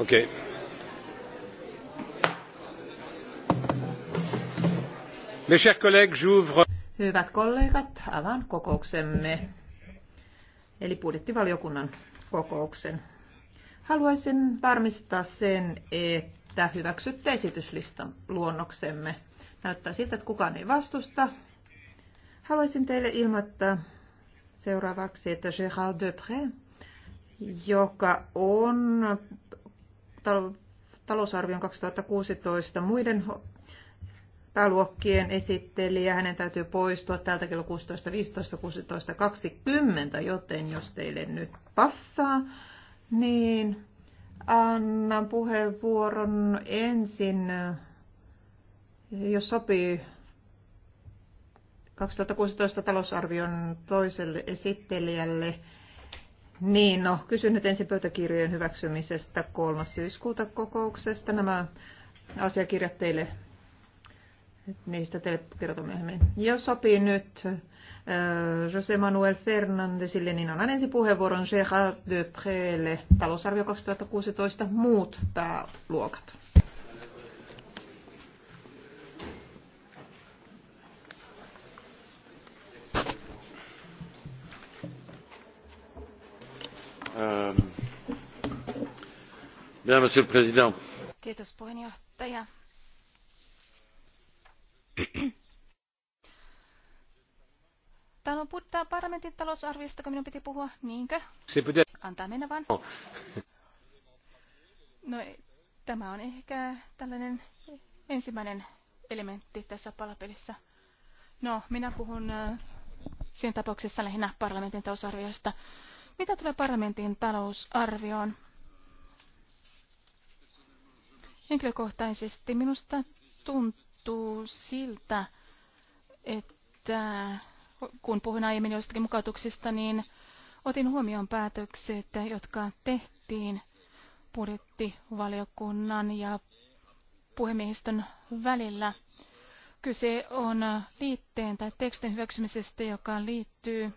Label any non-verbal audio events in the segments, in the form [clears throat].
Okay. Mes chers collègues, j'ouvre... Hyvät kollegat, avaan kokouksemme, eli budjettivaliokunnan kokouksen. Haluaisin varmistaa sen, että hyväksytte esityslistan luonnoksemme. Näyttää siltä, että kukaan ei vastusta. Haluaisin teille ilmoittaa seuraavaksi, että Gérald Depré, joka on talousarvion 2016 muiden pääluokkien esittelijä. Hänen täytyy poistua täältä kello 16, 15, 16, 20, joten jos teille nyt passaa, niin annan puheenvuoron ensin, jos sopii, 2016 talousarvion toiselle esittelijälle niin, no kysyn nyt ensin pöytäkirjojen hyväksymisestä 3. syyskuuta kokouksesta. Nämä asiakirjat teille, niistä teille kerrotaan myöhemmin. Jos sopii nyt äh, José Manuel Fernandesille, niin annan ensin puheenvuoron Gérard Deprelle, talousarvio 2016, muut pääluokat. Monsieur le Président. Täällä on puhutaan parlamentin talousarviosta, kun minun piti puhua, niinkö? Antaa mennä vaan. No. no, tämä on ehkä tällainen ensimmäinen elementti tässä palapelissä. No, minä puhun äh, siinä tapauksessa lähinnä parlamentin talousarviosta. Mitä tulee parlamentin talousarvioon? Henkilökohtaisesti minusta tuntuu siltä, että kun puhuin aiemmin joistakin mukautuksista, niin otin huomioon päätökset, jotka tehtiin budjettivaliokunnan ja puhemiehistön välillä. Kyse on liitteen tai tekstin hyväksymisestä, joka liittyy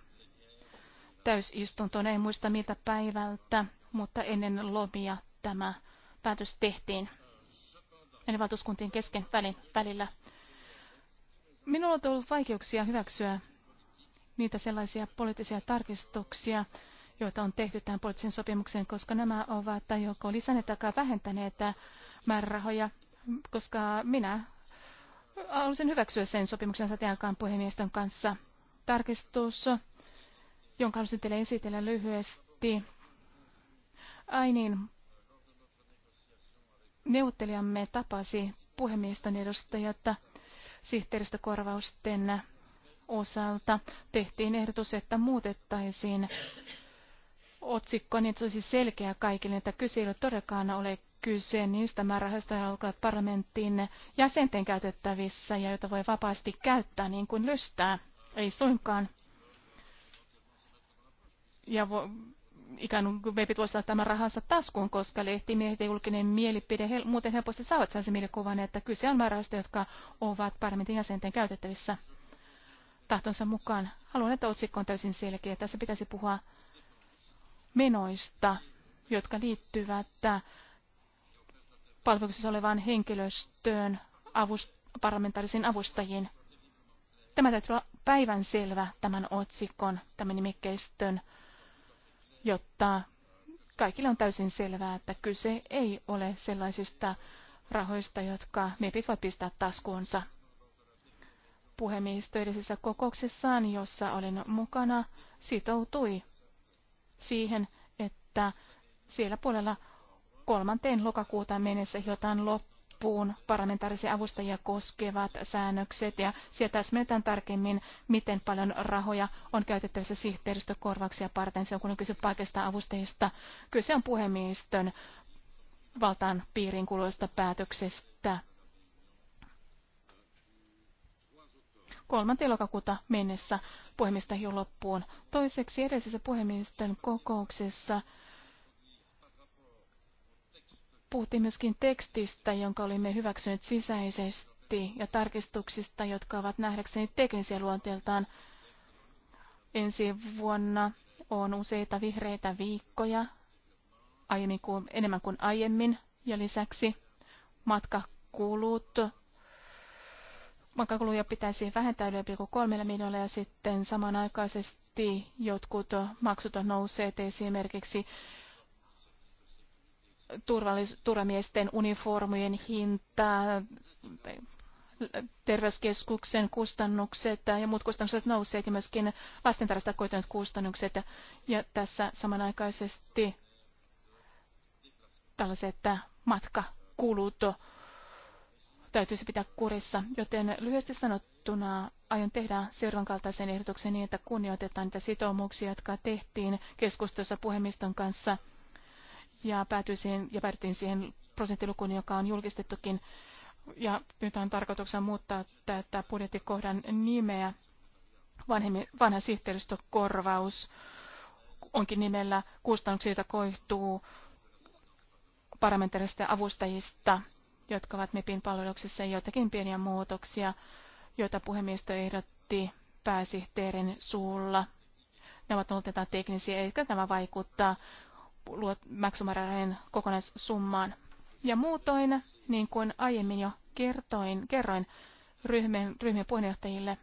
täysistuntoon. En muista miltä päivältä, mutta ennen lomia tämä päätös tehtiin eli valtuuskuntien kesken välin välillä. Minulla on ollut vaikeuksia hyväksyä niitä sellaisia poliittisia tarkistuksia, joita on tehty tähän poliittiseen sopimukseen, koska nämä ovat joko lisänneet tai vähentäneet määrärahoja, koska minä haluaisin hyväksyä sen sopimuksen sateankaan puhemiestön kanssa. Tarkistus, jonka halusin teille esitellä lyhyesti. Ai niin, neuvottelijamme tapasi puhemiesten edustajat sihteeristökorvausten osalta. Tehtiin ehdotus, että muutettaisiin otsikko, niin se olisi selkeä kaikille, että kyse ei ole todellakaan ole kyse niistä määrärahoista, jotka ovat parlamenttiin jäsenten käytettävissä ja joita voi vapaasti käyttää niin kuin lystää. Ei suinkaan. Ja vo, ikään kuin mepit voisivat tämän rahansa taskuun, koska lehtimiehet ja julkinen mielipide he, muuten helposti saavat sellaisen mielikuvan, että kyse on määrärahoista, jotka ovat parlamentin jäsenten käytettävissä tahtonsa mukaan. Haluan, että otsikko on täysin selkeä. Tässä pitäisi puhua menoista, jotka liittyvät palveluksessa olevaan henkilöstöön, avust- parlamentaarisiin avustajiin. Tämä täytyy olla päivän selvä tämän otsikon, tämän nimikkeistön jotta kaikille on täysin selvää, että kyse ei ole sellaisista rahoista, jotka MEPit voi pistää taskuunsa. Puhemiehistö edellisessä kokouksessaan, jossa olin mukana, sitoutui siihen, että siellä puolella kolmanteen lokakuuta mennessä jotain loppuun loppuun parlamentaarisia avustajia koskevat säännökset ja siellä täsmennetään tarkemmin, miten paljon rahoja on käytettävissä sihteeristökorvauksia parten. Se on kun on kyse paikasta avustajista. Kyse on puhemiestön valtaan piiriin kuuluvasta päätöksestä. 3. lokakuuta mennessä puhemiestä loppuun. Toiseksi edellisessä puhemiesten kokouksessa Puhuttiin myöskin tekstistä, jonka olimme hyväksyneet sisäisesti ja tarkistuksista, jotka ovat nähdäkseni teknisiä luonteeltaan. Ensi vuonna on useita vihreitä viikkoja, aiemmin kuin, enemmän kuin aiemmin, ja lisäksi matkakulut matkakuluja pitäisi vähentää 1,3 miljoonalla ja sitten samanaikaisesti jotkut maksut on nousseet esimerkiksi turvallis- turvamiesten uniformujen hintaa, terveyskeskuksen kustannukset ja muut kustannukset nousseet ja myöskin lastentarasta koituneet kustannukset. Ja tässä samanaikaisesti tällaiset matkakulut täytyisi pitää kurissa, joten lyhyesti sanottuna aion tehdä seuraavan kaltaisen ehdotuksen niin, että kunnioitetaan niitä sitoumuksia, jotka tehtiin keskustelussa puhemiston kanssa – ja, päätyi siihen, ja päädyttiin siihen prosenttilukuun, joka on julkistettukin. Ja nyt on tarkoituksena muuttaa tätä budjettikohdan nimeä. Vanhemmi, vanha sihteeristökorvaus onkin nimellä kustannuksia, joita koihtuu parlamentaarista avustajista, jotka ovat MEPin palveluksessa, joitakin pieniä muutoksia, joita puhemiesto ehdotti pääsihteerin suulla. Ne ovat olleet teknisiä, eikä tämä vaikuttaa maksumäärärahojen kokonaissummaan. Ja muutoin, niin kuin aiemmin jo kertoin, kerroin ryhmien, ryhmien puheenjohtajille,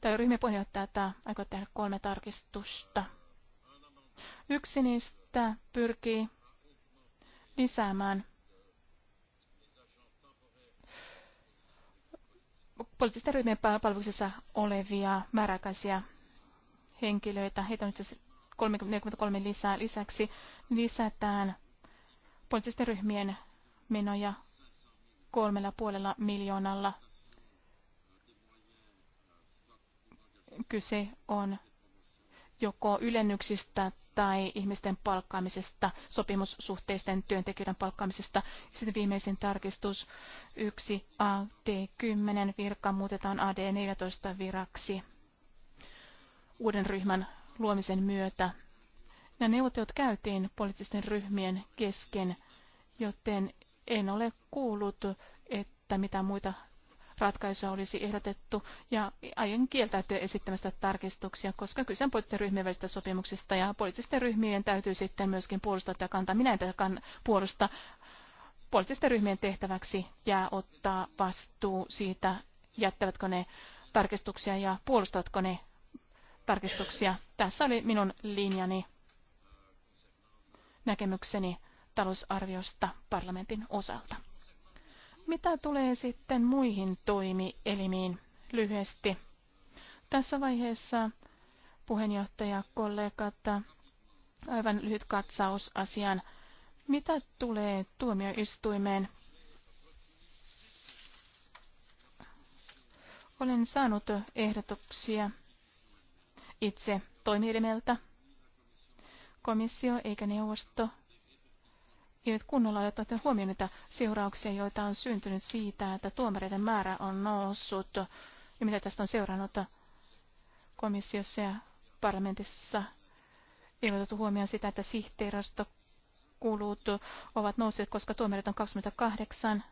tai ryhmien että aikoo tehdä kolme tarkistusta. Yksi niistä pyrkii lisäämään poliittisten ryhmien palveluksessa olevia määräaikaisia henkilöitä. Heitä on itse asiassa 43 lisää. Lisäksi lisätään poliittisten ryhmien menoja kolmella puolella miljoonalla. Kyse on joko ylennyksistä tai ihmisten palkkaamisesta, sopimussuhteisten työntekijöiden palkkaamisesta. Sitten viimeisin tarkistus 1 AD10 virka muutetaan AD14 viraksi uuden ryhmän luomisen myötä. Nämä neuvottelut käytiin poliittisten ryhmien kesken, joten en ole kuullut, että mitä muita ratkaisuja olisi ehdotettu, ja aion kieltäytyä esittämästä tarkistuksia, koska kyse on poliittisten ryhmien välistä sopimuksista, ja poliittisten ryhmien täytyy sitten myöskin puolustaa tätä kantaa. Minä en tätä puolusta. Poliittisten ryhmien tehtäväksi jää ottaa vastuu siitä, jättävätkö ne tarkistuksia ja puolustavatko ne tarkistuksia. Tässä oli minun linjani, näkemykseni talousarviosta parlamentin osalta. Mitä tulee sitten muihin toimielimiin lyhyesti? Tässä vaiheessa puheenjohtaja, kollegat, aivan lyhyt katsaus asiaan. Mitä tulee tuomioistuimeen? Olen saanut ehdotuksia itse toimielimeltä. Komissio eikä neuvosto eivät kunnolla ole ottaneet huomioon niitä seurauksia, joita on syntynyt siitä, että tuomareiden määrä on noussut ja mitä tästä on seurannut komissiossa ja parlamentissa. Ei ole otettu huomioon sitä, että sihteerastokulut ovat nousseet, koska tuomarit on 28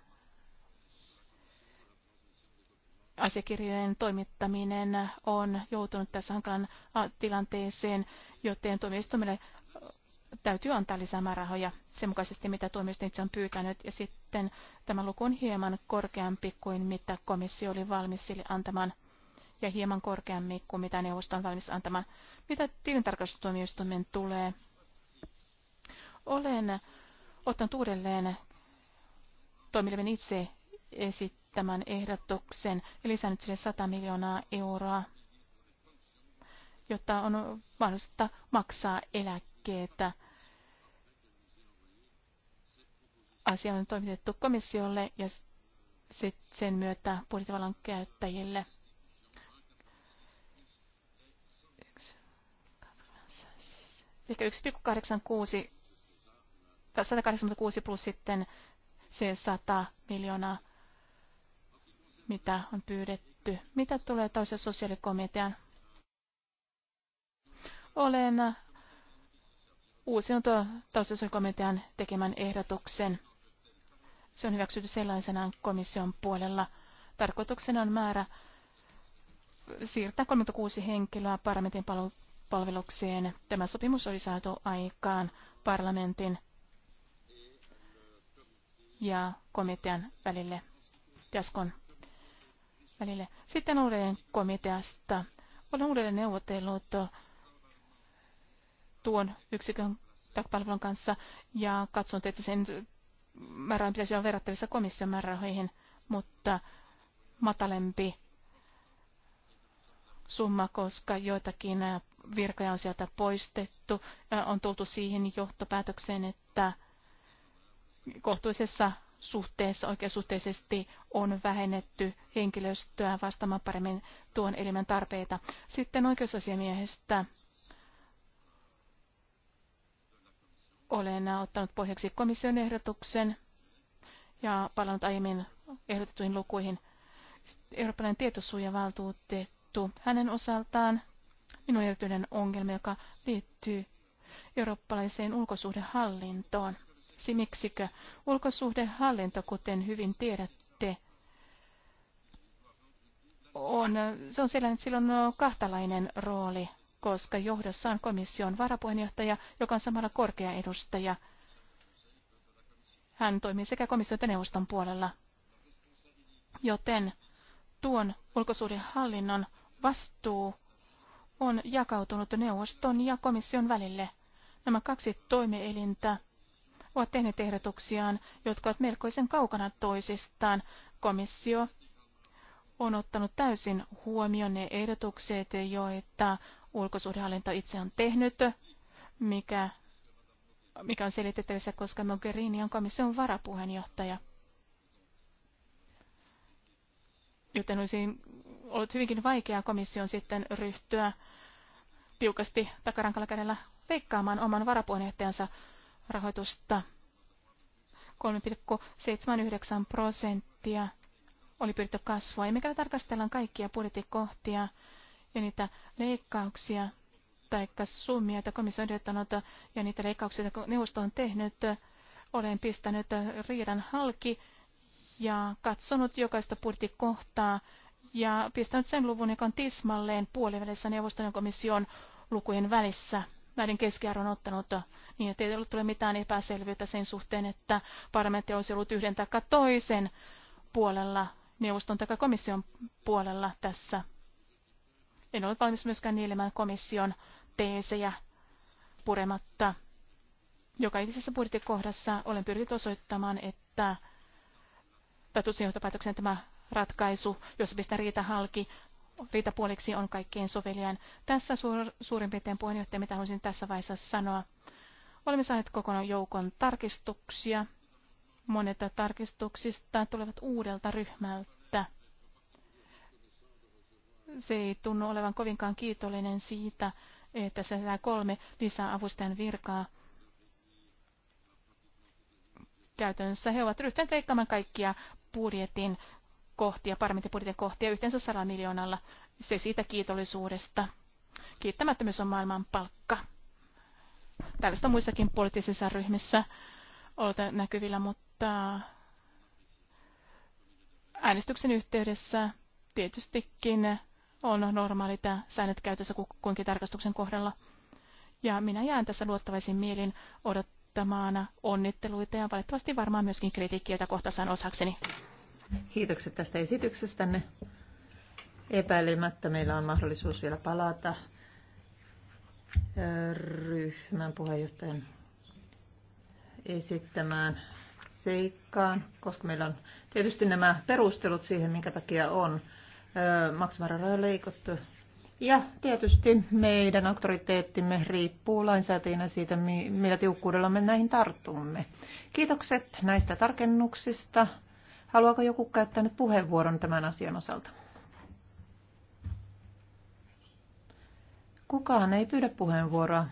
asiakirjojen toimittaminen on joutunut tässä hankalan tilanteeseen, joten tuomioistuimelle täytyy antaa lisää määrärahoja sen mukaisesti, mitä tuomioistuin itse on pyytänyt. Ja sitten tämä luku on hieman korkeampi kuin mitä komissio oli valmis sille antamaan ja hieman korkeammin kuin mitä neuvosto on valmis antamaan. Mitä tilintarkastustuomioistuimen tulee? Olen ottanut uudelleen toimilevin itse esit tämän ehdotuksen ja lisännyt sille 100 miljoonaa euroa, jotta on mahdollista maksaa eläkkeitä. Asia on toimitettu komissiolle ja sen myötä budjettivallan käyttäjille. Eli 1,86 186 plus sitten se 100 miljoonaa mitä on pyydetty. Mitä tulee toisen sosiaalikomitean? Olen uusinut taustasuojakomitean tekemän ehdotuksen. Se on hyväksytty sellaisenaan komission puolella. Tarkoituksena on määrä siirtää 36 henkilöä parlamentin palvelukseen. Tämä sopimus oli saatu aikaan parlamentin ja komitean välille. Jaskon välille. Sitten uudelleen komiteasta. Olen uudelleen neuvotellut tuon yksikön palvelun kanssa ja katsonut, että sen määrän pitäisi olla verrattavissa komission määrärahoihin, mutta matalempi summa, koska joitakin virkoja on sieltä poistettu. On tultu siihen johtopäätökseen, että kohtuullisessa suhteessa, oikeasuhteisesti on vähennetty henkilöstöä vastaamaan paremmin tuon elimen tarpeita. Sitten oikeusasiamiehestä olen ottanut pohjaksi komission ehdotuksen ja palannut aiemmin ehdotettuihin lukuihin. Eurooppalainen tietosuojavaltuutettu hänen osaltaan minun erityinen ongelma, joka liittyy eurooppalaiseen ulkosuhdehallintoon. Simiksikö ulkosuhdehallinto, kuten hyvin tiedätte, on, se on sellainen, että sillä on kahtalainen rooli, koska johdossa on komission varapuheenjohtaja, joka on samalla korkea edustaja. Hän toimii sekä komission että neuvoston puolella. Joten tuon ulkosuhdehallinnon vastuu on jakautunut neuvoston ja komission välille. Nämä kaksi toimielintä ovat tehneet ehdotuksiaan, jotka ovat melkoisen kaukana toisistaan. Komissio on ottanut täysin huomioon ne ehdotukset, joita ulkosuhdehallinto itse on tehnyt, mikä, mikä on selitettävissä, koska Mogherini on komission varapuheenjohtaja. Joten olisi ollut hyvinkin vaikeaa komission sitten ryhtyä tiukasti takarankalla kädellä veikkaamaan oman varapuheenjohtajansa rahoitusta. 3,79 prosenttia oli pyritty kasvua. Ja mikäli tarkastellaan kaikkia budjettikohtia ja niitä leikkauksia tai summia, joita komissio on ehdottanut ja niitä leikkauksia, joita neuvosto on tehnyt, olen pistänyt riidan halki ja katsonut jokaista budjettikohtaa ja pistänyt sen luvun, joka on tismalleen puolivälissä neuvoston ja komission lukujen välissä näiden keskiarvon ottanut niin, että ei ollut tule mitään epäselvyyttä sen suhteen, että parlamentti olisi ollut yhden tai toisen puolella, neuvoston tai komission puolella tässä. En ollut valmis myöskään nielemään komission teesejä purematta. Joka ikisessä budjettikohdassa olen pyrkinyt osoittamaan, että tatusin tämä ratkaisu, jossa pistää riitä halki, riitä puoliksi on kaikkein soveliaan. Tässä suur, suurin piirtein puheenjohtaja, mitä haluaisin tässä vaiheessa sanoa. Olemme saaneet kokonaan joukon tarkistuksia. Monet tarkistuksista tulevat uudelta ryhmältä. Se ei tunnu olevan kovinkaan kiitollinen siitä, että se saa kolme lisää avustajan virkaa. Käytännössä he ovat ryhtyneet leikkaamaan kaikkia budjetin kohtia, parlamentin kohtia yhteensä 100 miljoonalla. Se siitä kiitollisuudesta. Kiittämättömyys on maailman palkka. Tällaista muissakin poliittisissa ryhmissä olta näkyvillä, mutta äänestyksen yhteydessä tietystikin on normaali tämä säännöt käytössä kuinkin tarkastuksen kohdalla. Ja minä jään tässä luottavaisin mielin odottamaan onnitteluita ja valitettavasti varmaan myöskin kritiikkiä, jota kohta saan osakseni. Kiitokset tästä esityksestänne. Epäilemättä meillä on mahdollisuus vielä palata ryhmän puheenjohtajan esittämään seikkaan, koska meillä on tietysti nämä perustelut siihen, minkä takia on maksumäärärahoja leikottu. Ja tietysti meidän auktoriteettimme riippuu lainsäätäjinä siitä, millä tiukkuudella me näihin tartumme. Kiitokset näistä tarkennuksista. Haluaako joku käyttää nyt puheenvuoron tämän asian osalta? Kukaan ei pyydä puheenvuoroa.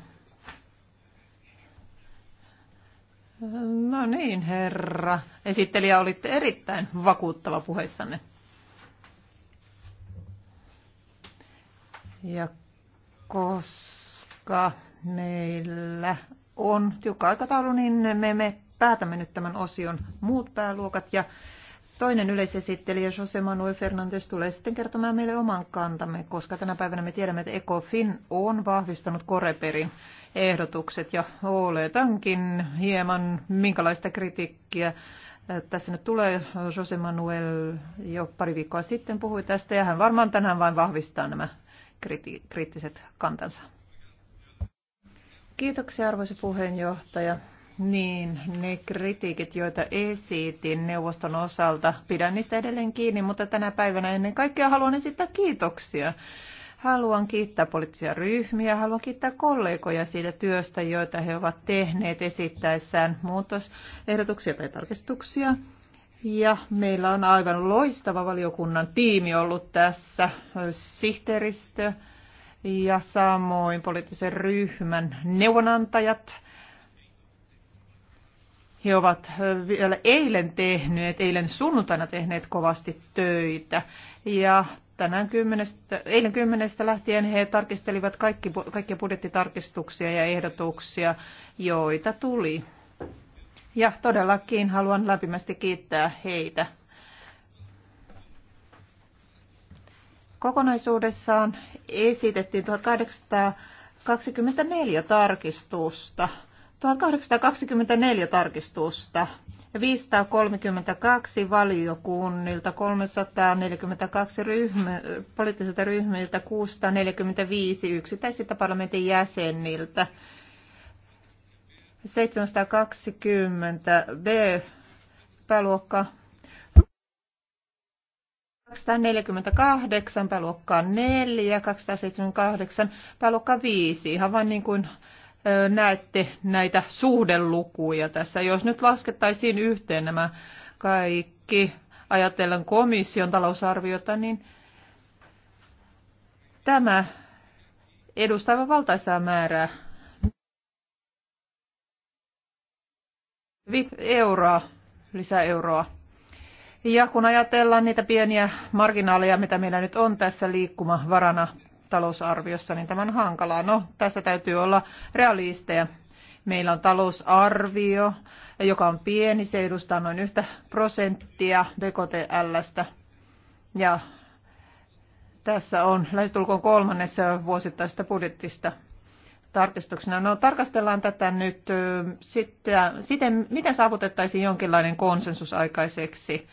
No niin, herra. Esittelijä, olitte erittäin vakuuttava puheissanne. Ja koska meillä on tiukka aikataulu, niin me, me päätämme nyt tämän osion muut pääluokat ja Toinen yleisesittelijä Jose Manuel Fernandes tulee sitten kertomaan meille oman kantamme, koska tänä päivänä me tiedämme, että ECOFIN on vahvistanut Koreperin ehdotukset ja oletankin hieman minkälaista kritiikkiä tässä nyt tulee Jose Manuel jo pari viikkoa sitten puhui tästä ja hän varmaan tänään vain vahvistaa nämä kriti- kriittiset kantansa. Kiitoksia arvoisa puheenjohtaja. Niin, ne kritiikit, joita esitin neuvoston osalta, pidän niistä edelleen kiinni, mutta tänä päivänä ennen kaikkea haluan esittää kiitoksia. Haluan kiittää poliittisia ryhmiä, haluan kiittää kollegoja siitä työstä, joita he ovat tehneet esittäessään muutosehdotuksia tai tarkistuksia. Ja meillä on aivan loistava valiokunnan tiimi ollut tässä, sihteeristö ja samoin poliittisen ryhmän neuvonantajat – he ovat vielä eilen tehneet, eilen sunnuntaina tehneet kovasti töitä. Ja tänään kymmenestä, eilen kymmenestä lähtien he tarkistelivat kaikki, kaikkia budjettitarkistuksia ja ehdotuksia, joita tuli. Ja todellakin haluan lämpimästi kiittää heitä. Kokonaisuudessaan esitettiin 1824 tarkistusta 1824 tarkistusta ja 532 valiokunnilta, 342 ryhmä, poliittisilta ryhmiltä, 645 yksittäisiltä parlamentin jäseniltä, 720 B-pääluokka 248, pääluokka 4, 278, pääluokka 5, ihan vain niin kuin näette näitä suhdelukuja tässä? Jos nyt laskettaisiin yhteen nämä kaikki, ajatellen komission talousarviota, niin tämä edustava valtaisaa määrää euroa, euroa. Ja kun ajatellaan niitä pieniä marginaaleja, mitä meillä nyt on tässä liikkumavarana talousarviossa, niin tämä on hankalaa. No, tässä täytyy olla realisteja. Meillä on talousarvio, joka on pieni, se edustaa noin yhtä prosenttia BKTLstä. Ja tässä on lähestulkoon kolmannessa vuosittaisesta budjettista tarkistuksena. No tarkastellaan tätä nyt sitten, miten saavutettaisiin jonkinlainen konsensus aikaiseksi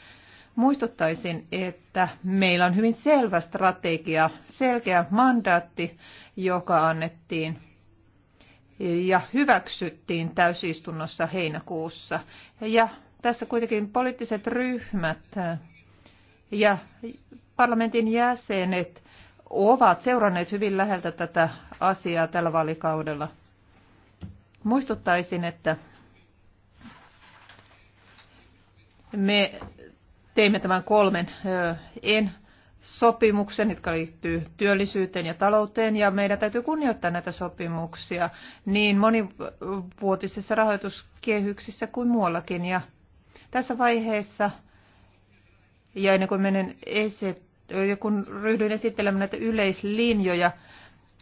Muistuttaisin, että meillä on hyvin selvä strategia, selkeä mandaatti, joka annettiin ja hyväksyttiin täysistunnossa heinäkuussa. Ja tässä kuitenkin poliittiset ryhmät ja parlamentin jäsenet ovat seuranneet hyvin läheltä tätä asiaa tällä vaalikaudella. Muistuttaisin, että me teimme tämän kolmen en sopimuksen, jotka liittyy työllisyyteen ja talouteen, ja meidän täytyy kunnioittaa näitä sopimuksia niin monivuotisissa rahoituskehyksissä kuin muuallakin. Ja tässä vaiheessa, ja ennen kuin menen esi- kun ryhdyin esittelemään näitä yleislinjoja,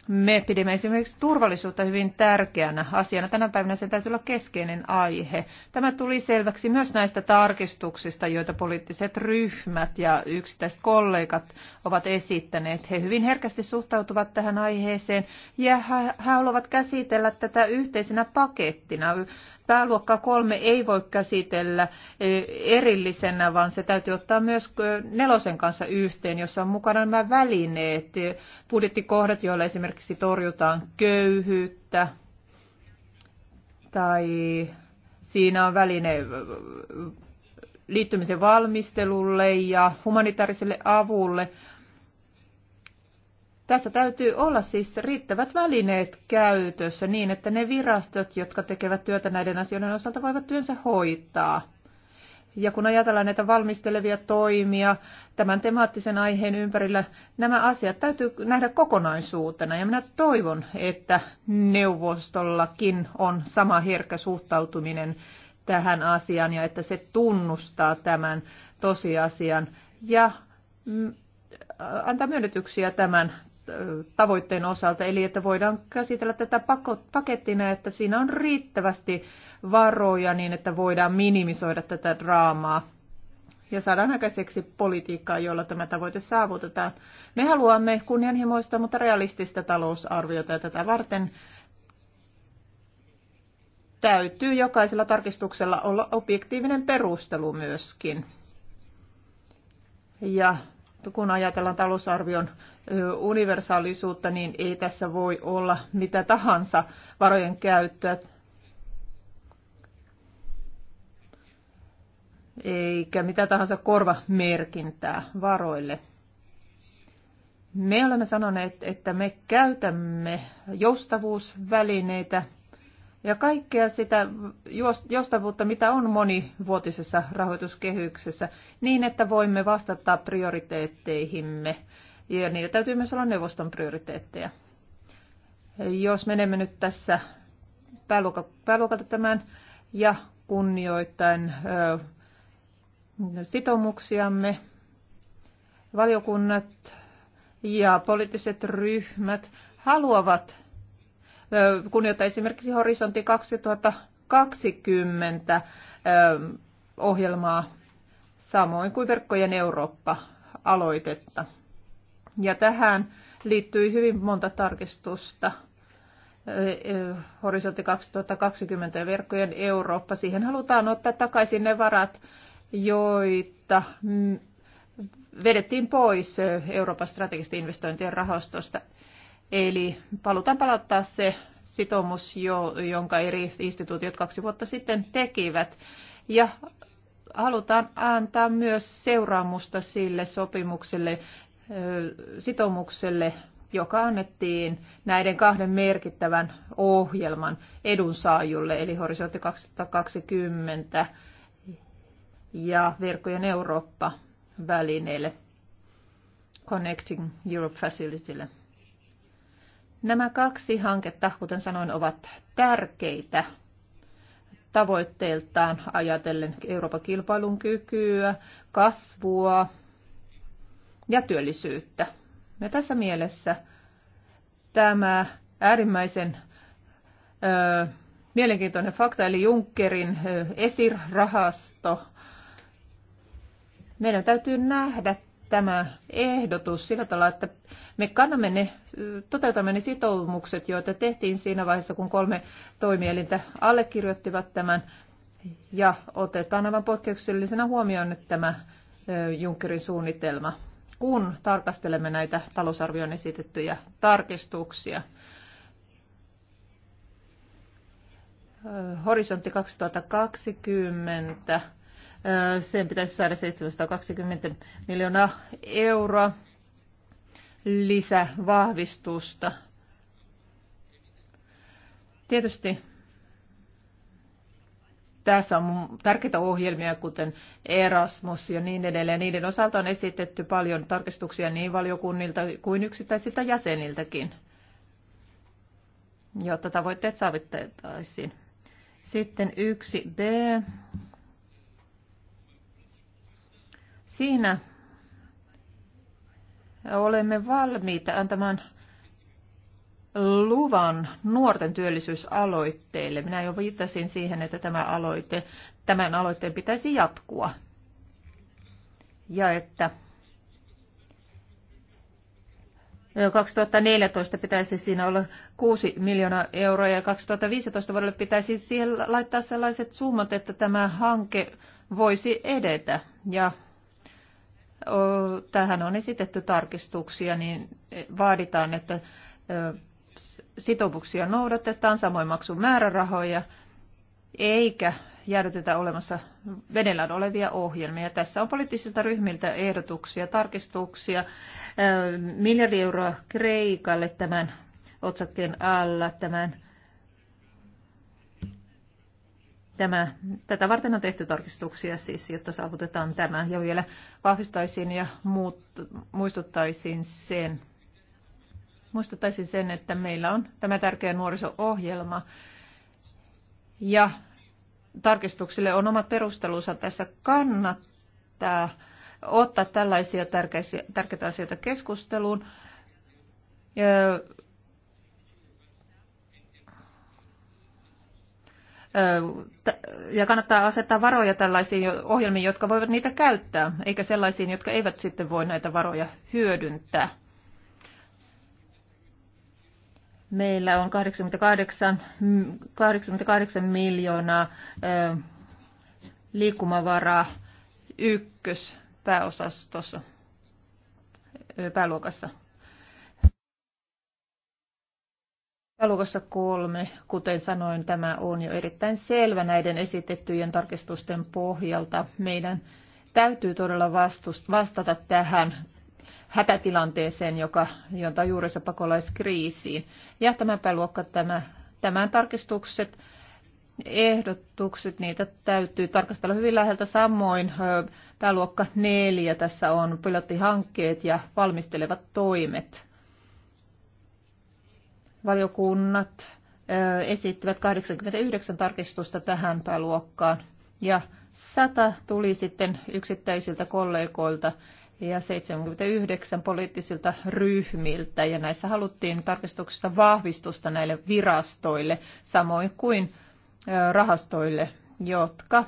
me pidimme esimerkiksi turvallisuutta hyvin tärkeänä asiana. Tänä päivänä se täytyy olla keskeinen aihe. Tämä tuli selväksi myös näistä tarkistuksista, joita poliittiset ryhmät ja yksittäiset kollegat ovat esittäneet. He hyvin herkästi suhtautuvat tähän aiheeseen ja he haluavat käsitellä tätä yhteisenä pakettina, pääluokka kolme ei voi käsitellä eh, erillisenä, vaan se täytyy ottaa myös eh, nelosen kanssa yhteen, jossa on mukana nämä välineet, eh, budjettikohdat, joilla esimerkiksi torjutaan köyhyyttä tai siinä on väline liittymisen valmistelulle ja humanitaariselle avulle, tässä täytyy olla siis riittävät välineet käytössä niin, että ne virastot, jotka tekevät työtä näiden asioiden osalta, voivat työnsä hoitaa. Ja kun ajatellaan näitä valmistelevia toimia tämän temaattisen aiheen ympärillä, nämä asiat täytyy nähdä kokonaisuutena. Ja minä toivon, että neuvostollakin on sama herkkä suhtautuminen tähän asiaan ja että se tunnustaa tämän tosiasian ja mm, antaa myönnytyksiä tämän tavoitteen osalta, eli että voidaan käsitellä tätä pakettina, että siinä on riittävästi varoja niin, että voidaan minimisoida tätä draamaa ja saadaan aikaiseksi politiikkaa, jolla tämä tavoite saavutetaan. Me haluamme kunnianhimoista, mutta realistista talousarviota ja tätä varten täytyy jokaisella tarkistuksella olla objektiivinen perustelu myöskin. Ja kun ajatellaan talousarvion universaalisuutta, niin ei tässä voi olla mitä tahansa varojen käyttöä. Eikä mitä tahansa korvamerkintää varoille. Me olemme sanoneet, että me käytämme joustavuusvälineitä – ja kaikkea sitä joustavuutta, mitä on monivuotisessa rahoituskehyksessä, niin että voimme vastata prioriteetteihimme. Ja niitä täytyy myös olla neuvoston prioriteetteja. Jos menemme nyt tässä pääluokalta tämän ja kunnioittain sitoumuksiamme, valiokunnat ja poliittiset ryhmät haluavat kunnioittaa esimerkiksi Horisontti 2020 ohjelmaa, samoin kuin Verkkojen Eurooppa-aloitetta. Ja tähän liittyi hyvin monta tarkistusta. Horisontti 2020 ja Verkkojen Eurooppa. Siihen halutaan ottaa takaisin ne varat, joita vedettiin pois Euroopan strategisten investointien rahastosta. Eli halutaan palauttaa se sitoumus, jo, jonka eri instituutiot kaksi vuotta sitten tekivät. Ja halutaan antaa myös seuraamusta sille sopimukselle, sitoumukselle, joka annettiin näiden kahden merkittävän ohjelman edunsaajulle, eli Horisontti 2020 ja Verkkojen Eurooppa-välineelle, Connecting Europe Facilitylle. Nämä kaksi hanketta, kuten sanoin, ovat tärkeitä tavoitteeltaan ajatellen Euroopan kilpailun kykyä, kasvua ja työllisyyttä. Ja tässä mielessä tämä äärimmäisen ö, mielenkiintoinen fakta, eli Junckerin esirahasto. Meidän täytyy nähdä tämä ehdotus sillä tavalla, että me kannamme ne, toteutamme ne sitoumukset, joita tehtiin siinä vaiheessa, kun kolme toimielintä allekirjoittivat tämän, ja otetaan aivan poikkeuksellisena huomioon nyt tämä Junckerin suunnitelma, kun tarkastelemme näitä talousarvion esitettyjä tarkistuksia. Horisontti 2020 sen pitäisi saada 720 miljoonaa euroa lisävahvistusta. Tietysti tässä on tärkeitä ohjelmia, kuten Erasmus ja niin edelleen. Niiden osalta on esitetty paljon tarkistuksia niin valiokunnilta kuin yksittäisiltä jäseniltäkin, jotta tavoitteet saavutettaisiin. Sitten 1b, Siinä olemme valmiita antamaan luvan nuorten työllisyysaloitteille. Minä jo viittasin siihen, että tämä aloite, tämän aloitteen pitäisi jatkua. Ja että 2014 pitäisi siinä olla 6 miljoonaa euroa ja 2015 vuodelle pitäisi siihen laittaa sellaiset summat, että tämä hanke voisi edetä. Ja tähän on esitetty tarkistuksia, niin vaaditaan, että sitoumuksia noudatetaan, samoin maksun määrärahoja, eikä jäädytetä olemassa venelään olevia ohjelmia. Tässä on poliittisilta ryhmiltä ehdotuksia, tarkistuksia. Miljardi euroa Kreikalle tämän otsakkeen alla, tämän Tämä, tätä varten on tehty tarkistuksia siis, jotta saavutetaan tämä. Ja vielä vahvistaisin ja muut, muistuttaisin sen, muistuttaisin sen, että meillä on tämä tärkeä nuoriso-ohjelma. Ja tarkistuksille on omat perustelunsa tässä kannattaa ottaa tällaisia tärkeitä asioita keskusteluun. ja kannattaa asettaa varoja tällaisiin ohjelmiin, jotka voivat niitä käyttää, eikä sellaisiin, jotka eivät sitten voi näitä varoja hyödyntää. Meillä on 88, 88 miljoonaa liikkumavaraa ykköspääosastossa pääluokassa. Pääluokassa kolme, kuten sanoin, tämä on jo erittäin selvä näiden esitettyjen tarkistusten pohjalta. Meidän täytyy todella vastata tähän hätätilanteeseen, joka jonta juurensa pakolaiskriisiin. Ja tämä pääluokka, tämä, tämän tarkistukset, ehdotukset, niitä täytyy tarkastella hyvin läheltä. Samoin pääluokka neljä, tässä on pilottihankkeet ja valmistelevat toimet valiokunnat esittivät 89 tarkistusta tähän pääluokkaan ja 100 tuli sitten yksittäisiltä kollegoilta ja 79 poliittisilta ryhmiltä ja näissä haluttiin tarkistuksista vahvistusta näille virastoille samoin kuin rahastoille, jotka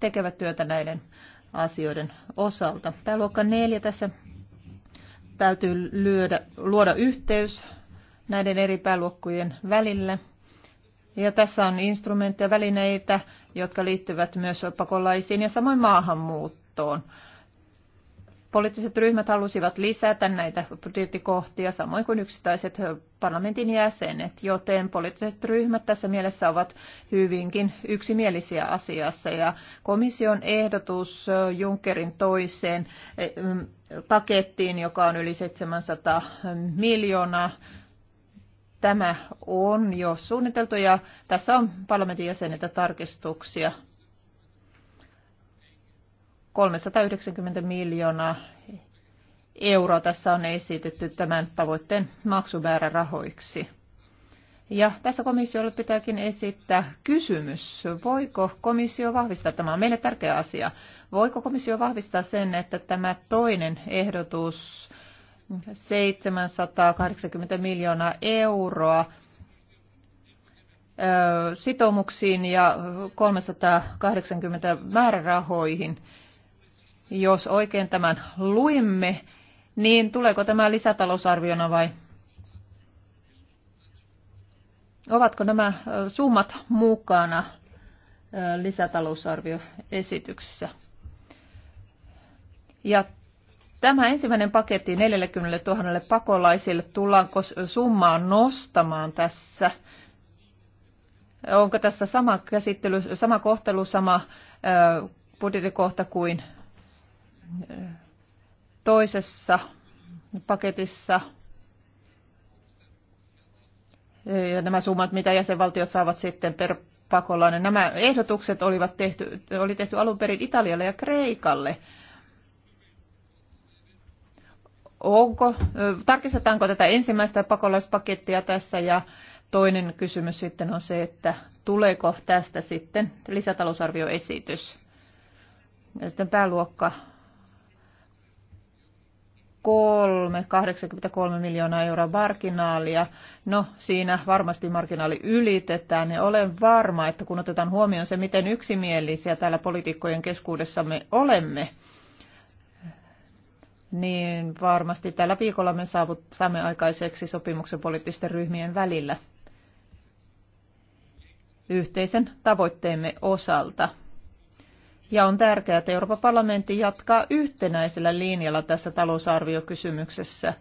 tekevät työtä näiden asioiden osalta. Pääluokka 4 tässä täytyy lyödä, luoda yhteys näiden eri pääluokkujen välillä. Ja tässä on instrumentteja, välineitä, jotka liittyvät myös pakolaisiin ja samoin maahanmuuttoon. Poliittiset ryhmät halusivat lisätä näitä budjettikohtia, samoin kuin yksittäiset parlamentin jäsenet, joten poliittiset ryhmät tässä mielessä ovat hyvinkin yksimielisiä asiassa. Ja komission ehdotus Junckerin toiseen eh, pakettiin, joka on yli 700 miljoonaa, Tämä on jo suunniteltu ja tässä on parlamentin jäseniltä tarkistuksia. 390 miljoonaa euroa tässä on esitetty tämän tavoitteen maksumäärä rahoiksi. Ja tässä komissiolle pitääkin esittää kysymys, voiko komissio vahvistaa, tämä on meille tärkeä asia, voiko komissio vahvistaa sen, että tämä toinen ehdotus 780 miljoonaa euroa sitoumuksiin ja 380 määrärahoihin. Jos oikein tämän luimme, niin tuleeko tämä lisätalousarviona vai ovatko nämä summat mukana lisätalousarvioesityksessä? Ja Tämä ensimmäinen paketti 40 000 pakolaisille, tullaanko summaa nostamaan tässä? Onko tässä sama käsittely, sama kohtelu, sama budjettikohta kuin toisessa paketissa? Ja nämä summat, mitä jäsenvaltiot saavat sitten per pakolainen. Nämä ehdotukset olivat tehty, oli tehty alun perin Italialle ja Kreikalle onko, tarkistetaanko tätä ensimmäistä pakolaispakettia tässä ja toinen kysymys sitten on se, että tuleeko tästä sitten lisätalousarvioesitys. Ja sitten pääluokka 3, 83 miljoonaa euroa marginaalia. No, siinä varmasti marginaali ylitetään ja olen varma, että kun otetaan huomioon se, miten yksimielisiä täällä poliitikkojen keskuudessamme olemme, niin varmasti tällä viikolla me saavut, saamme aikaiseksi sopimuksen poliittisten ryhmien välillä yhteisen tavoitteemme osalta. Ja on tärkeää, että Euroopan parlamentti jatkaa yhtenäisellä linjalla tässä talousarviokysymyksessä,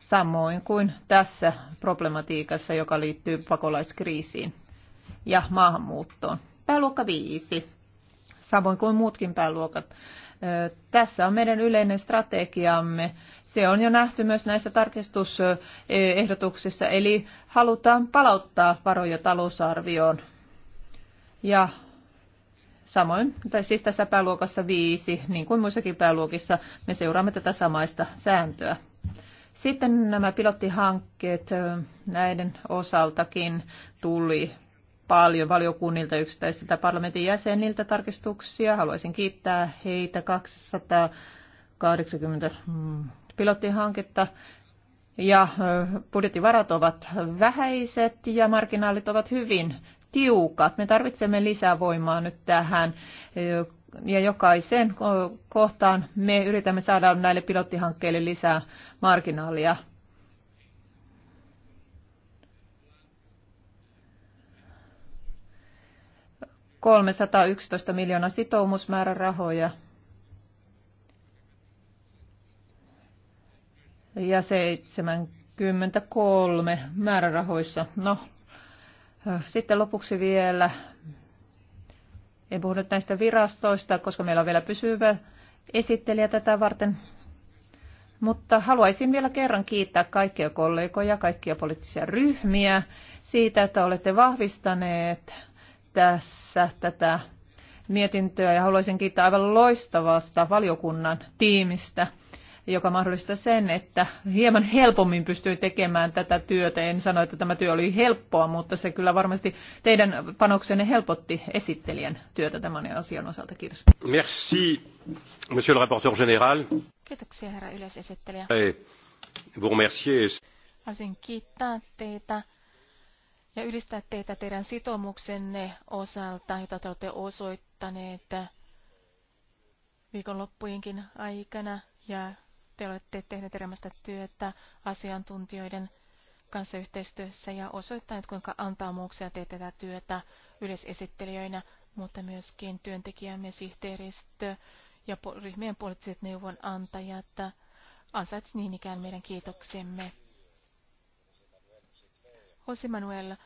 samoin kuin tässä problematiikassa, joka liittyy pakolaiskriisiin ja maahanmuuttoon. Pääluokka 5, samoin kuin muutkin pääluokat tässä on meidän yleinen strategiamme. Se on jo nähty myös näissä tarkistusehdotuksissa, eli halutaan palauttaa varoja talousarvioon. Ja samoin, tai siis tässä pääluokassa viisi, niin kuin muissakin pääluokissa, me seuraamme tätä samaista sääntöä. Sitten nämä pilottihankkeet näiden osaltakin tuli paljon valiokunnilta, yksittäisiltä parlamentin jäseniltä tarkistuksia. Haluaisin kiittää heitä 280 mm, pilottihanketta. Ja budjettivarat ovat vähäiset ja marginaalit ovat hyvin tiukat. Me tarvitsemme lisää voimaa nyt tähän ja jokaisen kohtaan me yritämme saada näille pilottihankkeille lisää marginaalia. 311 miljoonaa sitoumusmäärärahoja. Ja 73 määrärahoissa. No, sitten lopuksi vielä, en puhu nyt näistä virastoista, koska meillä on vielä pysyvä esittelijä tätä varten, mutta haluaisin vielä kerran kiittää kaikkia kollegoja, kaikkia poliittisia ryhmiä siitä, että olette vahvistaneet tässä tätä mietintöä ja haluaisin kiittää aivan loistavasta valiokunnan tiimistä, joka mahdollistaa sen, että hieman helpommin pystyy tekemään tätä työtä. En sano, että tämä työ oli helppoa, mutta se kyllä varmasti teidän panoksenne helpotti esittelijän työtä tämän asian osalta. Kiitos. Merci, monsieur le rapporteur général. Kiitoksia, herra yleisesittelijä. Hey, vous remercier. Haluaisin kiittää teitä ja ylistää teitä teidän sitoumuksenne osalta, jota te olette osoittaneet viikonloppuinkin aikana ja te olette tehneet erämästä työtä asiantuntijoiden kanssa yhteistyössä ja osoittaneet, kuinka antaumuuksia teet tätä työtä yleisesittelijöinä, mutta myöskin työntekijämme sihteeristö ja ryhmien poliittiset neuvonantajat ansaitsevat niin ikään meidän kiitoksemme. Jose Manuel,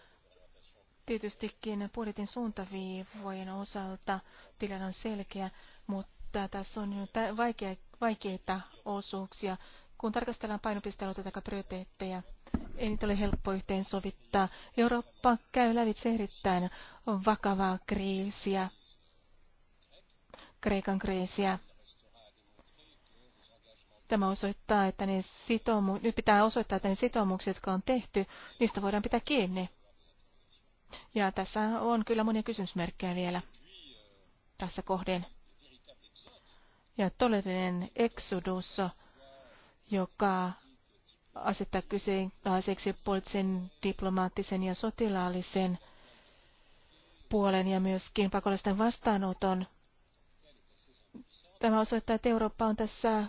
tietystikin budjetin suuntaviivojen osalta tilanne on selkeä, mutta tässä on vaikea, vaikeita osuuksia. Kun tarkastellaan painopistealueita tai prioriteetteja, ei niitä ole helppo yhteensovittaa. Eurooppa käy lävitse erittäin vakavaa kriisiä, Kreikan kriisiä. Tämä osoittaa, että ne sitoumu- nyt pitää osoittaa, että ne sitoumukset, jotka on tehty, niistä voidaan pitää kiinni. Ja tässä on kyllä monia kysymysmerkkejä vielä tässä kohden. Ja todellinen eksodus, joka asettaa kyseenalaiseksi poliittisen, diplomaattisen ja sotilaallisen puolen ja myöskin pakolaisten vastaanoton. Tämä osoittaa, että Eurooppa on tässä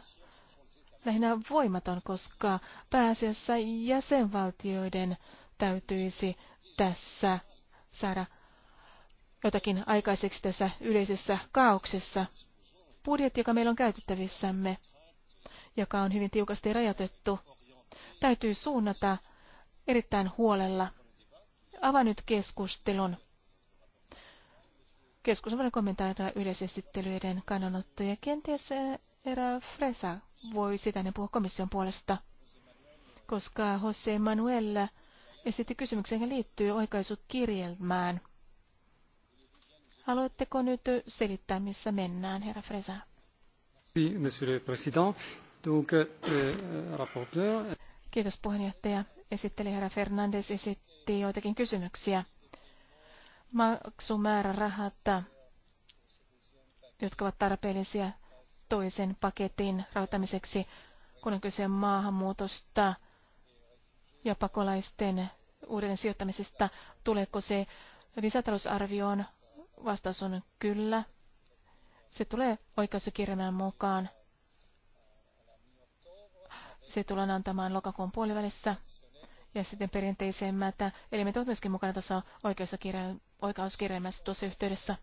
lähinnä voimaton, koska pääasiassa jäsenvaltioiden täytyisi tässä saada jotakin aikaiseksi tässä yleisessä kaauksessa. Budjetti, joka meillä on käytettävissämme, joka on hyvin tiukasti rajoitettu, täytyy suunnata erittäin huolella. Avaa nyt keskustelun. Keskustelun kommentoida yleisesittelyiden kannanottoja. Kenties Herra Fresa voi sitä ne puhua komission puolesta, koska Jose Manuel esitti kysymyksen, joka liittyy oikaisukirjelmään. Haluatteko nyt selittää, missä mennään, herra Fresa? monsieur le président. Donc, euh, rapporteur... Kiitos puheenjohtaja. Esitteli herra Fernandes esitti joitakin kysymyksiä. Maksumäärärahat, jotka ovat tarpeellisia toisen paketin rahoittamiseksi, kun on kyse maahanmuutosta ja pakolaisten uuden sijoittamisesta. Tuleeko se lisätalousarvioon? Vastaus on kyllä. Se tulee oikaisukirjelmän mukaan. Se tullaan antamaan lokakuun puolivälissä. Ja sitten perinteisemmät elimet ovat myöskin mukana tässä oikeuskirjelmässä tuossa yhteydessä.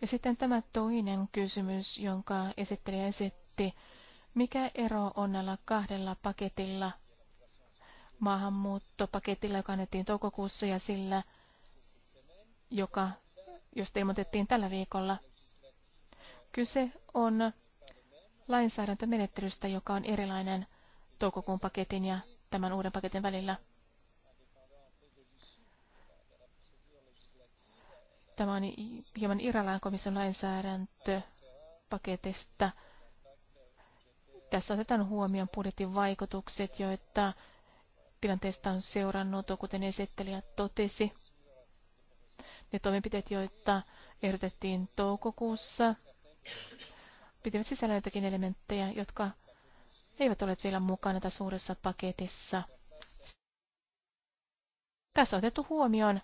Ja sitten tämä toinen kysymys, jonka esittelijä esitti. Mikä ero on näillä kahdella paketilla, maahanmuuttopaketilla, joka annettiin toukokuussa, ja sillä, joka, josta ilmoitettiin tällä viikolla? Kyse on lainsäädäntömenettelystä, joka on erilainen toukokuun paketin ja tämän uuden paketin välillä. Tämä on hieman Irlannin komission lainsäädäntöpaketista. Tässä otetaan huomioon budjetin vaikutukset, joita tilanteesta on seurannut, kuten esittelijä totesi. Ne toimenpiteet, joita ehdotettiin toukokuussa, pitivät sisällä jotakin elementtejä, jotka eivät ole vielä mukana tässä suuressa paketissa. Tässä on otettu huomioon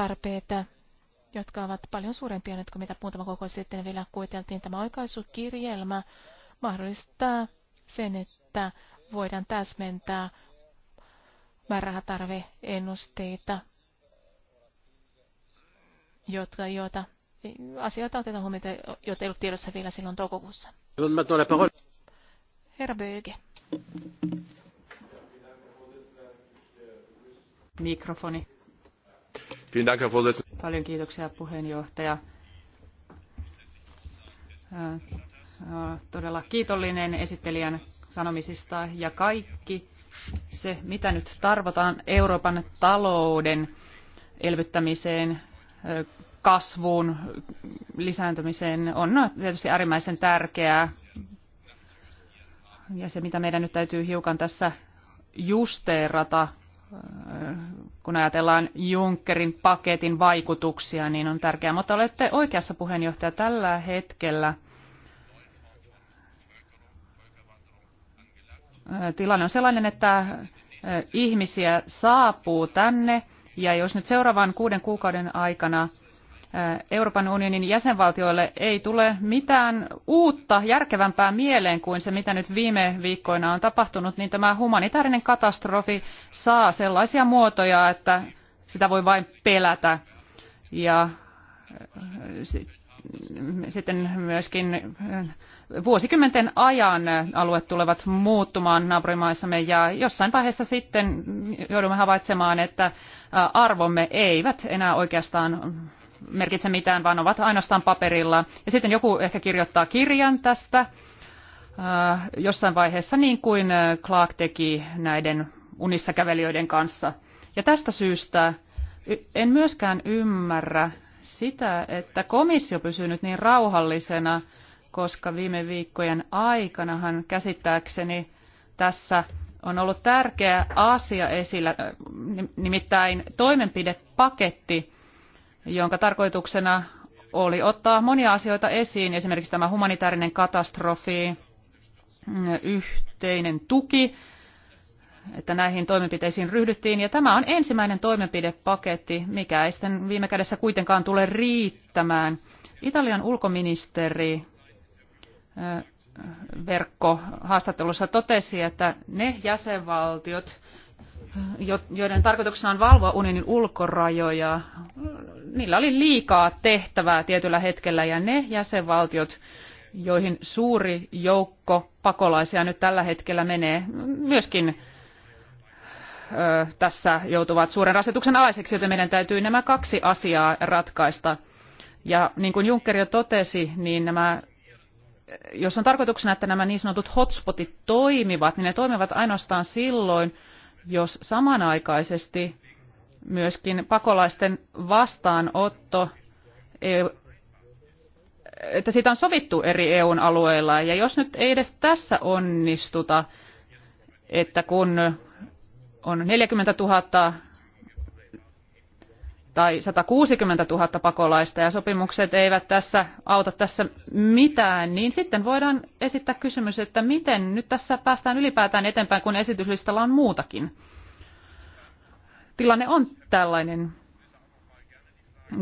tarpeita, jotka ovat paljon suurempia nyt kuin mitä muutama koko sitten vielä kuiteltiin. Tämä oikaisukirjelmä mahdollistaa sen, että voidaan täsmentää määrärahatarveennusteita, jotka, joita asioita otetaan huomioon, joita ei ollut tiedossa vielä silloin toukokuussa. Herra Böge. Mikrofoni. Paljon kiitoksia puheenjohtaja. Todella kiitollinen esittelijän sanomisista ja kaikki se, mitä nyt tarvotaan Euroopan talouden elvyttämiseen, kasvuun, lisääntymiseen, on no, tietysti äärimmäisen tärkeää. Ja se, mitä meidän nyt täytyy hiukan tässä justeerata, kun ajatellaan Junckerin paketin vaikutuksia, niin on tärkeää. Mutta olette oikeassa puheenjohtaja tällä hetkellä. Tilanne on sellainen, että ihmisiä saapuu tänne ja jos nyt seuraavan kuuden kuukauden aikana Euroopan unionin jäsenvaltioille ei tule mitään uutta järkevämpää mieleen kuin se, mitä nyt viime viikkoina on tapahtunut, niin tämä humanitaarinen katastrofi saa sellaisia muotoja, että sitä voi vain pelätä. Ja äh, sitten myöskin äh, vuosikymmenten ajan alueet tulevat muuttumaan naapurimaissamme ja jossain vaiheessa sitten joudumme havaitsemaan, että äh, arvomme eivät enää oikeastaan merkitse mitään, vaan ovat ainoastaan paperilla. Ja sitten joku ehkä kirjoittaa kirjan tästä äh, jossain vaiheessa, niin kuin äh, Clark teki näiden unissa kävelijöiden kanssa. Ja tästä syystä en myöskään ymmärrä sitä, että komissio pysyy nyt niin rauhallisena, koska viime viikkojen aikanahan käsittääkseni tässä on ollut tärkeä asia esillä, äh, nimittäin toimenpidepaketti, jonka tarkoituksena oli ottaa monia asioita esiin, esimerkiksi tämä humanitaarinen katastrofi, mm, yhteinen tuki, että näihin toimenpiteisiin ryhdyttiin. Ja tämä on ensimmäinen toimenpidepaketti, mikä ei sitten viime kädessä kuitenkaan tule riittämään. Italian ulkoministeri mm, verkkohaastattelussa totesi, että ne jäsenvaltiot, joiden tarkoituksena on valvoa unionin ulkorajoja, niillä oli liikaa tehtävää tietyllä hetkellä ja ne jäsenvaltiot, joihin suuri joukko pakolaisia nyt tällä hetkellä menee, myöskin ö, tässä joutuvat suuren rasituksen alaiseksi, joten meidän täytyy nämä kaksi asiaa ratkaista. Ja niin kuin Juncker jo totesi, niin nämä jos on tarkoituksena, että nämä niin sanotut hotspotit toimivat, niin ne toimivat ainoastaan silloin, jos samanaikaisesti myöskin pakolaisten vastaanotto, e että siitä on sovittu eri EUn alueilla. Ja jos nyt ei edes tässä onnistuta, että kun on 40 000 tai 160 000 pakolaista ja sopimukset eivät tässä auta tässä mitään, niin sitten voidaan esittää kysymys, että miten nyt tässä päästään ylipäätään eteenpäin, kun esityslistalla on muutakin. Tilanne on tällainen.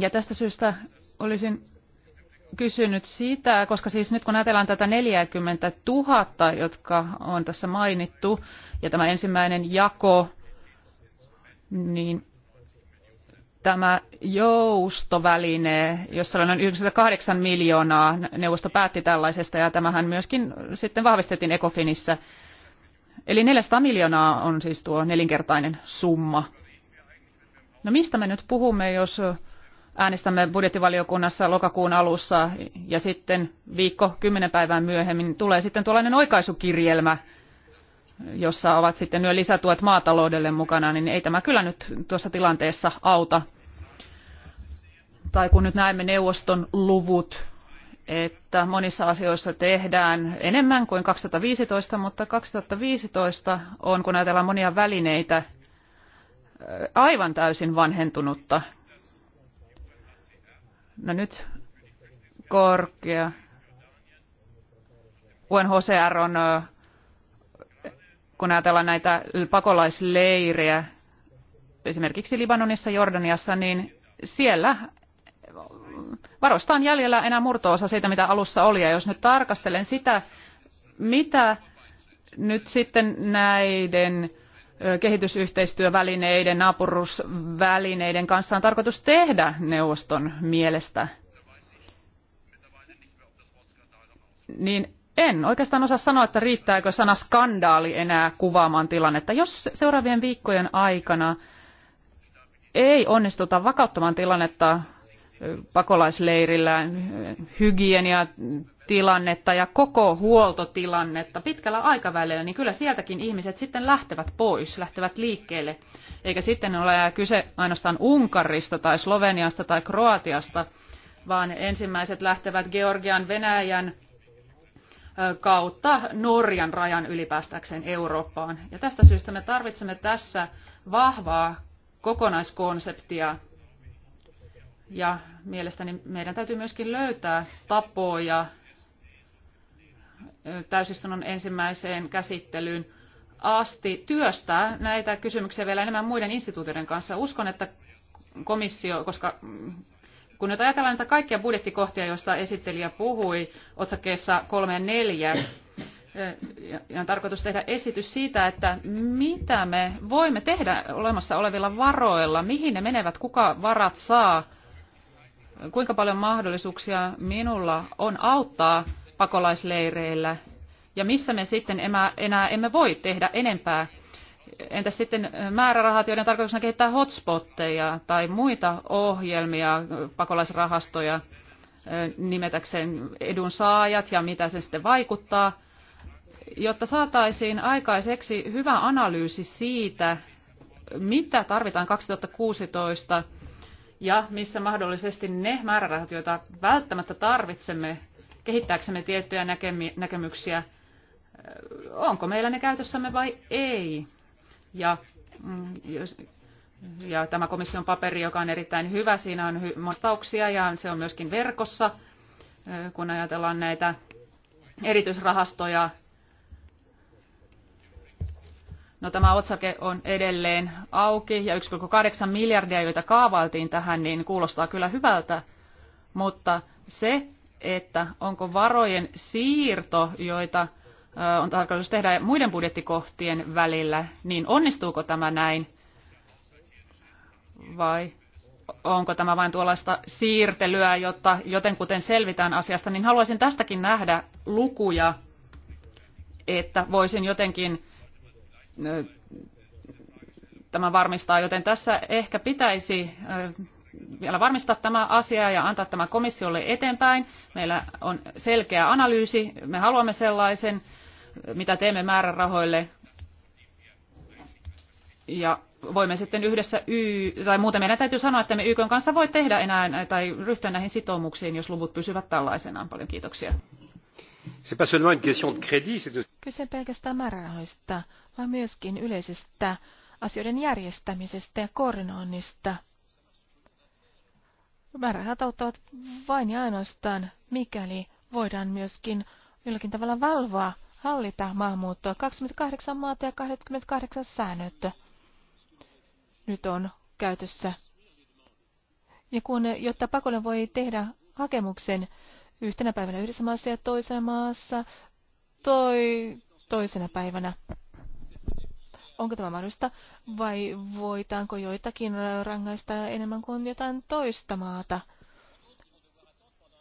Ja tästä syystä olisin kysynyt sitä, koska siis nyt kun ajatellaan tätä 40 000, jotka on tässä mainittu, ja tämä ensimmäinen jako, niin tämä joustoväline, jossa on noin 98 miljoonaa, neuvosto päätti tällaisesta ja tämähän myöskin sitten vahvistettiin Ecofinissä. Eli 400 miljoonaa on siis tuo nelinkertainen summa. No mistä me nyt puhumme, jos äänestämme budjettivaliokunnassa lokakuun alussa ja sitten viikko kymmenen päivää myöhemmin tulee sitten tuollainen oikaisukirjelmä – jossa ovat sitten nyt lisätuet maataloudelle mukana, niin ei tämä kyllä nyt tuossa tilanteessa auta. Tai kun nyt näemme neuvoston luvut, että monissa asioissa tehdään enemmän kuin 2015, mutta 2015 on, kun ajatellaan monia välineitä, aivan täysin vanhentunutta. No nyt korkea. UNHCR on kun ajatellaan näitä pakolaisleirejä esimerkiksi Libanonissa, Jordaniassa, niin siellä varostaan jäljellä enää murtoosa siitä, mitä alussa oli. Ja jos nyt tarkastelen sitä, mitä nyt sitten näiden kehitysyhteistyövälineiden, naapurusvälineiden kanssa on tarkoitus tehdä neuvoston mielestä, niin en oikeastaan osaa sanoa, että riittääkö sana skandaali enää kuvaamaan tilannetta. Jos seuraavien viikkojen aikana ei onnistuta vakauttamaan tilannetta pakolaisleirillä, hygienia tilannetta ja koko huoltotilannetta pitkällä aikavälillä, niin kyllä sieltäkin ihmiset sitten lähtevät pois, lähtevät liikkeelle. Eikä sitten ole kyse ainoastaan Unkarista tai Sloveniasta tai Kroatiasta, vaan ensimmäiset lähtevät Georgian, Venäjän, kautta Norjan rajan ylipäästäkseen Eurooppaan. Ja tästä syystä me tarvitsemme tässä vahvaa kokonaiskonseptia. Ja mielestäni meidän täytyy myöskin löytää tapoja täysistunnon ensimmäiseen käsittelyyn asti työstää näitä kysymyksiä vielä enemmän muiden instituutioiden kanssa. Uskon, että komissio, koska kun nyt ajatellaan näitä kaikkia budjettikohtia, joista esittelijä puhui otsakkeessa 3 ja 4, ja on tarkoitus tehdä esitys siitä, että mitä me voimme tehdä olemassa olevilla varoilla, mihin ne menevät, kuka varat saa, kuinka paljon mahdollisuuksia minulla on auttaa pakolaisleireillä ja missä me sitten enää emme voi tehdä enempää. Entä sitten määrärahat, joiden tarkoituksena kehittää hotspotteja tai muita ohjelmia, pakolaisrahastoja nimetäkseen edunsaajat ja mitä se sitten vaikuttaa, jotta saataisiin aikaiseksi hyvä analyysi siitä, mitä tarvitaan 2016 ja missä mahdollisesti ne määrärahat, joita välttämättä tarvitsemme kehittääksemme tiettyjä näkemyksiä, onko meillä ne käytössämme vai ei. Ja, mm, ja tämä komission paperi, joka on erittäin hyvä, siinä on vastauksia ja se on myöskin verkossa, kun ajatellaan näitä erityisrahastoja. No, tämä otsake on edelleen auki ja 1,8 miljardia, joita kaavailtiin tähän, niin kuulostaa kyllä hyvältä, mutta se, että onko varojen siirto, joita on tarkoitus tehdä muiden budjettikohtien välillä, niin onnistuuko tämä näin vai onko tämä vain tuollaista siirtelyä, jotta jotenkuten selvitään asiasta, niin haluaisin tästäkin nähdä lukuja, että voisin jotenkin tämä varmistaa, joten tässä ehkä pitäisi vielä varmistaa tämä asia ja antaa tämä komissiolle eteenpäin. Meillä on selkeä analyysi, me haluamme sellaisen, mitä teemme määrärahoille. Ja voimme sitten yhdessä, y, tai muuten meidän täytyy sanoa, että me YK kanssa voi tehdä enää tai ryhtyä näihin sitoumuksiin, jos luvut pysyvät tällaisenaan. Paljon kiitoksia. Kyse pelkästään määrärahoista, vaan myöskin yleisestä asioiden järjestämisestä ja koordinoinnista. Määrärahat auttavat vain ja ainoastaan, mikäli voidaan myöskin jollakin tavalla valvoa hallita maahanmuuttoa. 28 maata ja 28 säännöt nyt on käytössä. Ja kun, jotta pakolle voi tehdä hakemuksen yhtenä päivänä yhdessä maassa ja toisena maassa, toi, toisena päivänä. Onko tämä mahdollista vai voitaanko joitakin rangaista enemmän kuin jotain toista maata?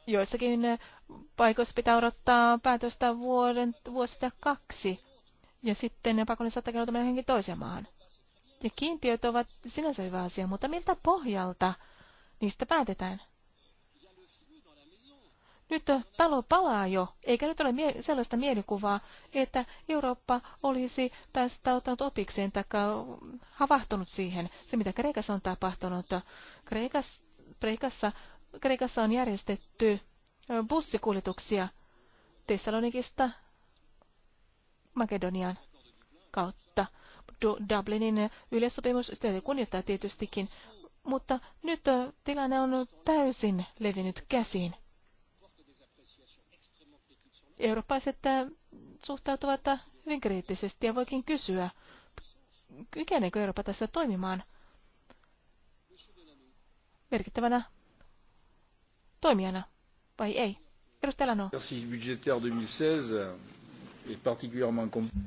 Joissakin paikoissa pitää odottaa päätöstä vuoden, vuosista kaksi. Ja sitten ne pakollinen saattaa kertoa johonkin toiseen maahan. Ja kiintiöt ovat sinänsä hyvä asia, mutta miltä pohjalta niistä päätetään? Nyt talo palaa jo, eikä nyt ole mie- sellaista mielikuvaa, että Eurooppa olisi tästä ottanut opikseen tai havahtunut siihen, se mitä Kreikassa on tapahtunut. Kreikassa, Kreikassa, Kreikassa on järjestetty bussikuljetuksia Thessalonikista Makedonian kautta. Dublinin yleissopimus täytyy kunnioittaa tietystikin, mutta nyt tilanne on täysin levinnyt käsiin. Eurooppaiset suhtautuvat hyvin kriittisesti ja voikin kysyä, kykeneekö Eurooppa tässä toimimaan merkittävänä toimijana vai ei? Edustaja Lano.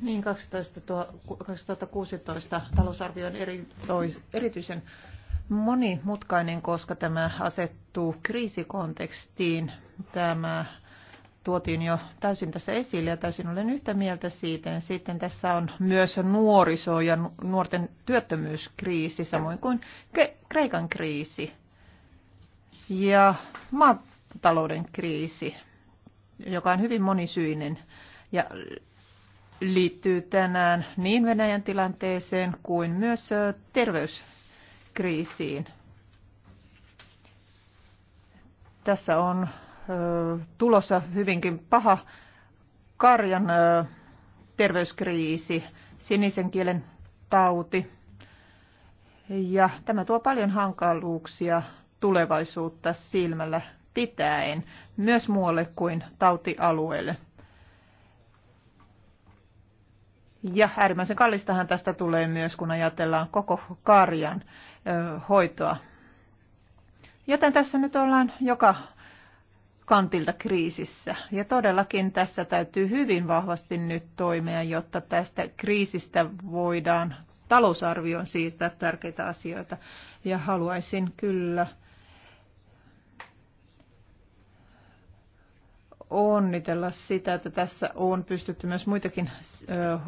Niin 12, 2016 talousarvio on eri, erityisen monimutkainen, koska tämä asettuu kriisikontekstiin. Tämä tuotiin jo täysin tässä esille ja täysin olen yhtä mieltä siitä. Sitten tässä on myös nuoriso ja nuorten työttömyyskriisi, samoin kuin Kreikan kriisi. Ja talouden kriisi, joka on hyvin monisyinen ja liittyy tänään niin Venäjän tilanteeseen kuin myös terveyskriisiin. Tässä on tulossa hyvinkin paha karjan terveyskriisi, sinisen kielen tauti. Ja tämä tuo paljon hankaluuksia tulevaisuutta silmällä pitäen myös muualle kuin tautialueelle. Ja äärimmäisen kallistahan tästä tulee myös, kun ajatellaan koko karjan hoitoa. Joten tässä nyt ollaan joka kantilta kriisissä. Ja todellakin tässä täytyy hyvin vahvasti nyt toimia, jotta tästä kriisistä voidaan talousarvioon siirtää tärkeitä asioita. Ja haluaisin kyllä onnitella sitä, että tässä on pystytty myös muitakin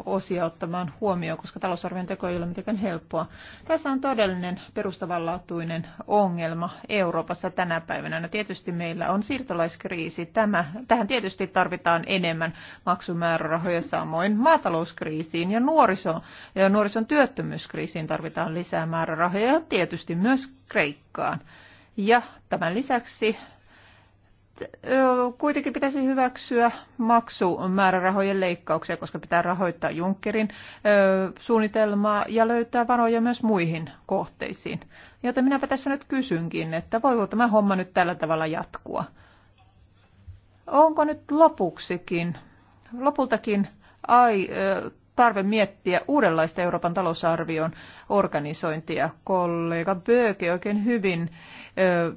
osia ottamaan huomioon, koska talousarvion teko ei ole mitenkään helppoa. Tässä on todellinen perustavanlaatuinen ongelma Euroopassa tänä päivänä. No tietysti meillä on siirtolaiskriisi. Tämä, tähän tietysti tarvitaan enemmän maksumäärärahoja samoin maatalouskriisiin ja, nuoriso, ja nuorison työttömyyskriisiin tarvitaan lisää määrärahoja ja tietysti myös Kreikkaan. Ja tämän lisäksi kuitenkin pitäisi hyväksyä maksumäärärahojen leikkauksia, koska pitää rahoittaa Junckerin suunnitelmaa ja löytää varoja myös muihin kohteisiin. Joten minäpä tässä nyt kysynkin, että voiko tämä homma nyt tällä tavalla jatkua? Onko nyt lopuksikin, lopultakin ai, tarve miettiä uudenlaista Euroopan talousarvion organisointia. Kollega Böke oikein hyvin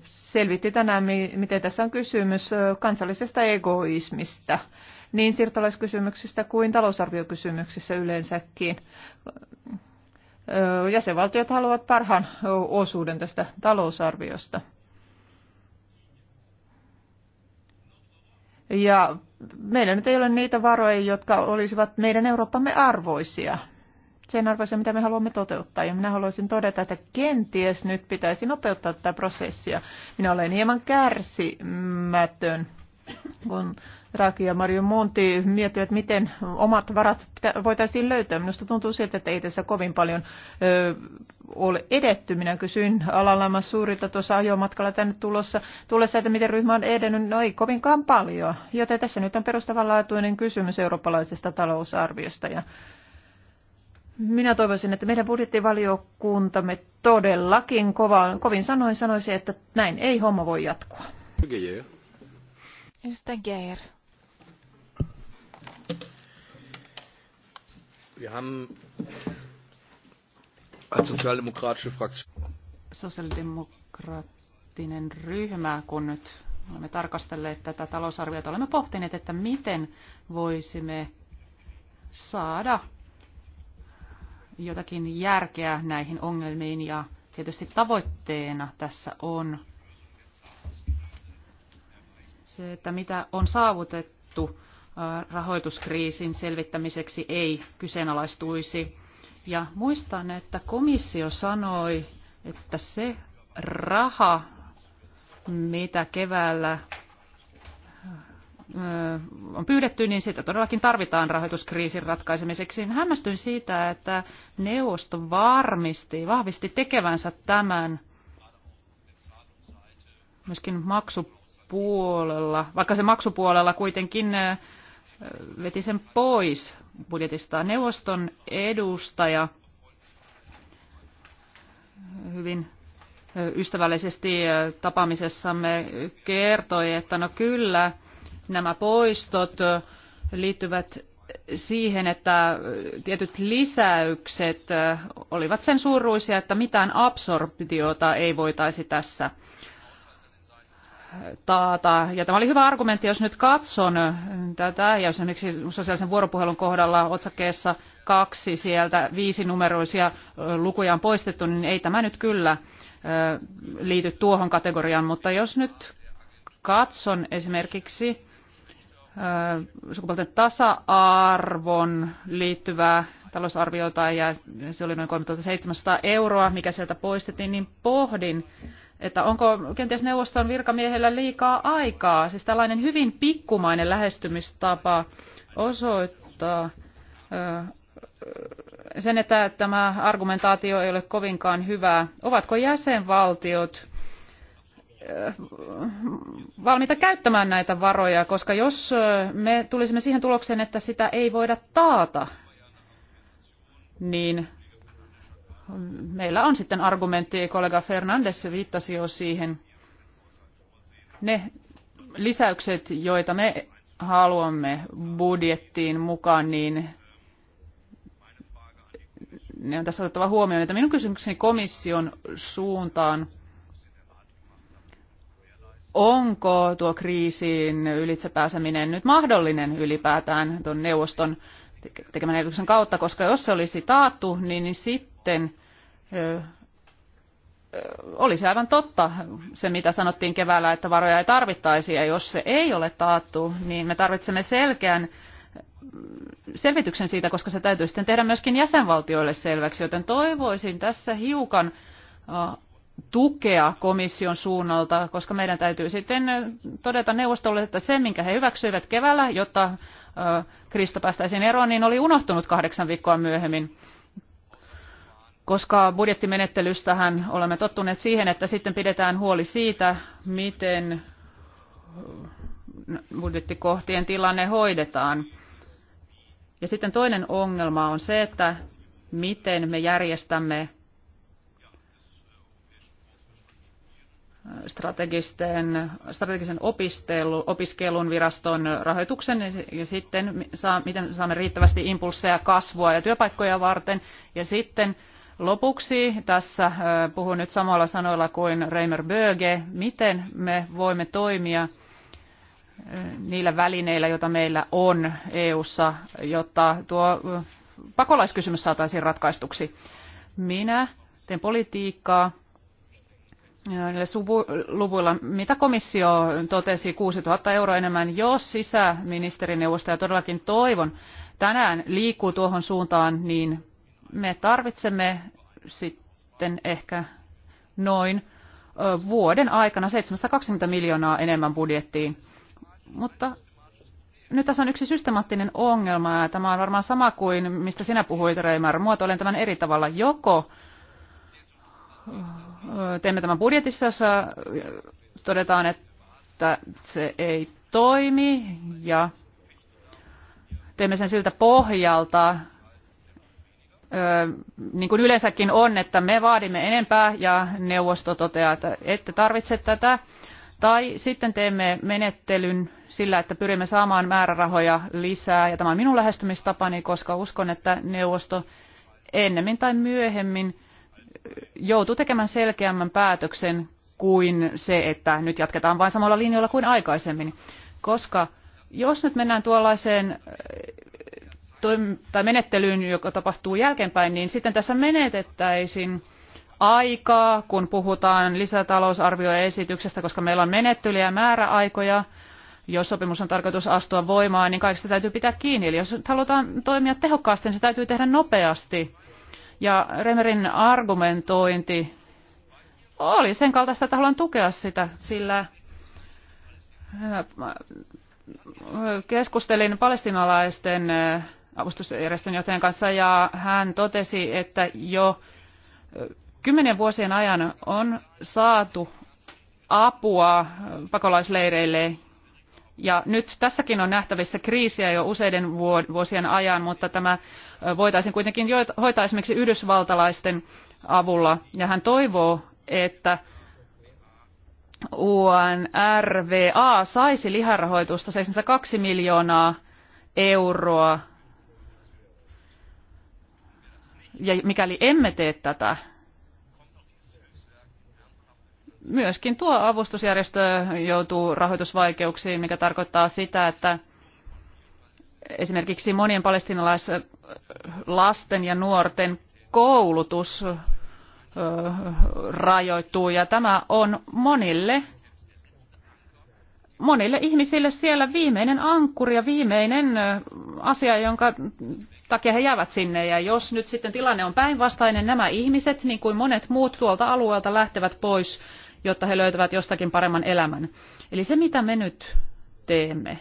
selvitti tänään, miten tässä on kysymys kansallisesta egoismista niin siirtolaiskysymyksistä kuin talousarviokysymyksissä yleensäkin. Jäsenvaltiot haluavat parhaan osuuden tästä talousarviosta. Ja meillä nyt ei ole niitä varoja, jotka olisivat meidän Eurooppamme arvoisia. Sen arvoisia, mitä me haluamme toteuttaa. Ja minä haluaisin todeta, että kenties nyt pitäisi nopeuttaa tätä prosessia. Minä olen hieman kärsimätön kun Raki ja Marjo Monti miettivät, miten omat varat voitaisiin löytää. Minusta tuntuu siltä, että ei tässä kovin paljon ö, ole edetty. Minä kysyin alalla suurilta tuossa ajomatkalla tänne tulossa, tullessa, että miten ryhmä on edennyt. No ei kovinkaan paljon, joten tässä nyt on perustavanlaatuinen kysymys eurooppalaisesta talousarviosta. Ja minä toivoisin, että meidän budjettivaliokuntamme todellakin kova, kovin sanoin sanoisi, että näin ei homma voi jatkua. Kyllä, Edustaja Geir. Wir haben als sozialdemokratische Fraktion. Sosialdemokraattinen ryhmä, kun nyt olemme tarkastelleet tätä talousarviota, olemme pohtineet, että miten voisimme saada jotakin järkeä näihin ongelmiin ja tietysti tavoitteena tässä on se, että mitä on saavutettu rahoituskriisin selvittämiseksi, ei kyseenalaistuisi. Ja muistan, että komissio sanoi, että se raha, mitä keväällä on pyydetty, niin sitä todellakin tarvitaan rahoituskriisin ratkaisemiseksi. Hämmästyin siitä, että neuvosto varmisti, vahvisti tekevänsä tämän myöskin maksu puolella, vaikka se maksupuolella kuitenkin veti sen pois budjetista. Neuvoston edustaja hyvin ystävällisesti tapaamisessamme kertoi, että no kyllä, nämä poistot liittyvät siihen, että tietyt lisäykset olivat sen suuruisia, että mitään absorptiota ei voitaisi tässä taata. Ja tämä oli hyvä argumentti, jos nyt katson äh, tätä, ja esimerkiksi sosiaalisen vuoropuhelun kohdalla otsakkeessa kaksi sieltä viisi numeroisia äh, lukuja on poistettu, niin ei tämä nyt kyllä äh, liity tuohon kategoriaan, mutta jos nyt katson esimerkiksi sukupuolten tasa-arvon liittyvää talousarviota, ja se oli noin 3700 euroa, mikä sieltä poistettiin, niin pohdin, että onko kenties neuvoston virkamiehellä liikaa aikaa. Siis tällainen hyvin pikkumainen lähestymistapa osoittaa sen, että tämä argumentaatio ei ole kovinkaan hyvää. Ovatko jäsenvaltiot valmiita käyttämään näitä varoja, koska jos me tulisimme siihen tulokseen, että sitä ei voida taata, niin meillä on sitten argumentti, kollega Fernandes viittasi jo siihen, ne lisäykset, joita me haluamme budjettiin mukaan, niin ne on tässä otettava huomioon, että minun kysymykseni komission suuntaan, onko tuo kriisiin ylitsepääseminen nyt mahdollinen ylipäätään tuon neuvoston tekemän ehdotuksen kautta, koska jos se olisi taattu, niin sitten se aivan totta se, mitä sanottiin keväällä, että varoja ei tarvittaisi, ja jos se ei ole taattu, niin me tarvitsemme selkeän mm, selvityksen siitä, koska se täytyy sitten tehdä myöskin jäsenvaltioille selväksi, joten toivoisin tässä hiukan tukea komission suunnalta, koska meidän täytyy sitten todeta neuvostolle, että se, minkä he hyväksyivät keväällä, jotta Krista päästäisiin eroon, niin oli unohtunut kahdeksan viikkoa myöhemmin koska budjettimenettelystähän olemme tottuneet siihen, että sitten pidetään huoli siitä, miten budjettikohtien tilanne hoidetaan. Ja sitten toinen ongelma on se, että miten me järjestämme strategisten, strategisen opistelu, opiskelun viraston rahoituksen ja sitten saa, miten saamme riittävästi impulsseja kasvua ja työpaikkoja varten ja sitten Lopuksi tässä puhun nyt samalla sanoilla kuin Reimer Böge, miten me voimme toimia niillä välineillä, joita meillä on EU:ssa, jotta tuo pakolaiskysymys saataisiin ratkaistuksi. Minä teen politiikkaa niillä luvuilla, mitä komissio totesi, 6000 euroa enemmän, jos sisäministerineuvosto, ja todellakin toivon, tänään liikkuu tuohon suuntaan, niin me tarvitsemme sitten ehkä noin vuoden aikana 720 miljoonaa enemmän budjettiin. Mutta nyt tässä on yksi systemaattinen ongelma, ja tämä on varmaan sama kuin mistä sinä puhuit, Reimer. Muotoilen tämän eri tavalla. Joko teemme tämän budjetissa, jossa todetaan, että se ei toimi, ja teemme sen siltä pohjalta, niin kuin yleensäkin on, että me vaadimme enempää ja neuvosto toteaa, että ette tarvitse tätä. Tai sitten teemme menettelyn sillä, että pyrimme saamaan määrärahoja lisää. Ja tämä on minun lähestymistapani, koska uskon, että neuvosto ennemmin tai myöhemmin joutuu tekemään selkeämmän päätöksen kuin se, että nyt jatketaan vain samalla linjalla kuin aikaisemmin. Koska jos nyt mennään tuollaiseen toim- tai menettelyyn, joka tapahtuu jälkeenpäin, niin sitten tässä menetettäisiin aikaa, kun puhutaan lisätalousarvioesityksestä, koska meillä on menettelyjä ja määräaikoja. Jos sopimus on tarkoitus astua voimaan, niin kaikista täytyy pitää kiinni. Eli jos halutaan toimia tehokkaasti, niin se täytyy tehdä nopeasti. Ja Remerin argumentointi oli sen kaltaista, että haluan tukea sitä, sillä äh, keskustelin palestinalaisten äh, avustusjärjestön johtajan kanssa ja hän totesi, että jo kymmenen vuosien ajan on saatu apua pakolaisleireille ja nyt tässäkin on nähtävissä kriisiä jo useiden vuosien ajan, mutta tämä voitaisiin kuitenkin hoitaa esimerkiksi yhdysvaltalaisten avulla. Ja hän toivoo, että UNRWA saisi liharahoitusta 72 miljoonaa euroa ja mikäli emme tee tätä, myöskin tuo avustusjärjestö joutuu rahoitusvaikeuksiin, mikä tarkoittaa sitä, että esimerkiksi monien lasten ja nuorten koulutus rajoittuu ja tämä on monille monille ihmisille siellä viimeinen ankkuri ja viimeinen asia, jonka takia he jäävät sinne. Ja jos nyt sitten tilanne on päinvastainen, nämä ihmiset, niin kuin monet muut tuolta alueelta, lähtevät pois, jotta he löytävät jostakin paremman elämän. Eli se, mitä me nyt teemme,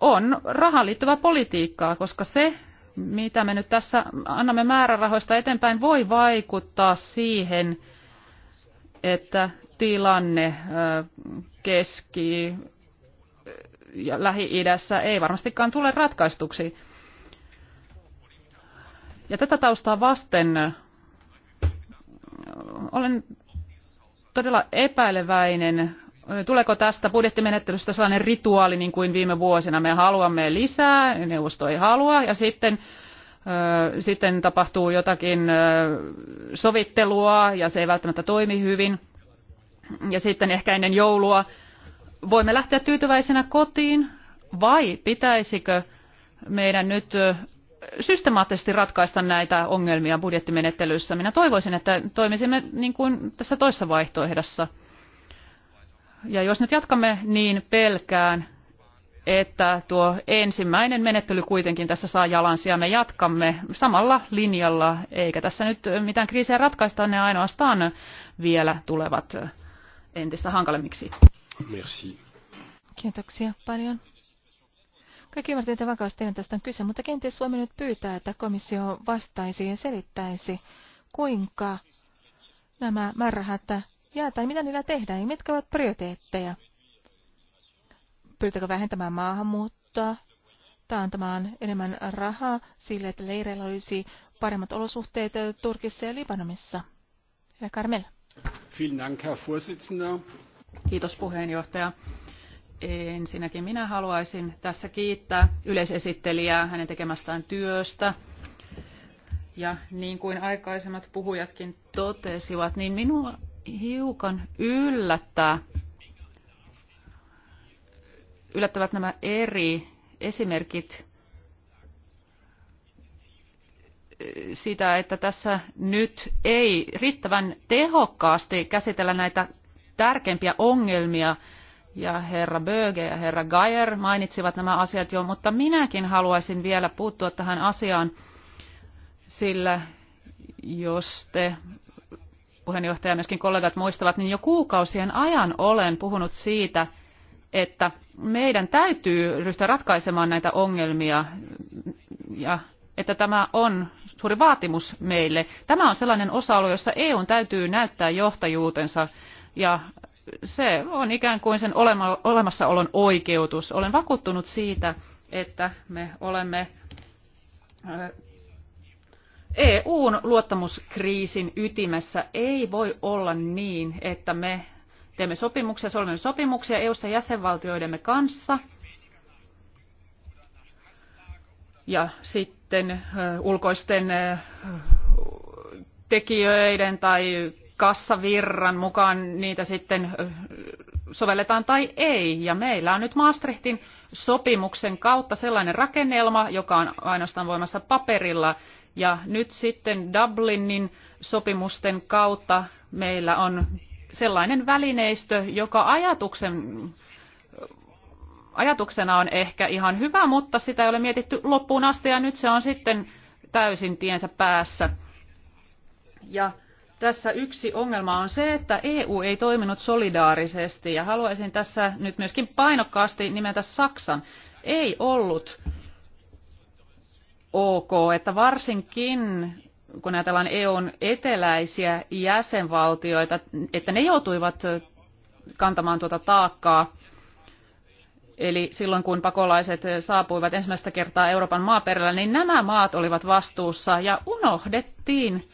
on rahan liittyvää politiikkaa, koska se, mitä me nyt tässä annamme määrärahoista eteenpäin, voi vaikuttaa siihen, että tilanne keski ja Lähi-idässä ei varmastikaan tule ratkaistuksi. Ja tätä taustaa vasten äh, olen todella epäileväinen. Äh, tuleeko tästä budjettimenettelystä sellainen rituaali, niin kuin viime vuosina me haluamme lisää, neuvosto ei halua, ja sitten, ö, äh, sitten tapahtuu jotakin ö, sovittelua, ja se ei välttämättä toimi hyvin. Ja sitten ehkä ennen joulua voimme lähteä tyytyväisenä kotiin vai pitäisikö meidän nyt systemaattisesti ratkaista näitä ongelmia budjettimenettelyssä. Minä toivoisin, että toimisimme niin kuin tässä toisessa vaihtoehdossa. Ja jos nyt jatkamme, niin pelkään, että tuo ensimmäinen menettely kuitenkin tässä saa jalansia. Me jatkamme samalla linjalla, eikä tässä nyt mitään kriisiä ratkaista, ne ainoastaan vielä tulevat entistä hankalammiksi. Merci. Kiitoksia paljon. Kaikki ymmärtävät, että vakavasti tästä on kyse, mutta kenties voimme nyt pyytää, että komissio vastaisi ja selittäisi, kuinka nämä määrärahat jää tai mitä niillä tehdään ja mitkä ovat prioriteetteja. Pyritäänkö vähentämään maahanmuuttoa, taantamaan enemmän rahaa sille, että leireillä olisi paremmat olosuhteet Turkissa ja Libanonissa. Herra Carmel. Vielen Dank, Herr Vorsitzender. Kiitos puheenjohtaja. Ensinnäkin minä haluaisin tässä kiittää yleisesittelijää hänen tekemästään työstä. Ja niin kuin aikaisemmat puhujatkin totesivat, niin minua hiukan yllättää, yllättävät nämä eri esimerkit sitä, että tässä nyt ei riittävän tehokkaasti käsitellä näitä tärkeimpiä ongelmia, ja herra Böge ja herra Geyer mainitsivat nämä asiat jo, mutta minäkin haluaisin vielä puuttua tähän asiaan, sillä jos te puheenjohtaja ja myöskin kollegat muistavat, niin jo kuukausien ajan olen puhunut siitä, että meidän täytyy ryhtyä ratkaisemaan näitä ongelmia ja että tämä on suuri vaatimus meille. Tämä on sellainen osa-alue, jossa EUn täytyy näyttää johtajuutensa ja se on ikään kuin sen olemassaolon oikeutus. Olen vakuuttunut siitä, että me olemme EUn luottamuskriisin ytimessä. Ei voi olla niin, että me teemme sopimuksia, solmimme sopimuksia EUssa jäsenvaltioidemme kanssa ja sitten ulkoisten tekijöiden tai kassavirran mukaan niitä sitten sovelletaan tai ei. Ja meillä on nyt Maastrichtin sopimuksen kautta sellainen rakennelma, joka on ainoastaan voimassa paperilla. Ja nyt sitten Dublinin sopimusten kautta meillä on sellainen välineistö, joka ajatuksen, ajatuksena on ehkä ihan hyvä, mutta sitä ei ole mietitty loppuun asti ja nyt se on sitten täysin tiensä päässä. Ja tässä yksi ongelma on se, että EU ei toiminut solidaarisesti ja haluaisin tässä nyt myöskin painokkaasti nimetä Saksan. Ei ollut ok, että varsinkin kun ajatellaan EUn eteläisiä jäsenvaltioita, että ne joutuivat kantamaan tuota taakkaa. Eli silloin kun pakolaiset saapuivat ensimmäistä kertaa Euroopan maaperällä, niin nämä maat olivat vastuussa ja unohdettiin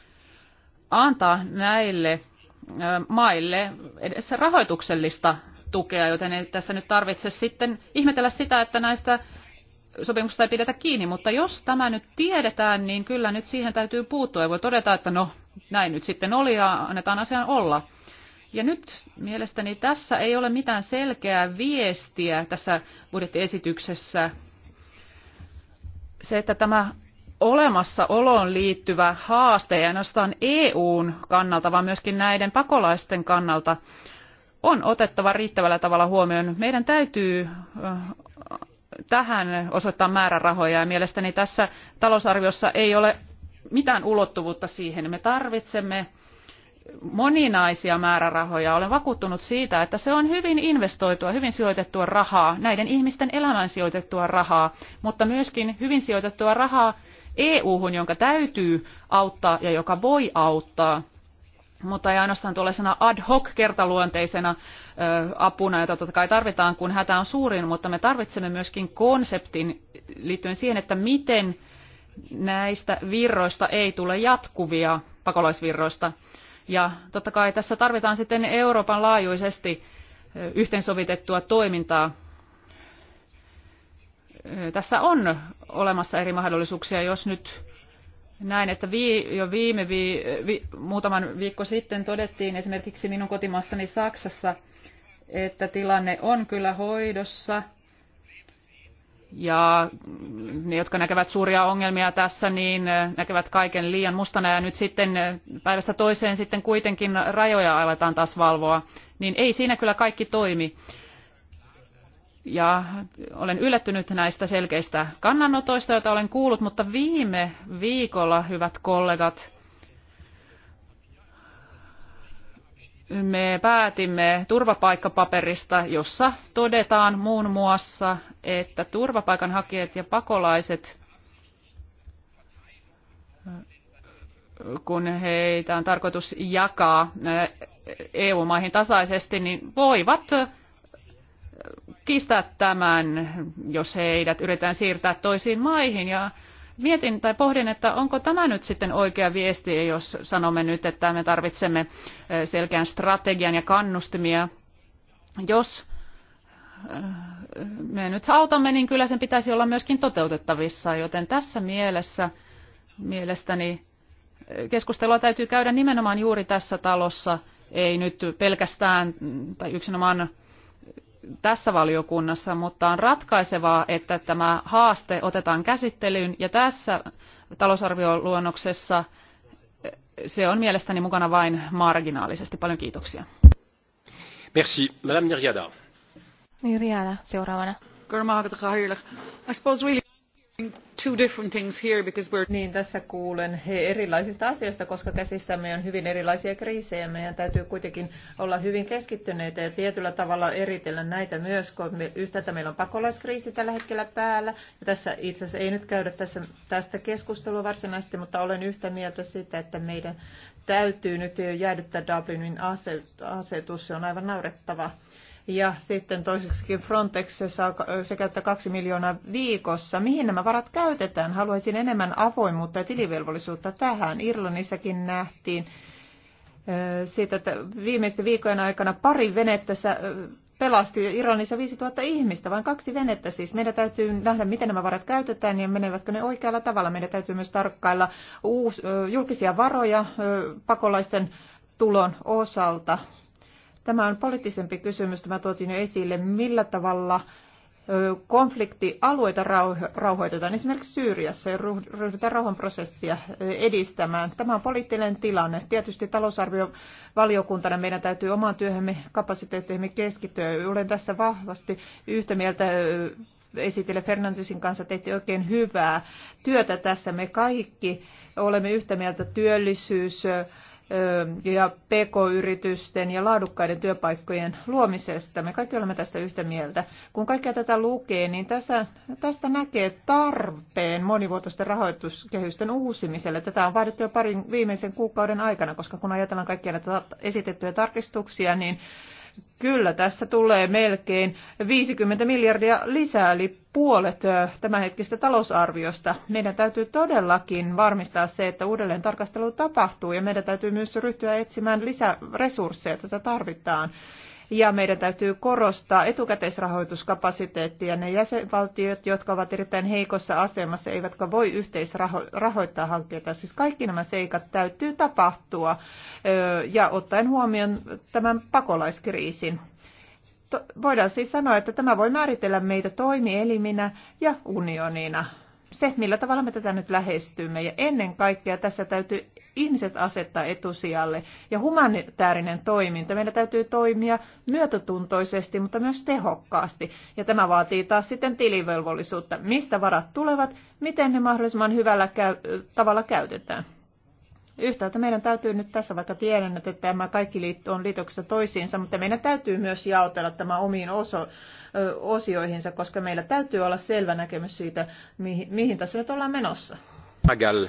antaa näille maille edes rahoituksellista tukea, joten ei tässä nyt tarvitse sitten ihmetellä sitä, että näistä sopimuksista ei pidetä kiinni, mutta jos tämä nyt tiedetään, niin kyllä nyt siihen täytyy puuttua. ja voi todeta, että no näin nyt sitten oli ja annetaan asian olla. Ja nyt mielestäni tässä ei ole mitään selkeää viestiä tässä budjettiesityksessä. Se, että tämä olemassaoloon liittyvä haaste, ei ainoastaan EUn kannalta, vaan myöskin näiden pakolaisten kannalta, on otettava riittävällä tavalla huomioon. Meidän täytyy tähän osoittaa määrärahoja ja mielestäni tässä talousarviossa ei ole mitään ulottuvuutta siihen. Me tarvitsemme moninaisia määrärahoja. Olen vakuuttunut siitä, että se on hyvin investoitua, hyvin sijoitettua rahaa, näiden ihmisten elämään sijoitettua rahaa, mutta myöskin hyvin sijoitettua rahaa EU-hun, jonka täytyy auttaa ja joka voi auttaa, mutta ei ainoastaan tuollaisena ad hoc kertaluonteisena apuna, jota totta kai tarvitaan, kun hätä on suurin, mutta me tarvitsemme myöskin konseptin liittyen siihen, että miten näistä virroista ei tule jatkuvia pakolaisvirroista. Ja totta kai tässä tarvitaan sitten Euroopan laajuisesti yhteensovitettua toimintaa tässä on olemassa eri mahdollisuuksia, jos nyt näin, että vi, jo viime vi, vi, muutaman viikko sitten todettiin esimerkiksi minun kotimaassani Saksassa, että tilanne on kyllä hoidossa. Ja ne, jotka näkevät suuria ongelmia tässä, niin näkevät kaiken liian mustana ja nyt sitten päivästä toiseen sitten kuitenkin rajoja aletaan taas valvoa. Niin ei siinä kyllä kaikki toimi ja olen yllättynyt näistä selkeistä kannanotoista, joita olen kuullut, mutta viime viikolla, hyvät kollegat, me päätimme turvapaikkapaperista, jossa todetaan muun muassa, että turvapaikanhakijat ja pakolaiset, kun heitä on tarkoitus jakaa EU-maihin tasaisesti, niin voivat kistää tämän, jos heidät yritetään siirtää toisiin maihin. Ja mietin tai pohdin, että onko tämä nyt sitten oikea viesti, jos sanomme nyt, että me tarvitsemme eh, selkeän strategian ja kannustimia. Jos eh, me nyt autamme, niin kyllä sen pitäisi olla myöskin toteutettavissa, joten tässä mielessä mielestäni eh, keskustelua täytyy käydä nimenomaan juuri tässä talossa, ei nyt pelkästään tai yksinomaan tässä valiokunnassa, mutta on ratkaisevaa, että tämä haaste otetaan käsittelyyn ja tässä talousarvioluonnoksessa se on mielestäni mukana vain marginaalisesti. Paljon kiitoksia. Merci. Madame Niriada. Niriada seuraavana. I suppose really... Niin, tässä kuulen erilaisista asioista, koska käsissämme on hyvin erilaisia kriisejä. Meidän täytyy kuitenkin olla hyvin keskittyneitä ja tietyllä tavalla eritellä näitä myös, kun me, yhtäältä meillä on pakolaiskriisi tällä hetkellä päällä. Ja tässä itse asiassa ei nyt käydä tässä, tästä keskustelua varsinaisesti, mutta olen yhtä mieltä siitä, että meidän täytyy nyt jäädyttää Dublinin asetus. Se on aivan naurettava ja sitten toiseksikin Frontex saa se käyttää kaksi miljoonaa viikossa. Mihin nämä varat käytetään? Haluaisin enemmän avoimuutta ja tilivelvollisuutta tähän. Irlannissakin nähtiin siitä, että viimeisten viikkojen aikana pari venettä pelasti Irlannissa 5000 ihmistä, vain kaksi venettä siis. Meidän täytyy nähdä, miten nämä varat käytetään ja menevätkö ne oikealla tavalla. Meidän täytyy myös tarkkailla uusi, julkisia varoja pakolaisten tulon osalta. Tämä on poliittisempi kysymys, tämä tuotiin jo esille, millä tavalla konfliktialueita rauhoitetaan, esimerkiksi Syyriassa, ja ryhdytään rauhanprosessia edistämään. Tämä on poliittinen tilanne. Tietysti talousarviovaliokuntana meidän täytyy omaan työhömme, kapasiteetteihimme keskittyä. Olen tässä vahvasti yhtä mieltä esitelle Fernandesin kanssa tehtiin oikein hyvää työtä tässä. Me kaikki olemme yhtä mieltä työllisyys, ja PK-yritysten ja laadukkaiden työpaikkojen luomisesta. Me kaikki olemme tästä yhtä mieltä. Kun kaikkea tätä lukee, niin tässä, tästä näkee tarpeen monivuotoisten rahoituskehysten uusimiselle. Tätä on vaadittu jo parin viimeisen kuukauden aikana, koska kun ajatellaan kaikkia näitä esitettyjä tarkistuksia, niin Kyllä tässä tulee melkein 50 miljardia lisää, eli puolet tämänhetkistä talousarviosta. Meidän täytyy todellakin varmistaa se, että uudelleen tarkastelu tapahtuu ja meidän täytyy myös ryhtyä etsimään lisäresursseja, tätä tarvitaan ja meidän täytyy korostaa etukäteisrahoituskapasiteettia. Ne jäsenvaltiot, jotka ovat erittäin heikossa asemassa, eivätkä voi yhteisrahoittaa hankkeita. Siis kaikki nämä seikat täytyy tapahtua ja ottaen huomioon tämän pakolaiskriisin voidaan siis sanoa, että tämä voi määritellä meitä toimieliminä ja unionina se, millä tavalla me tätä nyt lähestymme. Ja ennen kaikkea tässä täytyy ihmiset asettaa etusijalle. Ja humanitaarinen toiminta, meillä täytyy toimia myötätuntoisesti, mutta myös tehokkaasti. Ja tämä vaatii taas sitten tilivelvollisuutta, mistä varat tulevat, miten ne mahdollisimman hyvällä käy- tavalla käytetään. Yhtäältä meidän täytyy nyt tässä, vaikka tiedän, että tämä kaikki on liitoksessa toisiinsa, mutta meidän täytyy myös jaotella tämä omiin osoihin osioihinsa, koska meillä täytyy olla selvä näkemys siitä, mihin, mihin tässä nyt ollaan menossa. Magal.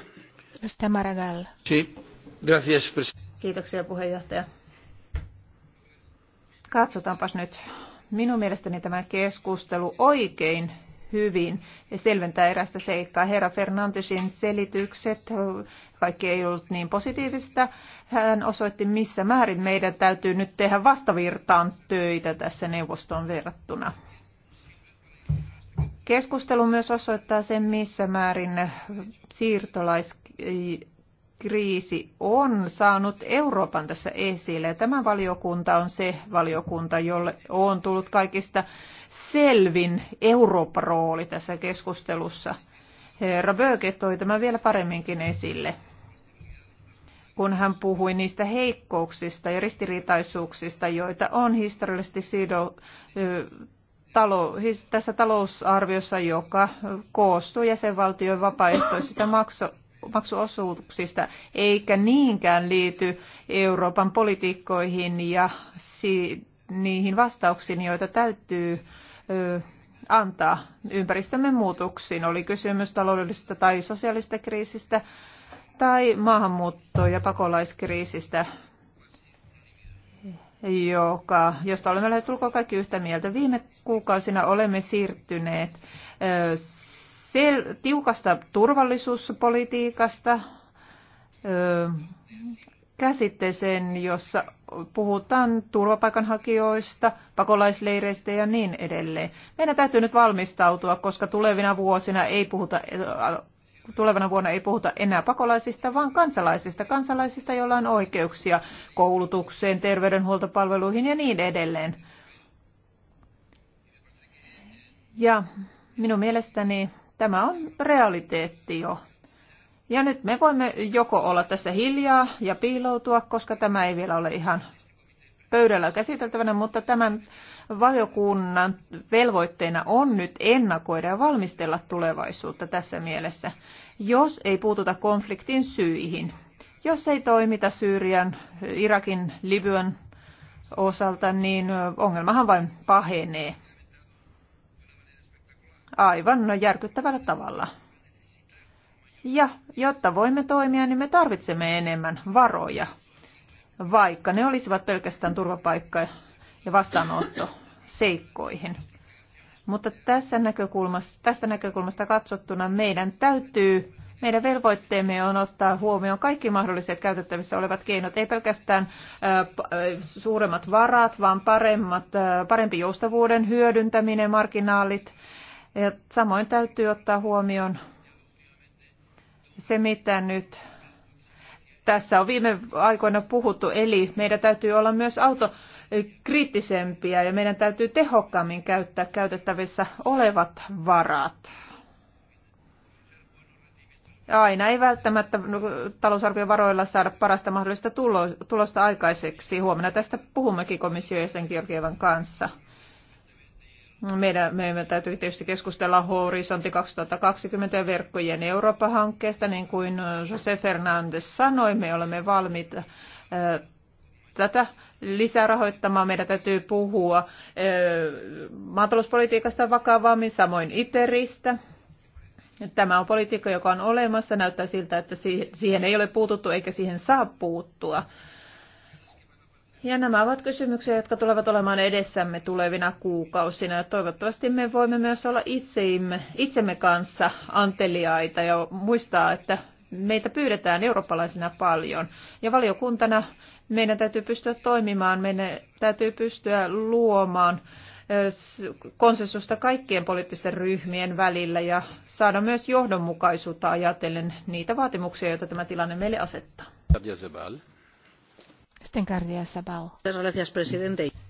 Mr. Maragall. Si. Gracias, Kiitoksia puheenjohtaja. Katsotaanpas nyt. Minun mielestäni tämä keskustelu oikein hyvin ja selventää erästä seikkaa. Herra Fernandesin selitykset, kaikki ei ollut niin positiivista. Hän osoitti, missä määrin meidän täytyy nyt tehdä vastavirtaan töitä tässä neuvostoon verrattuna. Keskustelu myös osoittaa sen, missä määrin siirtolaiskriisi on saanut Euroopan tässä esille. Tämä valiokunta on se valiokunta, jolle on tullut kaikista selvin Eurooppa-rooli tässä keskustelussa. Herra Böke toi tämän vielä paremminkin esille, kun hän puhui niistä heikkouksista ja ristiriitaisuuksista, joita on historiallisesti sido, talo, tässä talousarviossa, joka koostuu jäsenvaltioiden vapaaehtoisista makso, maksuosuuksista, eikä niinkään liity Euroopan politiikkoihin ja si, niihin vastauksiin, joita täytyy antaa ympäristömme muutoksiin. Oli kysymys taloudellisesta tai sosiaalisesta kriisistä tai maahanmuutto- ja pakolaiskriisistä, joka, josta olemme lähes tulkoon kaikki yhtä mieltä. Viime kuukausina olemme siirtyneet sel- tiukasta turvallisuuspolitiikasta käsitteeseen, jossa puhutaan turvapaikanhakijoista, pakolaisleireistä ja niin edelleen. Meidän täytyy nyt valmistautua, koska tulevina vuosina ei puhuta tulevana vuonna ei puhuta enää pakolaisista, vaan kansalaisista, kansalaisista, joilla on oikeuksia koulutukseen, terveydenhuoltopalveluihin ja niin edelleen. Ja minun mielestäni tämä on realiteetti jo. Ja nyt me voimme joko olla tässä hiljaa ja piiloutua, koska tämä ei vielä ole ihan pöydällä käsiteltävänä, mutta tämän valiokunnan velvoitteena on nyt ennakoida ja valmistella tulevaisuutta tässä mielessä, jos ei puututa konfliktin syihin. Jos ei toimita Syyrian, Irakin, Libyan osalta, niin ongelmahan vain pahenee aivan järkyttävällä tavalla. Ja jotta voimme toimia, niin me tarvitsemme enemmän varoja, vaikka ne olisivat pelkästään turvapaikka- ja vastaanottoseikkoihin. Mutta tässä näkökulmasta, tästä näkökulmasta katsottuna meidän täytyy, meidän velvoitteemme on ottaa huomioon kaikki mahdolliset käytettävissä olevat keinot, ei pelkästään suuremmat varat, vaan paremmat, parempi joustavuuden hyödyntäminen, marginaalit. Ja samoin täytyy ottaa huomioon se, mitä nyt tässä on viime aikoina puhuttu, eli meidän täytyy olla myös auto kriittisempiä ja meidän täytyy tehokkaammin käyttää käytettävissä olevat varat. Aina ei välttämättä talousarvion varoilla saada parasta mahdollista tulosta aikaiseksi. Huomenna tästä puhummekin komissio ja sen kanssa. Meidän, meidän täytyy tietysti keskustella Horisontti 2020 verkkojen Eurooppa-hankkeesta, niin kuin Jose Fernandes sanoi, me olemme valmiita äh, tätä lisärahoittamaan. Meidän täytyy puhua äh, maatalouspolitiikasta vakavammin, samoin ITERistä. Tämä on politiikka, joka on olemassa. Näyttää siltä, että siihen ei ole puututtu eikä siihen saa puuttua. Ja nämä ovat kysymyksiä, jotka tulevat olemaan edessämme tulevina kuukausina. Ja toivottavasti me voimme myös olla itseimme, itsemme kanssa anteliaita ja muistaa, että meitä pyydetään eurooppalaisina paljon. Ja valiokuntana meidän täytyy pystyä toimimaan, meidän täytyy pystyä luomaan konsensusta kaikkien poliittisten ryhmien välillä ja saada myös johdonmukaisuutta ajatellen niitä vaatimuksia, joita tämä tilanne meille asettaa. Sitten Kardia Sabal.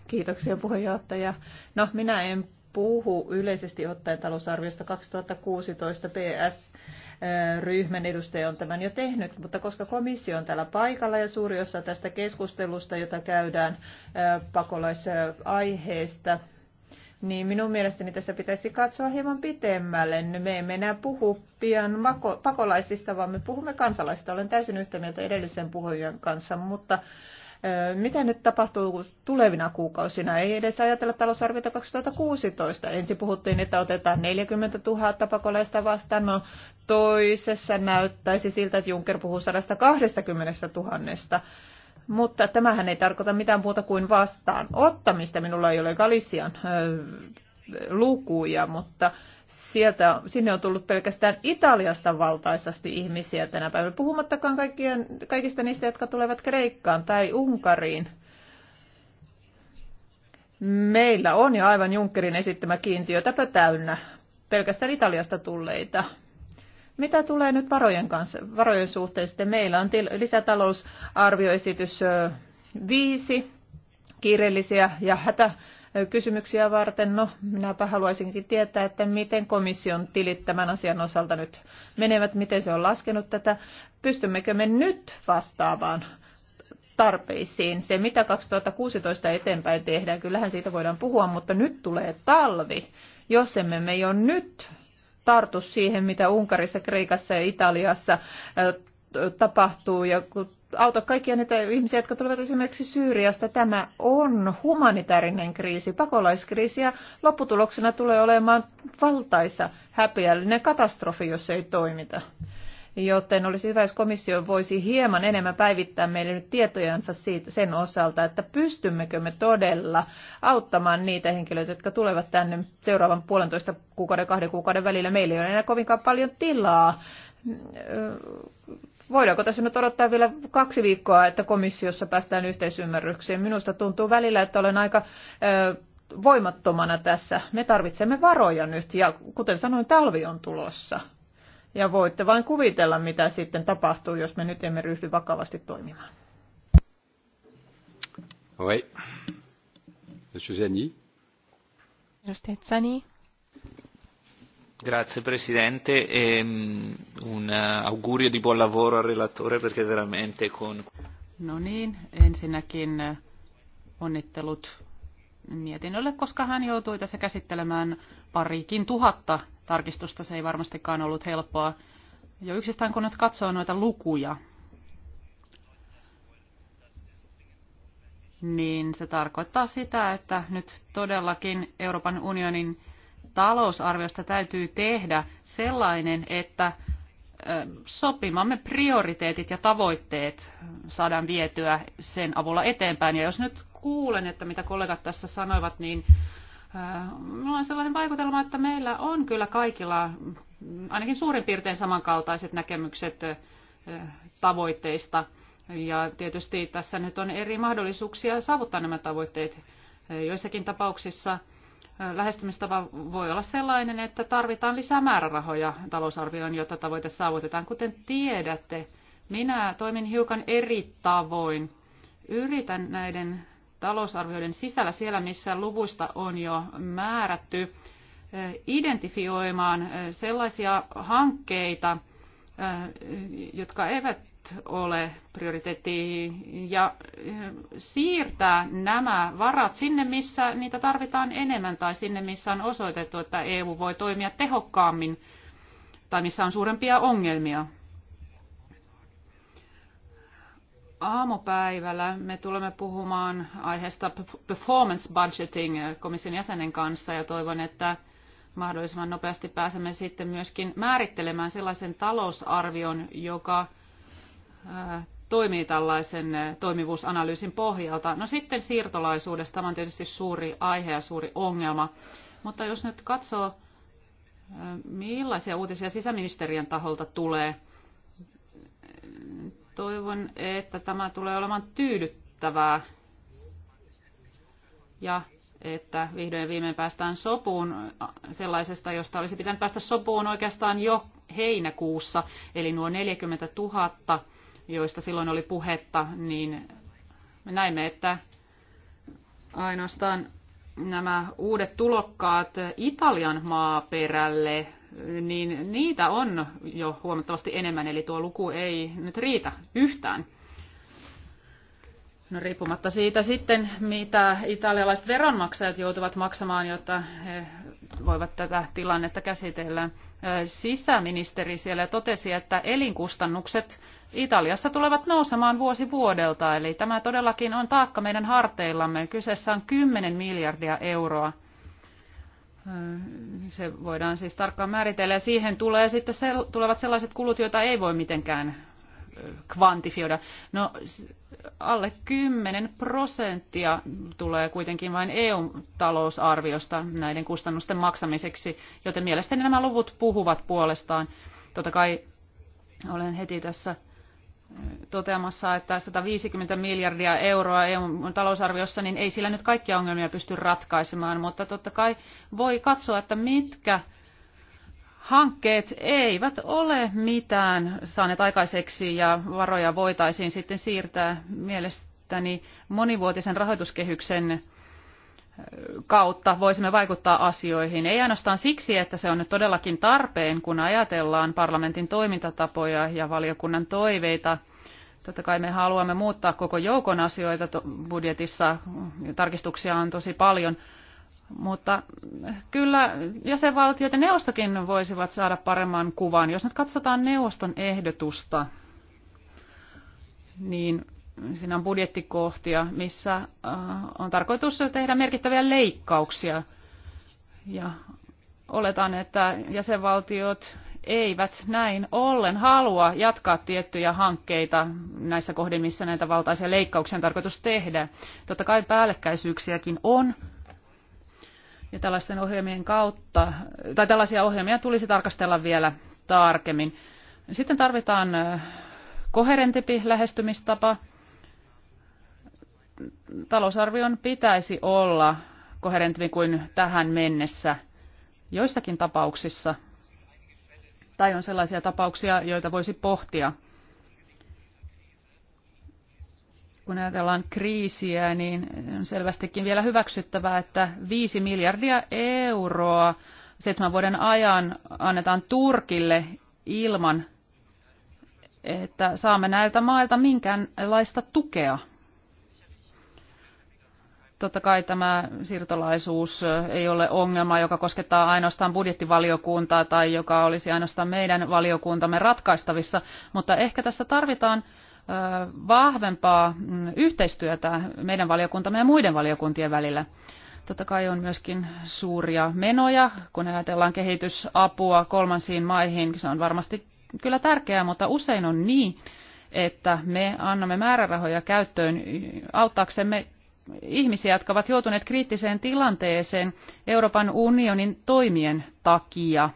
Kiitoksia puheenjohtaja. No, minä en puhu yleisesti ottaen talousarviosta 2016 PS ryhmän edustaja on tämän jo tehnyt, mutta koska komissio on täällä paikalla ja suuri osa tästä keskustelusta, jota käydään pakolaisaiheesta, niin minun mielestäni tässä pitäisi katsoa hieman pitemmälle. Me emme enää puhu pian pakolaisista, vaan me puhumme kansalaisista. Olen täysin yhtä mieltä edellisen puhujan kanssa, mutta mitä nyt tapahtuu tulevina kuukausina? Ei edes ajatella talousarviota 2016. Ensin puhuttiin, että otetaan 40 000 pakolaista vastaan. No, toisessa näyttäisi siltä, että Juncker puhuu 120 000 mutta tämähän ei tarkoita mitään muuta kuin vastaan ottamista. Minulla ei ole Galician lukuja, mutta sieltä, sinne on tullut pelkästään Italiasta valtaisasti ihmisiä tänä päivänä, puhumattakaan kaikkien, kaikista niistä, jotka tulevat Kreikkaan tai Unkariin. Meillä on jo aivan Junckerin esittämä kiintiötäpä täynnä pelkästään Italiasta tulleita. Mitä tulee nyt varojen, kanssa, varojen suhteen sitten? Meillä on lisätalousarvioesitys viisi kiireellisiä ja hätä kysymyksiä varten. No, minäpä haluaisinkin tietää, että miten komission tilit tämän asian osalta nyt menevät, miten se on laskenut tätä. Pystymmekö me nyt vastaavaan tarpeisiin? Se, mitä 2016 eteenpäin tehdään, kyllähän siitä voidaan puhua, mutta nyt tulee talvi. Jos emme me jo nyt tartu siihen, mitä Unkarissa, Kreikassa ja Italiassa äh, tapahtuu ja kun auta kaikkia niitä ihmisiä, jotka tulevat esimerkiksi Syyriasta. Tämä on humanitaarinen kriisi, pakolaiskriisi ja lopputuloksena tulee olemaan valtaisa häpeällinen katastrofi, jos ei toimita. Joten olisi hyvä, jos komissio voisi hieman enemmän päivittää meille nyt tietojansa siitä, sen osalta, että pystymmekö me todella auttamaan niitä henkilöitä, jotka tulevat tänne seuraavan puolentoista kuukauden, kahden kuukauden välillä. Meillä ei ole enää kovinkaan paljon tilaa Voidaanko tässä nyt odottaa vielä kaksi viikkoa, että komissiossa päästään yhteisymmärrykseen? Minusta tuntuu välillä, että olen aika voimattomana tässä. Me tarvitsemme varoja nyt ja kuten sanoin, talvi on tulossa. Ja voitte vain kuvitella, mitä sitten tapahtuu, jos me nyt emme ryhdy vakavasti toimimaan. Oui. Monsieur Zani. Monsieur Zani. Grazie Presidente e un augurio di buon lavoro al relatore perché veramente con... No niin, ensinnäkin onnittelut mietinnölle, koska hän joutui tässä käsittelemään parikin tuhatta tarkistusta. Se ei varmastikaan ollut helppoa. Jo yksistään kun nyt katsoo noita lukuja, niin se tarkoittaa sitä, että nyt todellakin Euroopan unionin talousarviosta täytyy tehdä sellainen, että sopimamme prioriteetit ja tavoitteet saadaan vietyä sen avulla eteenpäin. Ja jos nyt kuulen, että mitä kollegat tässä sanoivat, niin Minulla on sellainen vaikutelma, että meillä on kyllä kaikilla ainakin suurin piirtein samankaltaiset näkemykset tavoitteista. Ja tietysti tässä nyt on eri mahdollisuuksia saavuttaa nämä tavoitteet. Joissakin tapauksissa – lähestymistapa voi olla sellainen, että tarvitaan lisää määrärahoja talousarvioon, jotta tavoite saavutetaan. Kuten tiedätte, minä toimin hiukan eri tavoin. Yritän näiden talousarvioiden sisällä, siellä missä luvuista on jo määrätty, eh, identifioimaan eh, sellaisia hankkeita, eh, jotka eivät ole prioriteetti ja eh, siirtää nämä varat sinne, missä niitä tarvitaan enemmän tai sinne, missä on osoitettu, että EU voi toimia tehokkaammin tai missä on suurempia ongelmia. Aamupäivällä me tulemme puhumaan aiheesta performance budgeting komission jäsenen kanssa ja toivon, että mahdollisimman nopeasti pääsemme sitten myöskin määrittelemään sellaisen talousarvion, joka toimii tällaisen toimivuusanalyysin pohjalta. No sitten siirtolaisuudesta, tämä on tietysti suuri aihe ja suuri ongelma, mutta jos nyt katsoo, millaisia uutisia sisäministeriön taholta tulee, toivon, että tämä tulee olemaan tyydyttävää ja että vihdoin ja viimein päästään sopuun sellaisesta, josta olisi pitänyt päästä sopuun oikeastaan jo heinäkuussa, eli nuo 40 000 joista silloin oli puhetta, niin me näimme, että ainoastaan nämä uudet tulokkaat Italian maaperälle, niin niitä on jo huomattavasti enemmän, eli tuo luku ei nyt riitä yhtään. No riippumatta siitä sitten, mitä italialaiset veronmaksajat joutuvat maksamaan, jotta he voivat tätä tilannetta käsitellä. Sisäministeri siellä totesi, että elinkustannukset Italiassa tulevat nousemaan vuosi vuodelta, eli tämä todellakin on taakka meidän harteillamme. Kyseessä on 10 miljardia euroa. Se voidaan siis tarkkaan määritellä ja siihen tulee sitten se, tulevat sellaiset kulut, joita ei voi mitenkään kvantifioida. No alle 10 prosenttia tulee kuitenkin vain EU-talousarviosta näiden kustannusten maksamiseksi, joten mielestäni nämä luvut puhuvat puolestaan. Totta kai olen heti tässä toteamassa, että 150 miljardia euroa EUn talousarviossa, niin ei sillä nyt kaikkia ongelmia pysty ratkaisemaan, mutta totta kai voi katsoa, että mitkä hankkeet eivät ole mitään saaneet aikaiseksi ja varoja voitaisiin sitten siirtää mielestäni monivuotisen rahoituskehyksen kautta voisimme vaikuttaa asioihin. Ei ainoastaan siksi, että se on nyt todellakin tarpeen, kun ajatellaan parlamentin toimintatapoja ja valiokunnan toiveita. Totta kai me haluamme muuttaa koko joukon asioita budjetissa, tarkistuksia on tosi paljon, mutta kyllä jäsenvaltiot ja neuvostokin voisivat saada paremman kuvan. Jos nyt katsotaan neuvoston ehdotusta, niin siinä on budjettikohtia, missä äh, on tarkoitus tehdä merkittäviä leikkauksia. Ja oletan, että jäsenvaltiot eivät näin ollen halua jatkaa tiettyjä hankkeita näissä kohdin, missä näitä valtaisia leikkauksia on tarkoitus tehdä. Totta kai päällekkäisyyksiäkin on, ja tällaisten ohjelmien kautta, tai tällaisia ohjelmia tulisi tarkastella vielä tarkemmin. Sitten tarvitaan äh, koherentempi lähestymistapa, talousarvion pitäisi olla koherentempi kuin tähän mennessä joissakin tapauksissa. Tai on sellaisia tapauksia, joita voisi pohtia. Kun ajatellaan kriisiä, niin on selvästikin vielä hyväksyttävää, että 5 miljardia euroa seitsemän vuoden ajan annetaan Turkille ilman, että saamme näiltä mailta minkäänlaista tukea. Totta kai tämä siirtolaisuus ei ole ongelma, joka koskettaa ainoastaan budjettivaliokuntaa tai joka olisi ainoastaan meidän valiokuntamme ratkaistavissa, mutta ehkä tässä tarvitaan vahvempaa mm, yhteistyötä meidän valiokuntamme ja muiden valiokuntien välillä. Totta kai on myöskin suuria menoja, kun ajatellaan kehitysapua kolmansiin maihin. Se on varmasti kyllä tärkeää, mutta usein on niin, että me annamme määrärahoja käyttöön auttaaksemme ihmisiä, jotka ovat joutuneet kriittiseen tilanteeseen Euroopan unionin toimien takia.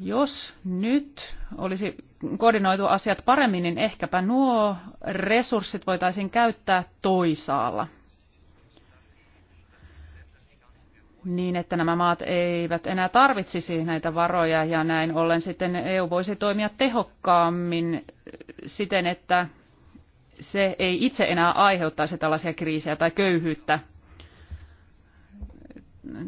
Jos nyt olisi koordinoitu asiat paremmin, niin ehkäpä nuo resurssit voitaisiin käyttää toisaalla. niin, että nämä maat eivät enää tarvitsisi näitä varoja ja näin ollen sitten EU voisi toimia tehokkaammin siten, että se ei itse enää aiheuttaisi tällaisia kriisejä tai köyhyyttä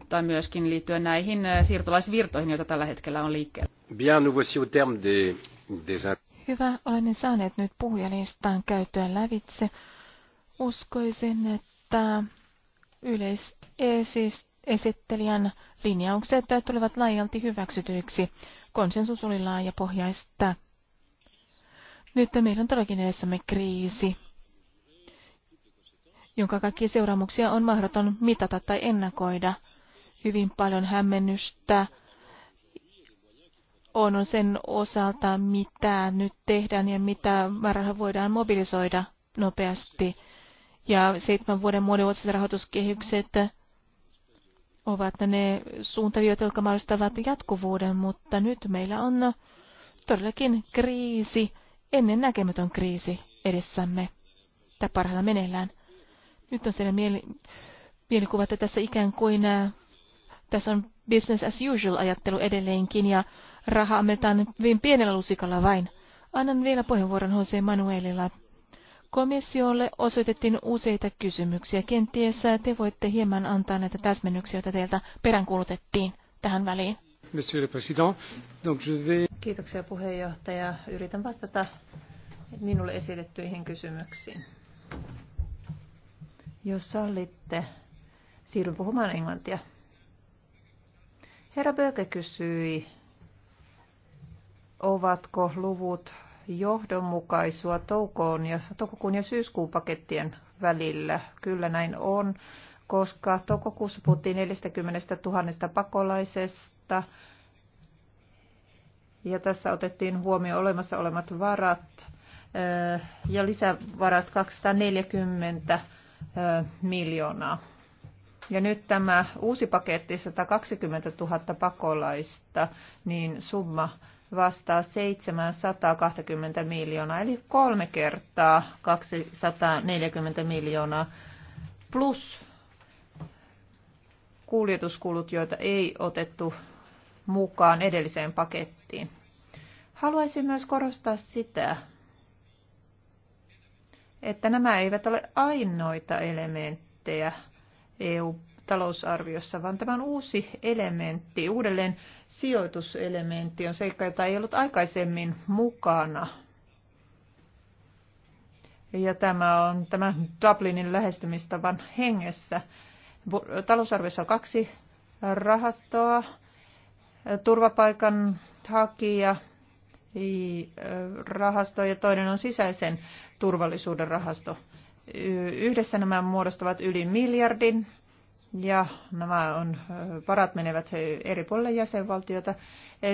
tai myöskin liittyen näihin äh, siirtolaisvirtoihin, joita tällä hetkellä on liikkeellä. Bien, nous voici au terme des, des... Hyvä, olemme saaneet nyt puhujalistaan käytyä lävitse. Uskoisin, että yleisesittelijän linjaukset tulevat laajalti hyväksytyiksi. Konsensus oli pohjaista. Nyt meillä on todellakin edessämme kriisi, jonka kaikki seuraamuksia on mahdoton mitata tai ennakoida. Hyvin paljon hämmennystä on sen osalta, mitä nyt tehdään ja mitä varaa voidaan mobilisoida nopeasti. Ja seitsemän vuoden monivuotiset rahoituskehykset ovat ne suuntaviot, jotka mahdollistavat jatkuvuuden, mutta nyt meillä on todellakin kriisi, ennen näkemätön kriisi edessämme, Tämä parhailla meneillään. Nyt on siellä mieli, mielikuva, että tässä ikään kuin ää, äh, tässä on business as usual ajattelu edelleenkin ja rahaa ammetaan hyvin pienellä lusikalla vain. Annan vielä puheenvuoron H.C. Manuelilla. Komissiolle osoitettiin useita kysymyksiä. Kenties te voitte hieman antaa näitä täsmennyksiä, joita teiltä peräänkuulutettiin tähän väliin. Monsieur le Kiitoksia puheenjohtaja. Yritän vastata minulle esitettyihin kysymyksiin. Jos sallitte, siirryn puhumaan englantia. Herra Böke kysyi, ovatko luvut johdonmukaisua toukoon ja, toukokuun ja syyskuun pakettien välillä. Kyllä näin on, koska toukokuussa puhuttiin 40 000 pakolaisesta vuotta. Ja tässä otettiin huomioon olemassa olemat varat ja lisävarat 240 miljoonaa. Ja nyt tämä uusi paketti 120 000 pakolaista, niin summa vastaa 720 miljoonaa, eli kolme kertaa 240 miljoonaa plus kuljetuskulut, joita ei otettu mukaan edelliseen pakettiin. Haluaisin myös korostaa sitä, että nämä eivät ole ainoita elementtejä EU-talousarviossa, vaan tämä on uusi elementti, uudelleen sijoituselementti on seikka, jota ei ollut aikaisemmin mukana. Ja tämä on tämä Dublinin lähestymistavan hengessä. Talousarviossa on kaksi rahastoa, turvapaikan hakija rahasto ja toinen on sisäisen turvallisuuden rahasto. Yhdessä nämä muodostavat yli miljardin ja nämä on, varat menevät eri puolille jäsenvaltiota.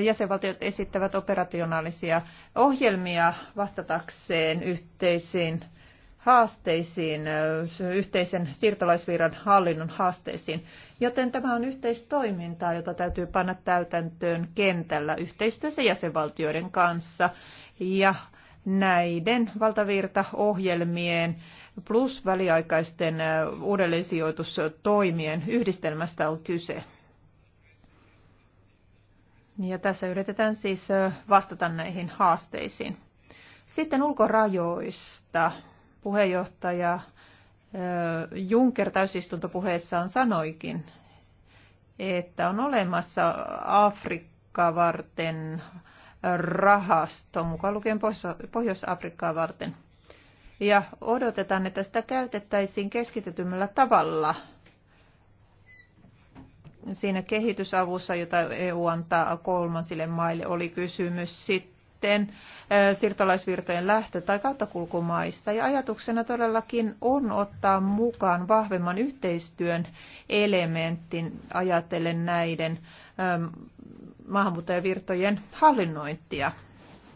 Jäsenvaltiot esittävät operationaalisia ohjelmia vastatakseen yhteisiin haasteisiin, yhteisen siirtolaisviran hallinnon haasteisiin. Joten tämä on yhteistoimintaa, jota täytyy panna täytäntöön kentällä yhteistyössä jäsenvaltioiden kanssa. Ja näiden valtavirtaohjelmien plus väliaikaisten uudelleensijoitustoimien yhdistelmästä on kyse. Ja tässä yritetään siis vastata näihin haasteisiin. Sitten ulkorajoista puheenjohtaja Juncker täysistuntopuheessaan sanoikin, että on olemassa Afrikkaa varten rahasto, mukaan lukien Pohjois-Afrikkaa varten. Ja odotetaan, että sitä käytettäisiin keskitetymmällä tavalla siinä kehitysavussa, jota EU antaa kolmansille maille, oli kysymys sitten sitten siirtolaisvirtojen lähtö- tai kauttakulkumaista. Ja ajatuksena todellakin on ottaa mukaan vahvemman yhteistyön elementin ajatellen näiden maahanmuuttajavirtojen hallinnointia.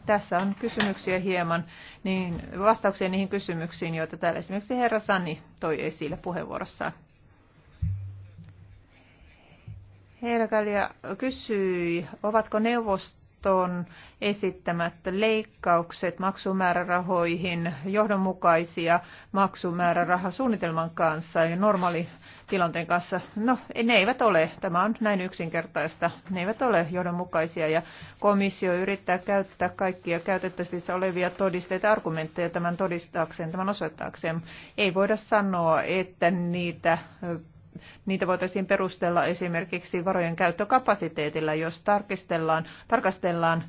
Tässä on kysymyksiä hieman, niin vastauksia niihin kysymyksiin, joita täällä esimerkiksi herra Sani toi esille puheenvuorossaan. Herra Kalja kysyi, ovatko neuvost neuvoston esittämät leikkaukset maksumäärärahoihin johdonmukaisia maksumäärärahasuunnitelman kanssa ja normaali tilanteen kanssa. No, ne eivät ole. Tämä on näin yksinkertaista. Ne eivät ole johdonmukaisia ja komissio yrittää käyttää kaikkia käytettävissä olevia todisteita, argumentteja tämän todistaakseen, tämän osoittaakseen. Ei voida sanoa, että niitä niitä voitaisiin perustella esimerkiksi varojen käyttökapasiteetilla. Jos tarkistellaan, tarkastellaan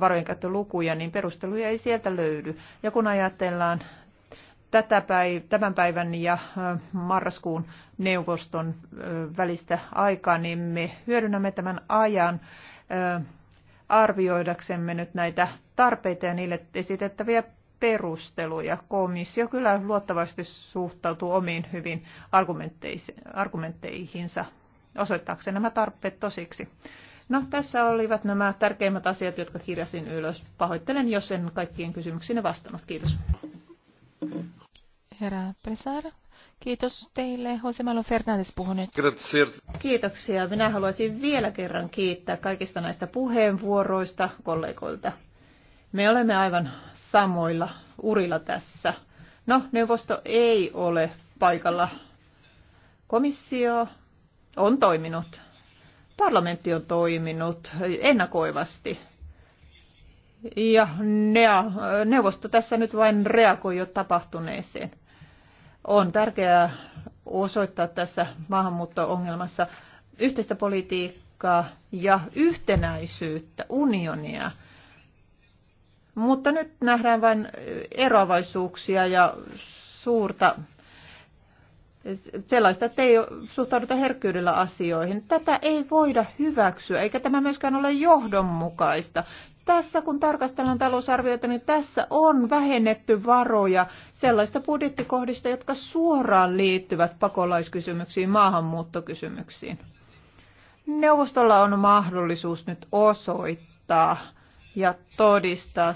varojen käyttölukuja, niin perusteluja ei sieltä löydy. Ja kun ajatellaan tätä päiv- tämän päivän ja marraskuun neuvoston välistä aikaa, niin me hyödynnämme tämän ajan arvioidaksemme nyt näitä tarpeita ja niille esitettäviä perusteluja. Komissio kyllä luottavasti suhtautuu omiin hyvin argumentteihinsa osoittaakseen nämä tarpeet tosiksi. No, tässä olivat nämä tärkeimmät asiat, jotka kirjasin ylös. Pahoittelen, jos en kaikkiin kysymyksiin vastannut. Kiitos. Herra Presar, kiitos teille. Jose Malo Fernandes puhunut. Kiitoksia. Minä haluaisin vielä kerran kiittää kaikista näistä puheenvuoroista kollegoilta. Me olemme aivan samoilla urilla tässä. No, neuvosto ei ole paikalla. Komissio on toiminut. Parlamentti on toiminut ennakoivasti. Ja neuvosto tässä nyt vain reagoi jo tapahtuneeseen. On tärkeää osoittaa tässä maahanmuutto-ongelmassa yhteistä politiikkaa ja yhtenäisyyttä, unionia – mutta nyt nähdään vain eroavaisuuksia ja suurta sellaista, että ei suhtauduta herkkyydellä asioihin. Tätä ei voida hyväksyä, eikä tämä myöskään ole johdonmukaista. Tässä kun tarkastellaan talousarvioita, niin tässä on vähennetty varoja sellaista budjettikohdista, jotka suoraan liittyvät pakolaiskysymyksiin, maahanmuuttokysymyksiin. Neuvostolla on mahdollisuus nyt osoittaa, ja todistaa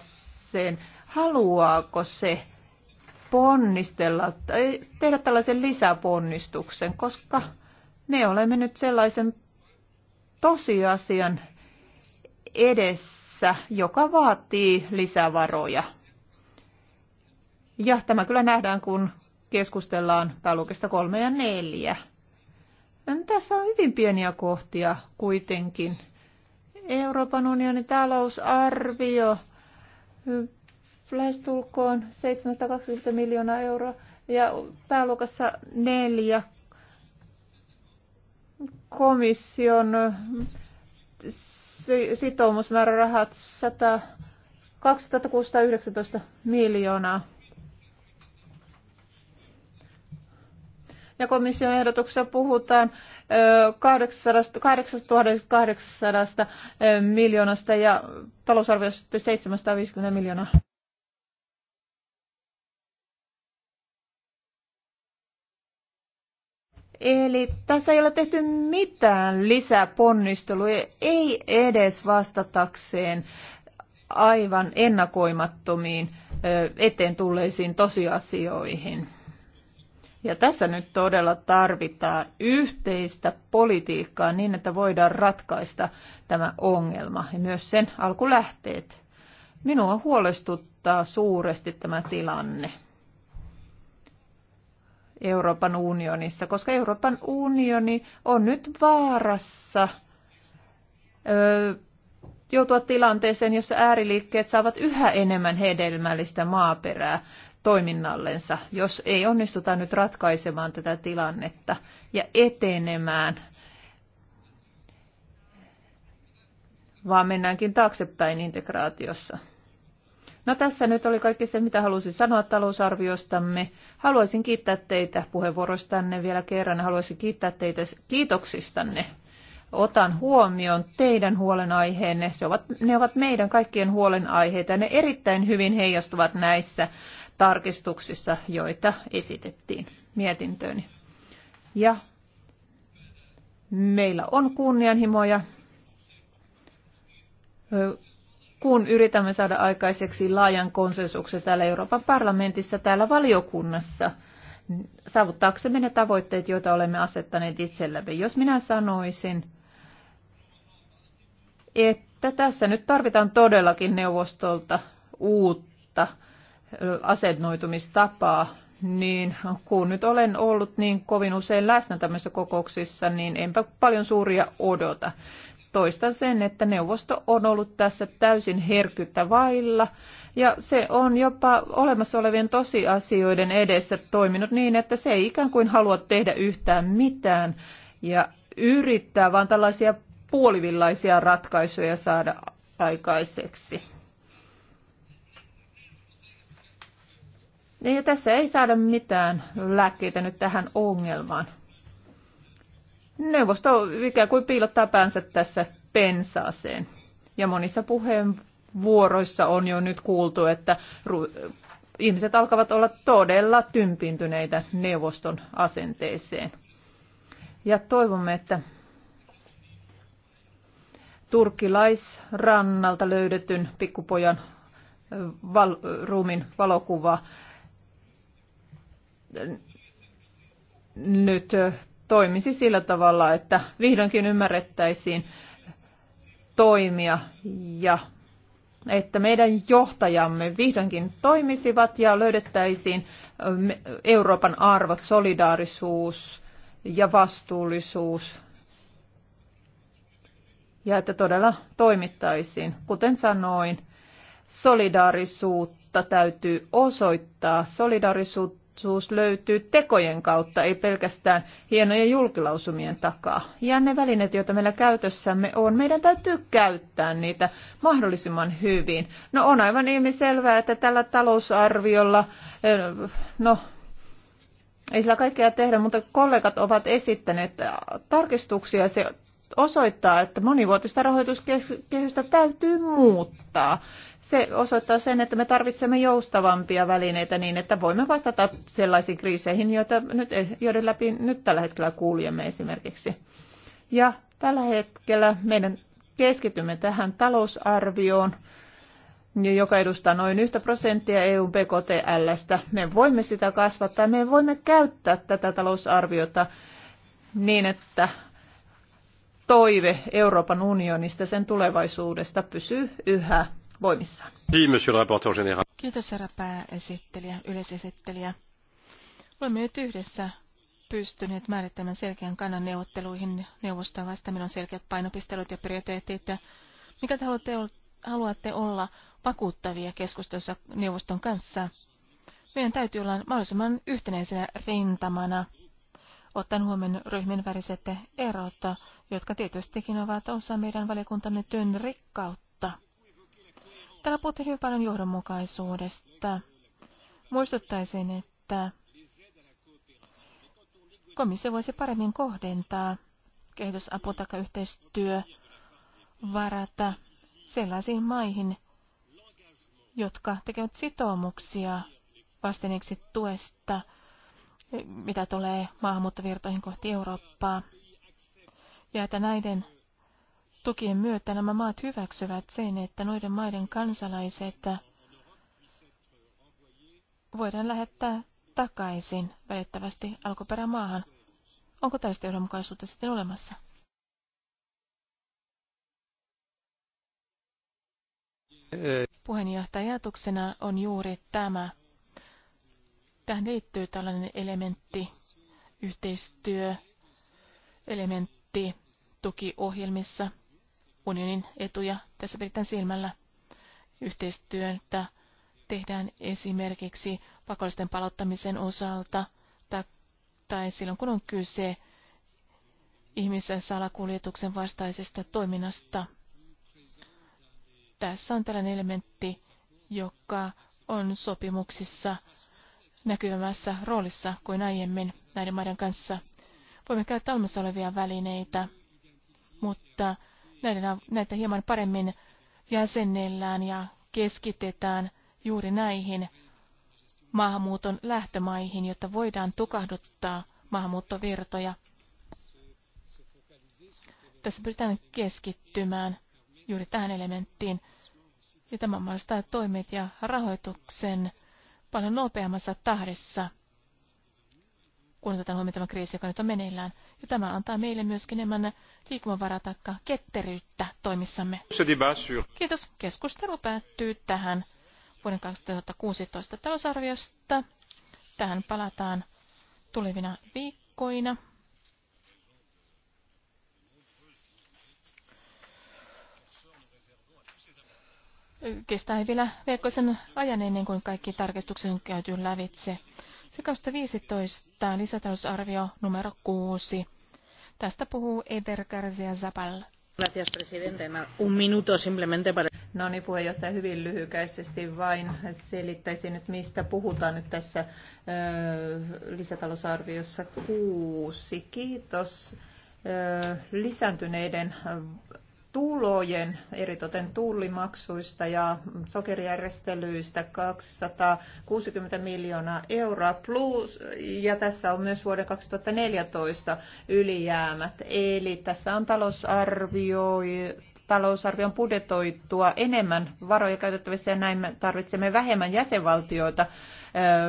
sen, haluaako se ponnistella, tehdä tällaisen lisäponnistuksen, koska me olemme nyt sellaisen tosiasian edessä, joka vaatii lisävaroja. Ja tämä kyllä nähdään, kun keskustellaan pääluokista kolme ja neljä. Tässä on hyvin pieniä kohtia kuitenkin, Euroopan unionin talousarvio lähestulkoon 720 miljoonaa euroa ja pääluokassa neljä komission sitoumusmäärärahat 100, 2619 miljoonaa. ja komission ehdotuksessa puhutaan 8800 miljoonasta ja talousarviosta 750 miljoonaa. Eli tässä ei ole tehty mitään lisäponnisteluja, ei edes vastatakseen aivan ennakoimattomiin eteen tulleisiin tosiasioihin. Ja tässä nyt todella tarvitaan yhteistä politiikkaa niin, että voidaan ratkaista tämä ongelma ja myös sen alkulähteet. Minua huolestuttaa suuresti tämä tilanne Euroopan unionissa, koska Euroopan unioni on nyt vaarassa öö, joutua tilanteeseen, jossa ääriliikkeet saavat yhä enemmän hedelmällistä maaperää toiminnallensa, jos ei onnistuta nyt ratkaisemaan tätä tilannetta ja etenemään, vaan mennäänkin taaksepäin integraatiossa. No tässä nyt oli kaikki se, mitä halusin sanoa talousarviostamme. Haluaisin kiittää teitä puheenvuorostanne vielä kerran. Haluaisin kiittää teitä kiitoksistanne. Otan huomioon teidän huolenaiheenne. Se ovat, ne ovat meidän kaikkien huolenaiheita. Ne erittäin hyvin heijastuvat näissä tarkistuksissa, joita esitettiin mietintöön. Ja meillä on kunnianhimoja, kun yritämme saada aikaiseksi laajan konsensuksen täällä Euroopan parlamentissa, täällä valiokunnassa, saavuttaaksemme ne tavoitteet, joita olemme asettaneet itsellämme. Jos minä sanoisin, että tässä nyt tarvitaan todellakin neuvostolta uutta asennoitumistapaa, niin kun nyt olen ollut niin kovin usein läsnä tämmöisissä kokouksissa, niin enpä paljon suuria odota. Toistan sen, että neuvosto on ollut tässä täysin herkyttä vailla, ja se on jopa olemassa olevien tosiasioiden edessä toiminut niin, että se ei ikään kuin halua tehdä yhtään mitään, ja yrittää vaan tällaisia puolivillaisia ratkaisuja saada aikaiseksi. Niin Ja tässä ei saada mitään lääkkeitä nyt tähän ongelmaan. Neuvosto ikään kuin piilottaa päänsä tässä pensaaseen. Ja monissa puheenvuoroissa on jo nyt kuultu, että ihmiset alkavat olla todella tympintyneitä neuvoston asenteeseen. Ja toivomme, että turkilaisrannalta löydetyn pikkupojan val- ruumin valokuvaa, nyt toimisi sillä tavalla, että vihdoinkin ymmärrettäisiin toimia ja että meidän johtajamme vihdoinkin toimisivat ja löydettäisiin Euroopan arvot, solidaarisuus ja vastuullisuus. Ja että todella toimittaisiin. Kuten sanoin, solidaarisuutta täytyy osoittaa. Solidaarisuutta todellisuus löytyy tekojen kautta, ei pelkästään hienojen julkilausumien takaa. Ja ne välineet, joita meillä käytössämme on, meidän täytyy käyttää niitä mahdollisimman hyvin. No on aivan ilmiselvää, että tällä talousarviolla, eh, no ei sillä kaikkea tehdä, mutta kollegat ovat esittäneet tarkistuksia. Se osoittaa, että monivuotista rahoituskehystä täytyy muuttaa se osoittaa sen, että me tarvitsemme joustavampia välineitä niin, että voimme vastata sellaisiin kriiseihin, joita nyt, joiden läpi nyt tällä hetkellä kuulijamme esimerkiksi. Ja tällä hetkellä meidän keskitymme tähän talousarvioon, joka edustaa noin yhtä prosenttia EUn BKTLstä. Me voimme sitä kasvattaa, me voimme käyttää tätä talousarviota niin, että toive Euroopan unionista, sen tulevaisuudesta pysyy yhä voimissaan. Kiitos herra pääesittelijä, yleisesittelijä. Olemme nyt yhdessä pystyneet määrittämään selkeän kannan neuvotteluihin neuvostoa vasta. Meillä on selkeät painopistelut ja prioriteetit. Mikä te haluatte, haluatte olla vakuuttavia keskustelussa neuvoston kanssa? Meidän täytyy olla mahdollisimman yhtenäisenä rintamana, ottaen huomioon ryhmien väriset erot, jotka tietystikin ovat osa meidän valiokuntamme työn rikkautta Täällä puhuttiin hyvin paljon johdonmukaisuudesta. Muistuttaisin, että komissio voisi paremmin kohdentaa kehitysapu- tai yhteistyövarata sellaisiin maihin, jotka tekevät sitoumuksia vastineeksi tuesta, mitä tulee maahanmuuttovirtoihin kohti Eurooppaa, ja että näiden Tukien myötä nämä maat hyväksyvät sen, että noiden maiden kansalaiset voidaan lähettää takaisin välittävästi alkuperämaahan. Onko tällaista johdonmukaisuutta sitten olemassa? Puheenjohtajatuksena on juuri tämä. Tähän liittyy tällainen elementti, yhteistyö, elementti tukiohjelmissa unionin etuja tässä pidetään silmällä. Yhteistyötä tehdään esimerkiksi pakollisten palauttamisen osalta tai, tai silloin kun on kyse ihmisen salakuljetuksen vastaisesta toiminnasta. Tässä on tällainen elementti, joka on sopimuksissa näkyvämässä roolissa kuin aiemmin näiden maiden kanssa. Voimme käyttää olemassa olevia välineitä, mutta näiden, näitä hieman paremmin jäsennellään ja keskitetään juuri näihin maahanmuuton lähtömaihin, jotta voidaan tukahduttaa maahanmuuttovirtoja. Tässä pyritään keskittymään juuri tähän elementtiin. Ja tämä mahdollistaa toimet ja rahoituksen paljon nopeammassa tahdissa kun otetaan huomioon tämä kriisi, joka nyt on meneillään. Ja tämä antaa meille myöskin enemmän liikkumavaraa taikka ketteryyttä toimissamme. Kiitos. Keskustelu päättyy tähän vuoden 2016 talousarviosta. Tähän palataan tulevina viikkoina. Kestää vielä verkkoisen ajan ennen kuin kaikki tarkistukset on käyty lävitse. Se 2015 lisätalousarvio numero 6. Tästä puhuu Eder Garcia Zabal. Gracias, presidente. Un minuto simplemente para... No niin, puheenjohtaja, hyvin lyhykäisesti vain selittäisin nyt, mistä puhutaan nyt tässä lisätalousarviossa kuusi. Kiitos lisääntyneiden tulojen, eritoten tullimaksuista ja sokerijärjestelyistä 260 miljoonaa euroa plus, ja tässä on myös vuoden 2014 ylijäämät. Eli tässä on talousarvio, talousarvion budjetoitua enemmän varoja käytettävissä ja näin me tarvitsemme vähemmän jäsenvaltioita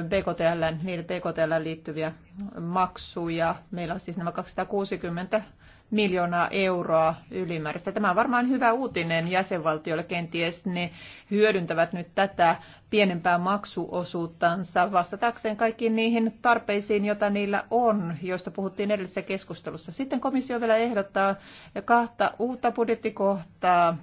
BKTL, niille BKTL liittyviä maksuja. Meillä on siis nämä 260 miljoonaa euroa ylimääräistä. Tämä on varmaan hyvä uutinen jäsenvaltioille. Kenties ne hyödyntävät nyt tätä pienempää maksuosuuttansa vastatakseen kaikkiin niihin tarpeisiin, joita niillä on, joista puhuttiin edellisessä keskustelussa. Sitten komissio vielä ehdottaa kahta uutta budjettikohtaa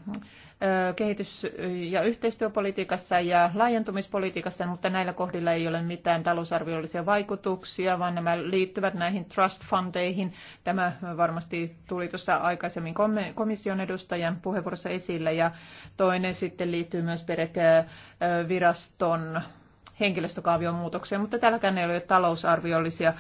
kehitys- ja yhteistyöpolitiikassa ja laajentumispolitiikassa, mutta näillä kohdilla ei ole mitään talousarviollisia vaikutuksia, vaan nämä liittyvät näihin trust fundeihin. Tämä varmasti tuli tuossa aikaisemmin komission edustajan puheenvuorossa esille ja toinen sitten liittyy myös perheviraston henkilöstökaavion muutoksia, mutta tälläkään ei ole talousarviollisia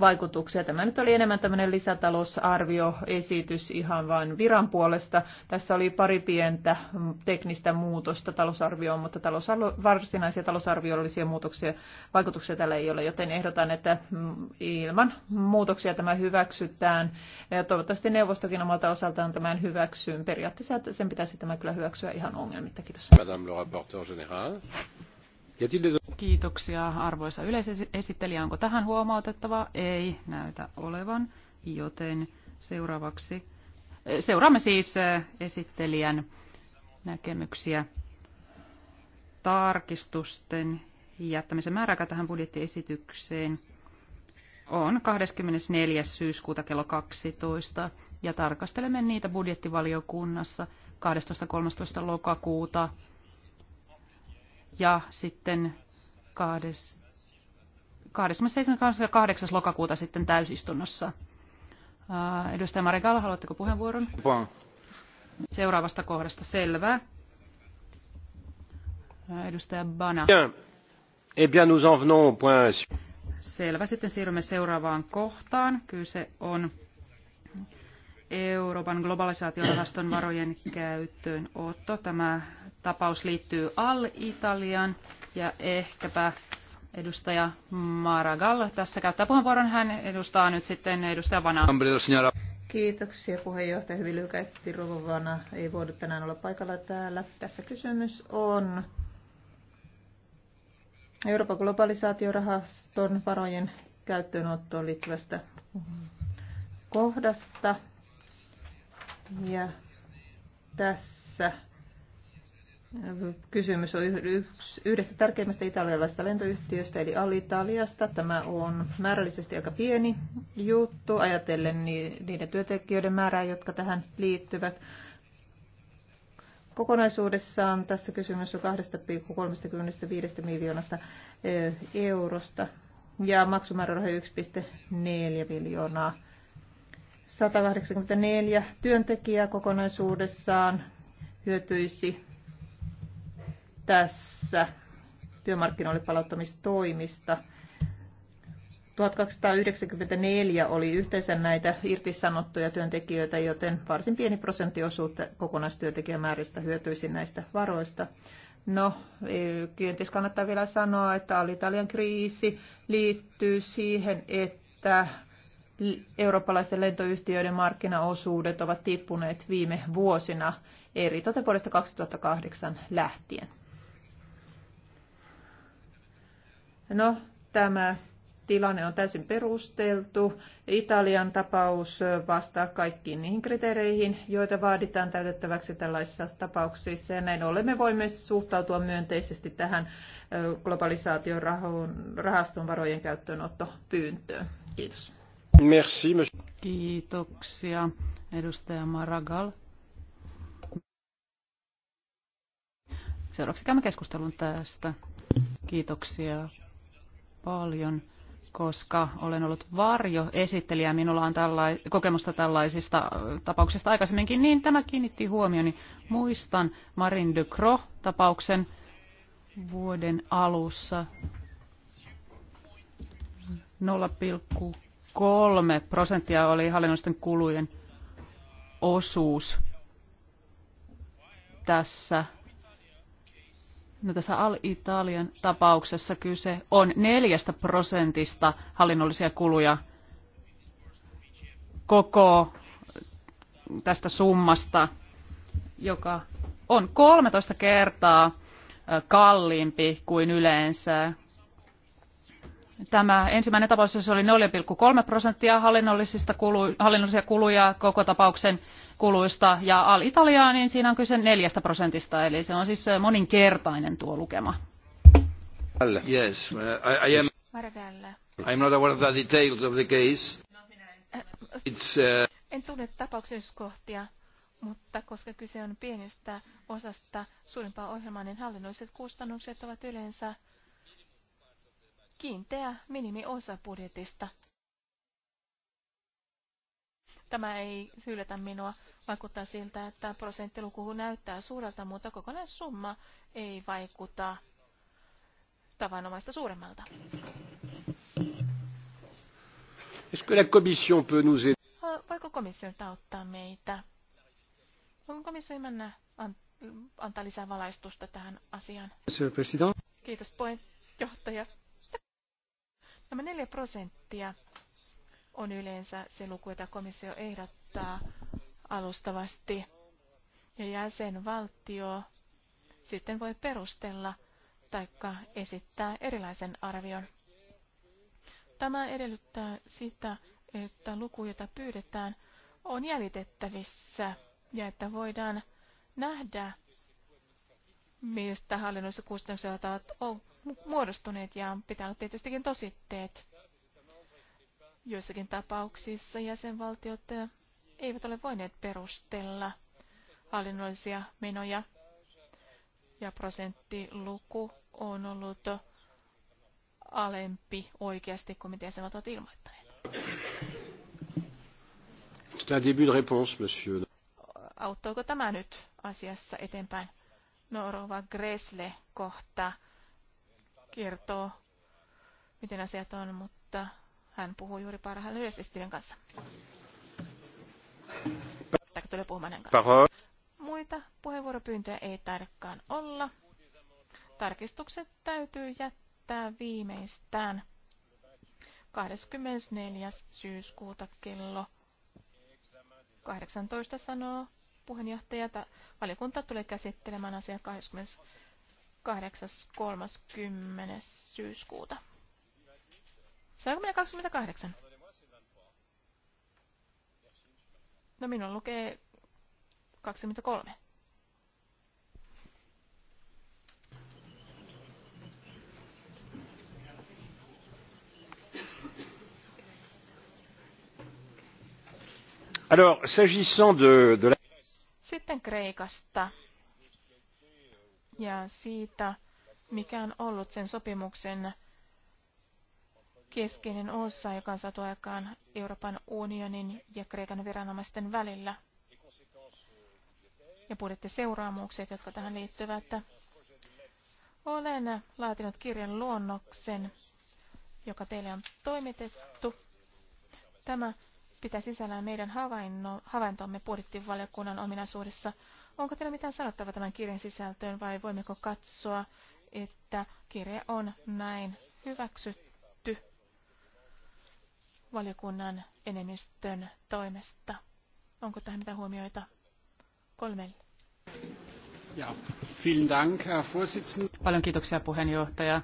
vaikutuksia. Tämä nyt oli enemmän tämmöinen lisätalousarvioesitys ihan vain viran puolesta. Tässä oli pari pientä teknistä muutosta talousarvioon, mutta talousarvio, varsinaisia talousarviollisia muutoksia, vaikutuksia tällä ei ole, joten ehdotan, että ilman muutoksia tämä hyväksytään. Ja toivottavasti neuvostokin omalta osaltaan tämän hyväksyyn. Periaatteessa sen pitäisi tämä kyllä hyväksyä ihan ongelmitta. Kiitos. Madame le rapporteur général. Kiitoksia arvoisa yleisesittelijä. Onko tähän huomautettava? Ei näytä olevan, joten seuraavaksi eh, seuraamme siis eh, esittelijän näkemyksiä tarkistusten jättämisen määräaika tähän budjettiesitykseen on 24. syyskuuta kello 12 ja tarkastelemme niitä budjettivaliokunnassa 12.13. lokakuuta ja sitten 27.8. lokakuuta sitten täysistunnossa. Edustaja Marikala, haluatteko puheenvuoron? Seuraavasta kohdasta selvä. Edustaja Bana. Eh bien, nous en venons au point... Selvä. Sitten siirrymme seuraavaan kohtaan. Kyse on Euroopan globalisaatiorahaston varojen käyttöönotto. Tämä tapaus liittyy Al-Italiaan ja ehkäpä edustaja Maragall tässä käyttää puheenvuoron. Hän edustaa nyt sitten edustaja Vanaa. Kiitoksia puheenjohtaja. Hyvin lyhykäisesti Rovovana ei voida tänään olla paikalla täällä. Tässä kysymys on Euroopan globalisaatiorahaston varojen käyttöönottoon liittyvästä kohdasta. Ja tässä Kysymys on yhdestä tärkeimmästä italialaisesta lentoyhtiöstä, eli Alitaliasta. Tämä on määrällisesti aika pieni juttu, ajatellen niiden työntekijöiden määrää, jotka tähän liittyvät. Kokonaisuudessaan tässä kysymys on 2,35 miljoonasta eurosta ja maksumäärärahoja 1,4 miljoonaa. 184 työntekijää kokonaisuudessaan hyötyisi tässä työmarkkinoille palauttamistoimista. 1294 oli yhteensä näitä irtisanottuja työntekijöitä, joten varsin pieni prosenttiosuus kokonaistyöntekijämääristä hyötyisi näistä varoista. No, e, kenties kannattaa vielä sanoa, että Alitalian kriisi liittyy siihen, että eurooppalaisten lentoyhtiöiden markkinaosuudet ovat tippuneet viime vuosina eri vuodesta 2008 lähtien. No, tämä tilanne on täysin perusteltu. Italian tapaus vastaa kaikkiin niihin kriteereihin, joita vaaditaan täytettäväksi tällaisissa tapauksissa. Ja näin ollen me voimme suhtautua myönteisesti tähän globalisaation rahaston varojen käyttöönottopyyntöön. Kiitos. Merci, Kiitoksia, edustaja Maragal. Seuraavaksi käymme keskustelun tästä. Kiitoksia paljon, koska olen ollut varjo-esittelijä Minulla on tällai- kokemusta tällaisista tapauksista aikaisemminkin, niin tämä kiinnitti huomioni. Muistan Marin de tapauksen vuoden alussa 0,3 prosenttia oli hallinnollisten kulujen osuus tässä No tässä Al-Italian tapauksessa kyse on neljästä prosentista hallinnollisia kuluja koko tästä summasta, joka on 13 kertaa kalliimpi kuin yleensä Tämä ensimmäinen tapaus, jossa oli 0,3 prosenttia hallinnollisista kulu, hallinnollisia kuluja koko tapauksen kuluista, ja Alitaliaa, niin siinä on kyse neljästä prosentista, eli se on siis eh, moninkertainen tuo lukema. Yes, eh, I, I am... I'm not aware of the details of the case. It's, uh... En tunne tapauksen mutta koska kyse on pienestä osasta suurempaa ohjelmaa, niin hallinnolliset kustannukset ovat yleensä kiinteä minimiosa budjetista. Tämä ei syylätä minua. Vaikuttaa siltä, että prosenttiluku näyttää suurelta, mutta kokonaissumma ei vaikuta tavanomaista suuremmalta. Voiko komissio auttaa meitä? Onko komissio mennä antaa lisää valaistusta tähän asiaan? Kiitos puheenjohtaja. Nämä 4 prosenttia on yleensä se luku, jota komissio ehdottaa alustavasti. Ja jäsenvaltio sitten voi perustella tai esittää erilaisen arvion. Tämä edellyttää sitä, että luku, jota pyydetään, on jäljitettävissä ja että voidaan nähdä, mistä hallinnollisia kustannukset ovat muodostuneet ja on pitänyt tietystikin tositteet. Joissakin tapauksissa jäsenvaltiot eh, eivät ole voineet perustella hallinnollisia menoja ja prosenttiluku on ollut alempi oikeasti kuin mitä jäsenvaltiot ovat ilmoittaneet. Auttoiko tämä nyt asiassa eteenpäin? Norova Gresle kohta kertoo, miten asiat on, mutta hän puhuu juuri parhaillaan yleisestilön kanssa. Tai tulee puhumaan hänen kanssa. Muita puheenvuoropyyntöjä ei tarkkaan olla. Tarkistukset täytyy jättää viimeistään 24. syyskuuta kello 18 sanoo puheenjohtaja. Valiokunta tulee käsittelemään asiaa 20. 8.30. syyskuuta. Saanko minä 28? No minulla lukee 23. Alors, s'agissant de, de la... Sitten Kreikasta ja siitä, mikä on ollut sen sopimuksen keskeinen osa, joka on saatu aikaan Euroopan unionin ja Kreikan viranomaisten välillä. Ja budjettiseuraamukset, jotka tähän liittyvät. Olen laatinut kirjan luonnoksen, joka teille on toimitettu. Tämä pitää sisällään meidän havaintomme budjettivaliokunnan ominaisuudessa Onko teillä mitään sanottavaa tämän kirjan sisältöön vai voimmeko katsoa, että kirja on näin hyväksytty valiokunnan enemmistön toimesta? Onko tähän mitään huomioita? Kolmelle. Ja, vielen Dank, Herr Paljon kiitoksia puheenjohtaja.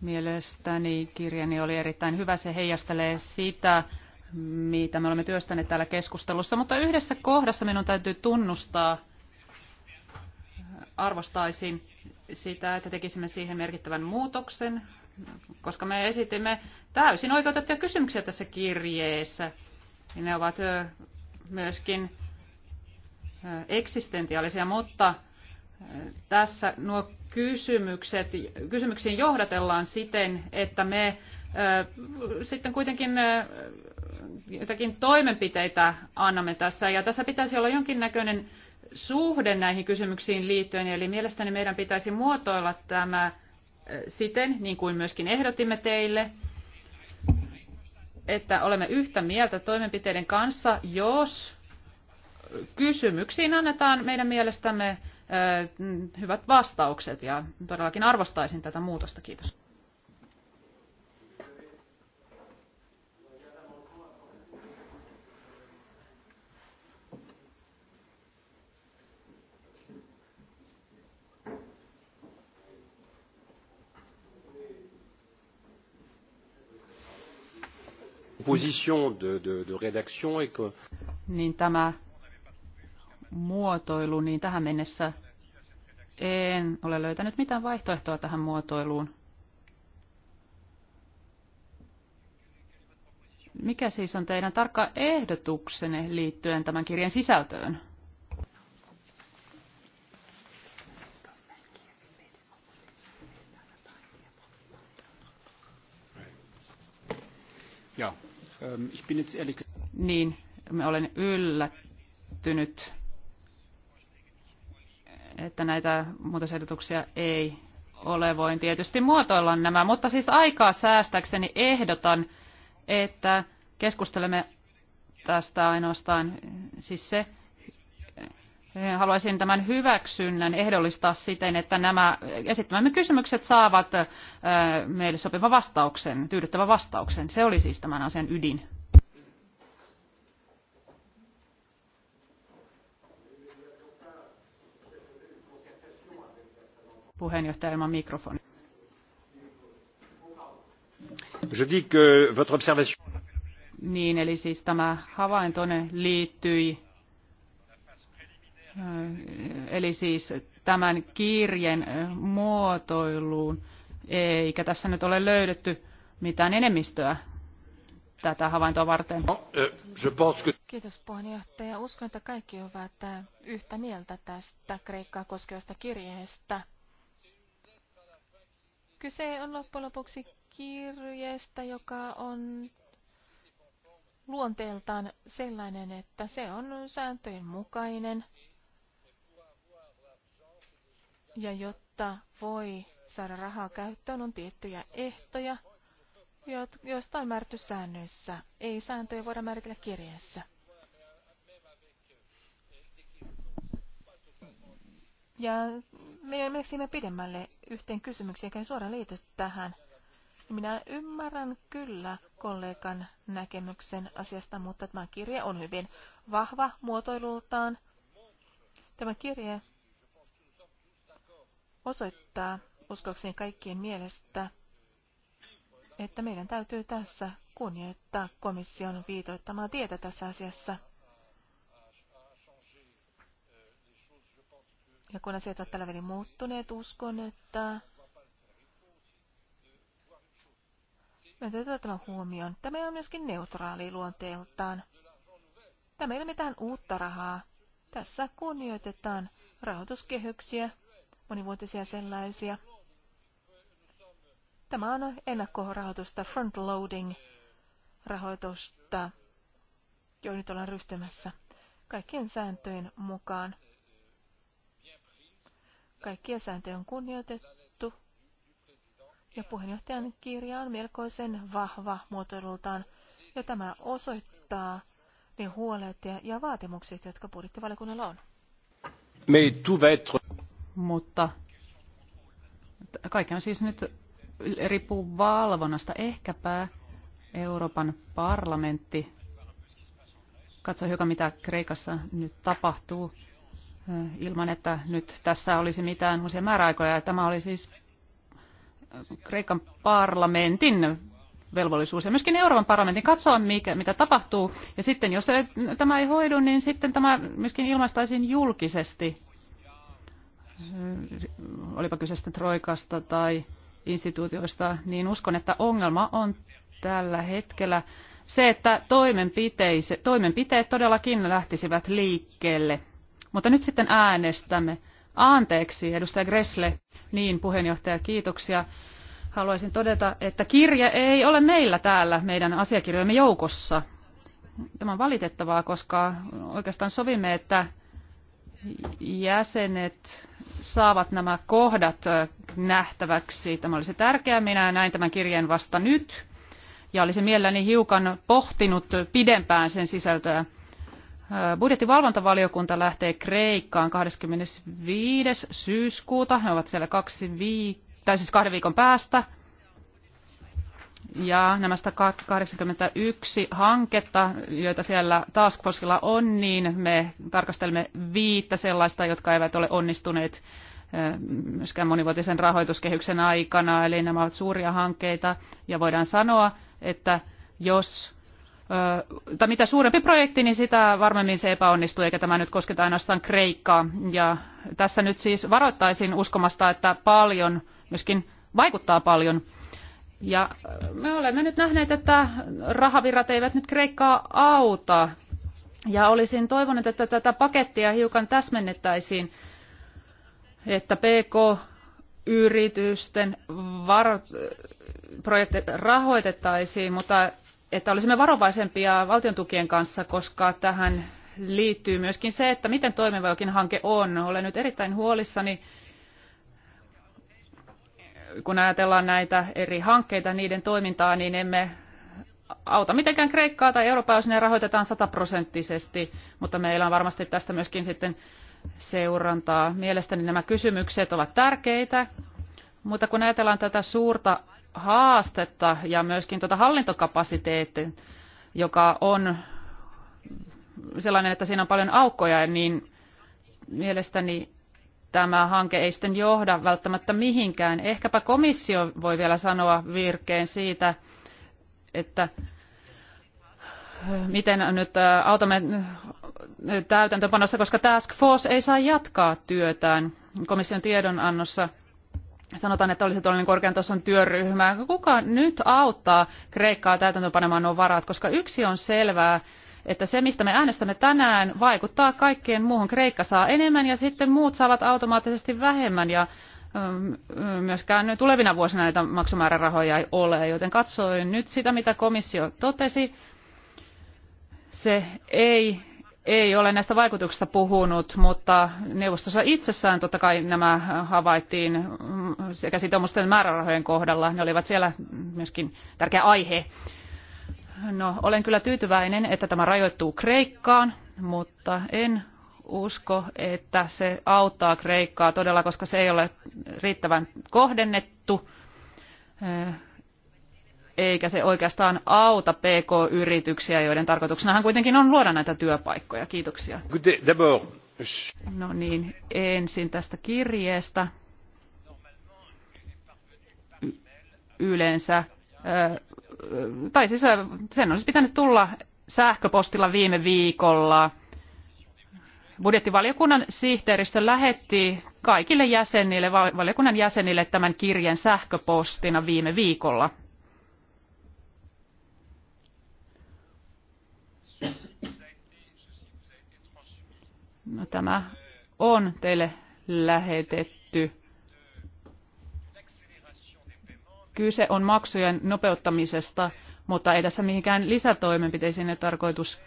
Mielestäni kirjani oli erittäin hyvä. Se heijastelee sitä, mitä me olemme työstäneet täällä keskustelussa, mutta yhdessä kohdassa minun täytyy tunnustaa, arvostaisin sitä, että tekisimme siihen merkittävän muutoksen, koska me esitimme täysin oikeutettuja kysymyksiä tässä kirjeessä. Ja ne ovat myöskin eksistentiaalisia, mutta tässä nuo kysymykset, kysymyksiin johdatellaan siten, että me sitten kuitenkin jotakin toimenpiteitä annamme tässä. Ja tässä pitäisi olla jonkinnäköinen suhde näihin kysymyksiin liittyen, eli mielestäni meidän pitäisi muotoilla tämä siten, niin kuin myöskin ehdotimme teille, että olemme yhtä mieltä toimenpiteiden kanssa, jos kysymyksiin annetaan meidän mielestämme hyvät vastaukset ja todellakin arvostaisin tätä muutosta. Kiitos. position de, de, de rédaction et que... Niin tämä muotoilu, niin tähän mennessä en ole löytänyt mitään vaihtoehtoa tähän muotoiluun. Mikä siis on teidän tarkka ehdotuksenne liittyen tämän kirjan sisältöön? Ja, Ähm, niin, me olen yllättynyt, että näitä muutosehdotuksia ei ole. Voin tietysti muotoilla nämä, mutta siis aikaa säästäkseni ehdotan, että keskustelemme tästä ainoastaan siis se, haluaisin tämän hyväksynnän ehdollistaa siten, että nämä esittämämme kysymykset saavat meille sopivan vastauksen, tyydyttävän vastauksen. Se oli siis tämän asian ydin. Puheenjohtaja ilman mikrofoni. Je dis que votre observation... Niin, eli siis tämä havaintonne liittyi eli siis tämän kirjen muotoiluun, eikä tässä nyt ole löydetty mitään enemmistöä tätä havaintoa varten. No, Kiitos puheenjohtaja. Uskon, että kaikki ovat yhtä mieltä tästä Kreikkaa koskevasta kirjeestä. Kyse on loppujen lopuksi kirjeestä, joka on luonteeltaan sellainen, että se on sääntöjen mukainen – ja jotta voi saada rahaa käyttöön, on tiettyjä ehtoja, joista on määrätty säännöissä. Ei sääntöjä voida määritellä kirjeessä. Ja me siinä pidemmälle yhteen kysymykseen, joka ei suoraan liity tähän. Minä ymmärrän kyllä kollegan näkemyksen asiasta, mutta tämä kirje on hyvin vahva muotoilultaan. Tämä kirje osoittaa uskokseni kaikkien mielestä, että meidän täytyy tässä kunnioittaa komission viitoittamaa tietä tässä asiassa. Ja kun asiat ovat tällä välin muuttuneet, uskon, että me täytyy ottaa huomioon. Tämä on myöskin neutraali luonteeltaan. Tämä ei ole mitään uutta rahaa. Tässä kunnioitetaan rahoituskehyksiä, monivuotisia sellaisia. Tämä on ennakkorahoitusta, frontloading rahoitusta, jo nyt ollaan ryhtymässä kaikkien sääntöjen mukaan. Kaikkia sääntöjä on kunnioitettu ja puheenjohtajan kirja on melkoisen vahva muotoilultaan ja tämä osoittaa ne huolet ja, ja vaatimukset, jotka budjettivaliokunnalla on. Mais tout va être mutta kaikki on siis nyt riippuu valvonnasta. Ehkäpä Euroopan parlamentti katsoo hiukan, mitä Kreikassa nyt tapahtuu, eh, ilman että nyt tässä olisi mitään uusia määräaikoja. Tämä oli siis Kreikan parlamentin velvollisuus ja myöskin Euroopan parlamentin katsoa, mikä, mitä tapahtuu. Ja sitten jos tämä ei hoidu, niin sitten tämä myöskin ilmaistaisiin julkisesti olipa kyse sitten Troikasta tai instituutioista, niin uskon, että ongelma on tällä hetkellä se, että toimenpiteet todellakin lähtisivät liikkeelle. Mutta nyt sitten äänestämme. Anteeksi, edustaja Gressle. Niin, puheenjohtaja, kiitoksia. Haluaisin todeta, että kirje ei ole meillä täällä meidän asiakirjojemme joukossa. Tämä on valitettavaa, koska oikeastaan sovimme, että jäsenet saavat nämä kohdat nähtäväksi. Tämä olisi tärkeää. Minä näin tämän kirjeen vasta nyt ja olisin mielelläni hiukan pohtinut pidempään sen sisältöä. Budjettivalvontavaliokunta lähtee Kreikkaan 25. syyskuuta. He ovat siellä kaksi viik- tai siis kahden viikon päästä ja nämä 181 hanketta, joita siellä Task Forcella on, niin me tarkastelemme viittä sellaista, jotka eivät ole onnistuneet myöskään monivuotisen rahoituskehyksen aikana. Eli nämä ovat suuria hankkeita ja voidaan sanoa, että jos tai mitä suurempi projekti, niin sitä varmemmin se epäonnistuu, eikä tämä nyt kosketa ainoastaan Kreikkaa. Ja tässä nyt siis varoittaisin uskomasta, että paljon myöskin vaikuttaa paljon ja äh, me olemme nyt nähneet, että rahavirrat eivät nyt Kreikkaa auta. Ja olisin toivonut, että tätä pakettia hiukan täsmennettäisiin, että PK-yritysten var- projekte rahoitettaisiin, mutta että olisimme varovaisempia valtion tukien kanssa, koska tähän liittyy myöskin se, että miten toimiva jokin hanke on. Olen nyt erittäin huolissani kun ajatellaan näitä eri hankkeita, niiden toimintaa, niin emme auta mitenkään Kreikkaa tai Eurooppaa, jos ne rahoitetaan sataprosenttisesti, mutta meillä on varmasti tästä myöskin sitten seurantaa. Mielestäni nämä kysymykset ovat tärkeitä, mutta kun ajatellaan tätä suurta haastetta ja myöskin tuota hallintokapasiteettia, joka on sellainen, että siinä on paljon aukkoja, niin mielestäni tämä hanke ei sitten johda välttämättä mihinkään. Ehkäpä komissio voi vielä sanoa virkeen siitä, että äh, miten nyt äh, autamme äh, täytäntöpanossa, koska Task Force ei saa jatkaa työtään. Komission tiedonannossa sanotaan, että olisi tuollainen korkean tason työryhmä. Kuka nyt auttaa Kreikkaa täytäntöönpanemaan nuo varat, koska yksi on selvää, että se, mistä me äänestämme tänään, vaikuttaa kaikkeen muuhun. Kreikka saa enemmän ja sitten muut saavat automaattisesti vähemmän ja mm, mm, myöskään tulevina vuosina näitä maksumäärärahoja ei ole, joten katsoin nyt sitä, mitä komissio totesi. Se ei, ei ole näistä vaikutuksista puhunut, mutta neuvostossa itsessään totta kai nämä havaittiin mm, sekä sitoumusten määrärahojen kohdalla. Ne olivat siellä myöskin tärkeä aihe. No, olen kyllä tyytyväinen, että tämä rajoittuu Kreikkaan, mutta en usko, että se auttaa Kreikkaa todella, koska se ei ole riittävän kohdennettu, eh, eikä se oikeastaan auta PK-yrityksiä, joiden tarkoituksenahan kuitenkin on luoda näitä työpaikkoja. Kiitoksia. No niin, ensin tästä kirjeestä. yleensä eh, tai siis sen olisi pitänyt tulla sähköpostilla viime viikolla. Budjettivaliokunnan sihteeristö lähetti kaikille jäsenille, valiokunnan jäsenille tämän kirjeen sähköpostina viime viikolla. No, tämä on teille lähetetty. Kyse on maksujen nopeuttamisesta, mutta ei tässä mihinkään lisätoimenpiteisiin ole tarkoitus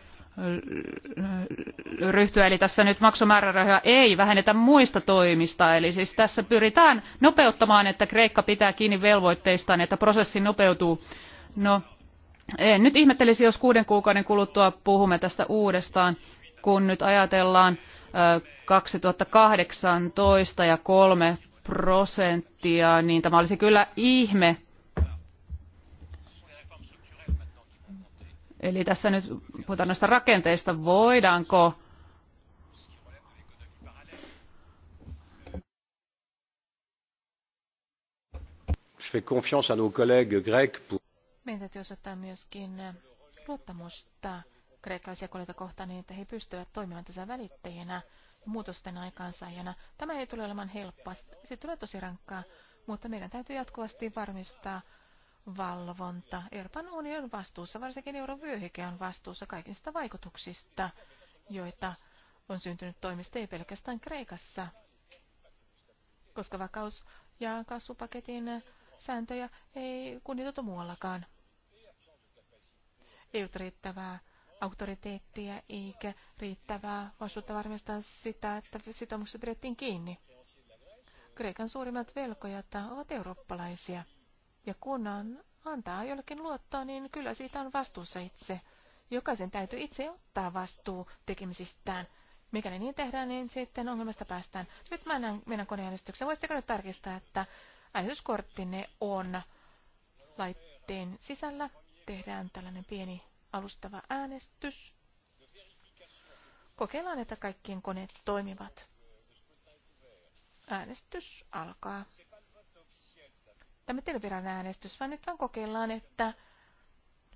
ryhtyä. Eli tässä nyt maksumäärärahoja ei vähennetä muista toimista. Eli siis tässä pyritään nopeuttamaan, että Kreikka pitää kiinni velvoitteistaan, että prosessi nopeutuu. No, en nyt ihmettelisi, jos kuuden kuukauden kuluttua puhumme tästä uudestaan, kun nyt ajatellaan 2018 ja kolme prosenttia, niin tämä olisi kyllä ihme. Eli tässä nyt puhutaan noista rakenteista, voidaanko Je fais confiance à nos collègues grecs pour... Meidän täytyy osoittaa myöskin luottamusta kreikkalaisia kollegoita kohtaan niin, että he pystyvät toimimaan tässä välittäjinä muutosten aikaansaajana. Tämä ei tule olemaan helppoa, se tulee tosi rankkaa, mutta meidän täytyy jatkuvasti varmistaa valvonta. Euroopan unioni on vastuussa, varsinkin eurovyöhyke on vastuussa kaikista vaikutuksista, joita on syntynyt toimista ei pelkästään Kreikassa, koska vakaus- ja kasvupaketin sääntöjä ei kunnioitettu muuallakaan. Ei ollut riittävää auktoriteettia eikä riittävää vastuutta varmistaa sitä, että sitoumukset pidettiin kiinni. Kreikan suurimmat velkojat ovat eurooppalaisia. Ja kun antaa jollekin luottaa, niin kyllä siitä on vastuussa itse. Jokaisen täytyy itse ottaa vastuu tekemisistään. Mikäli niin tehdään, niin sitten ongelmasta päästään. Nyt mä mennään, meidän koneäänestyksen. Voisitteko nyt tarkistaa, että äänestyskorttinne on laitteen sisällä? Tehdään tällainen pieni alustava äänestys. Kokeillaan, että kaikkien koneet toimivat. Äänestys alkaa. Tämä ei ole äänestys, vaan nyt vaan kokeillaan, että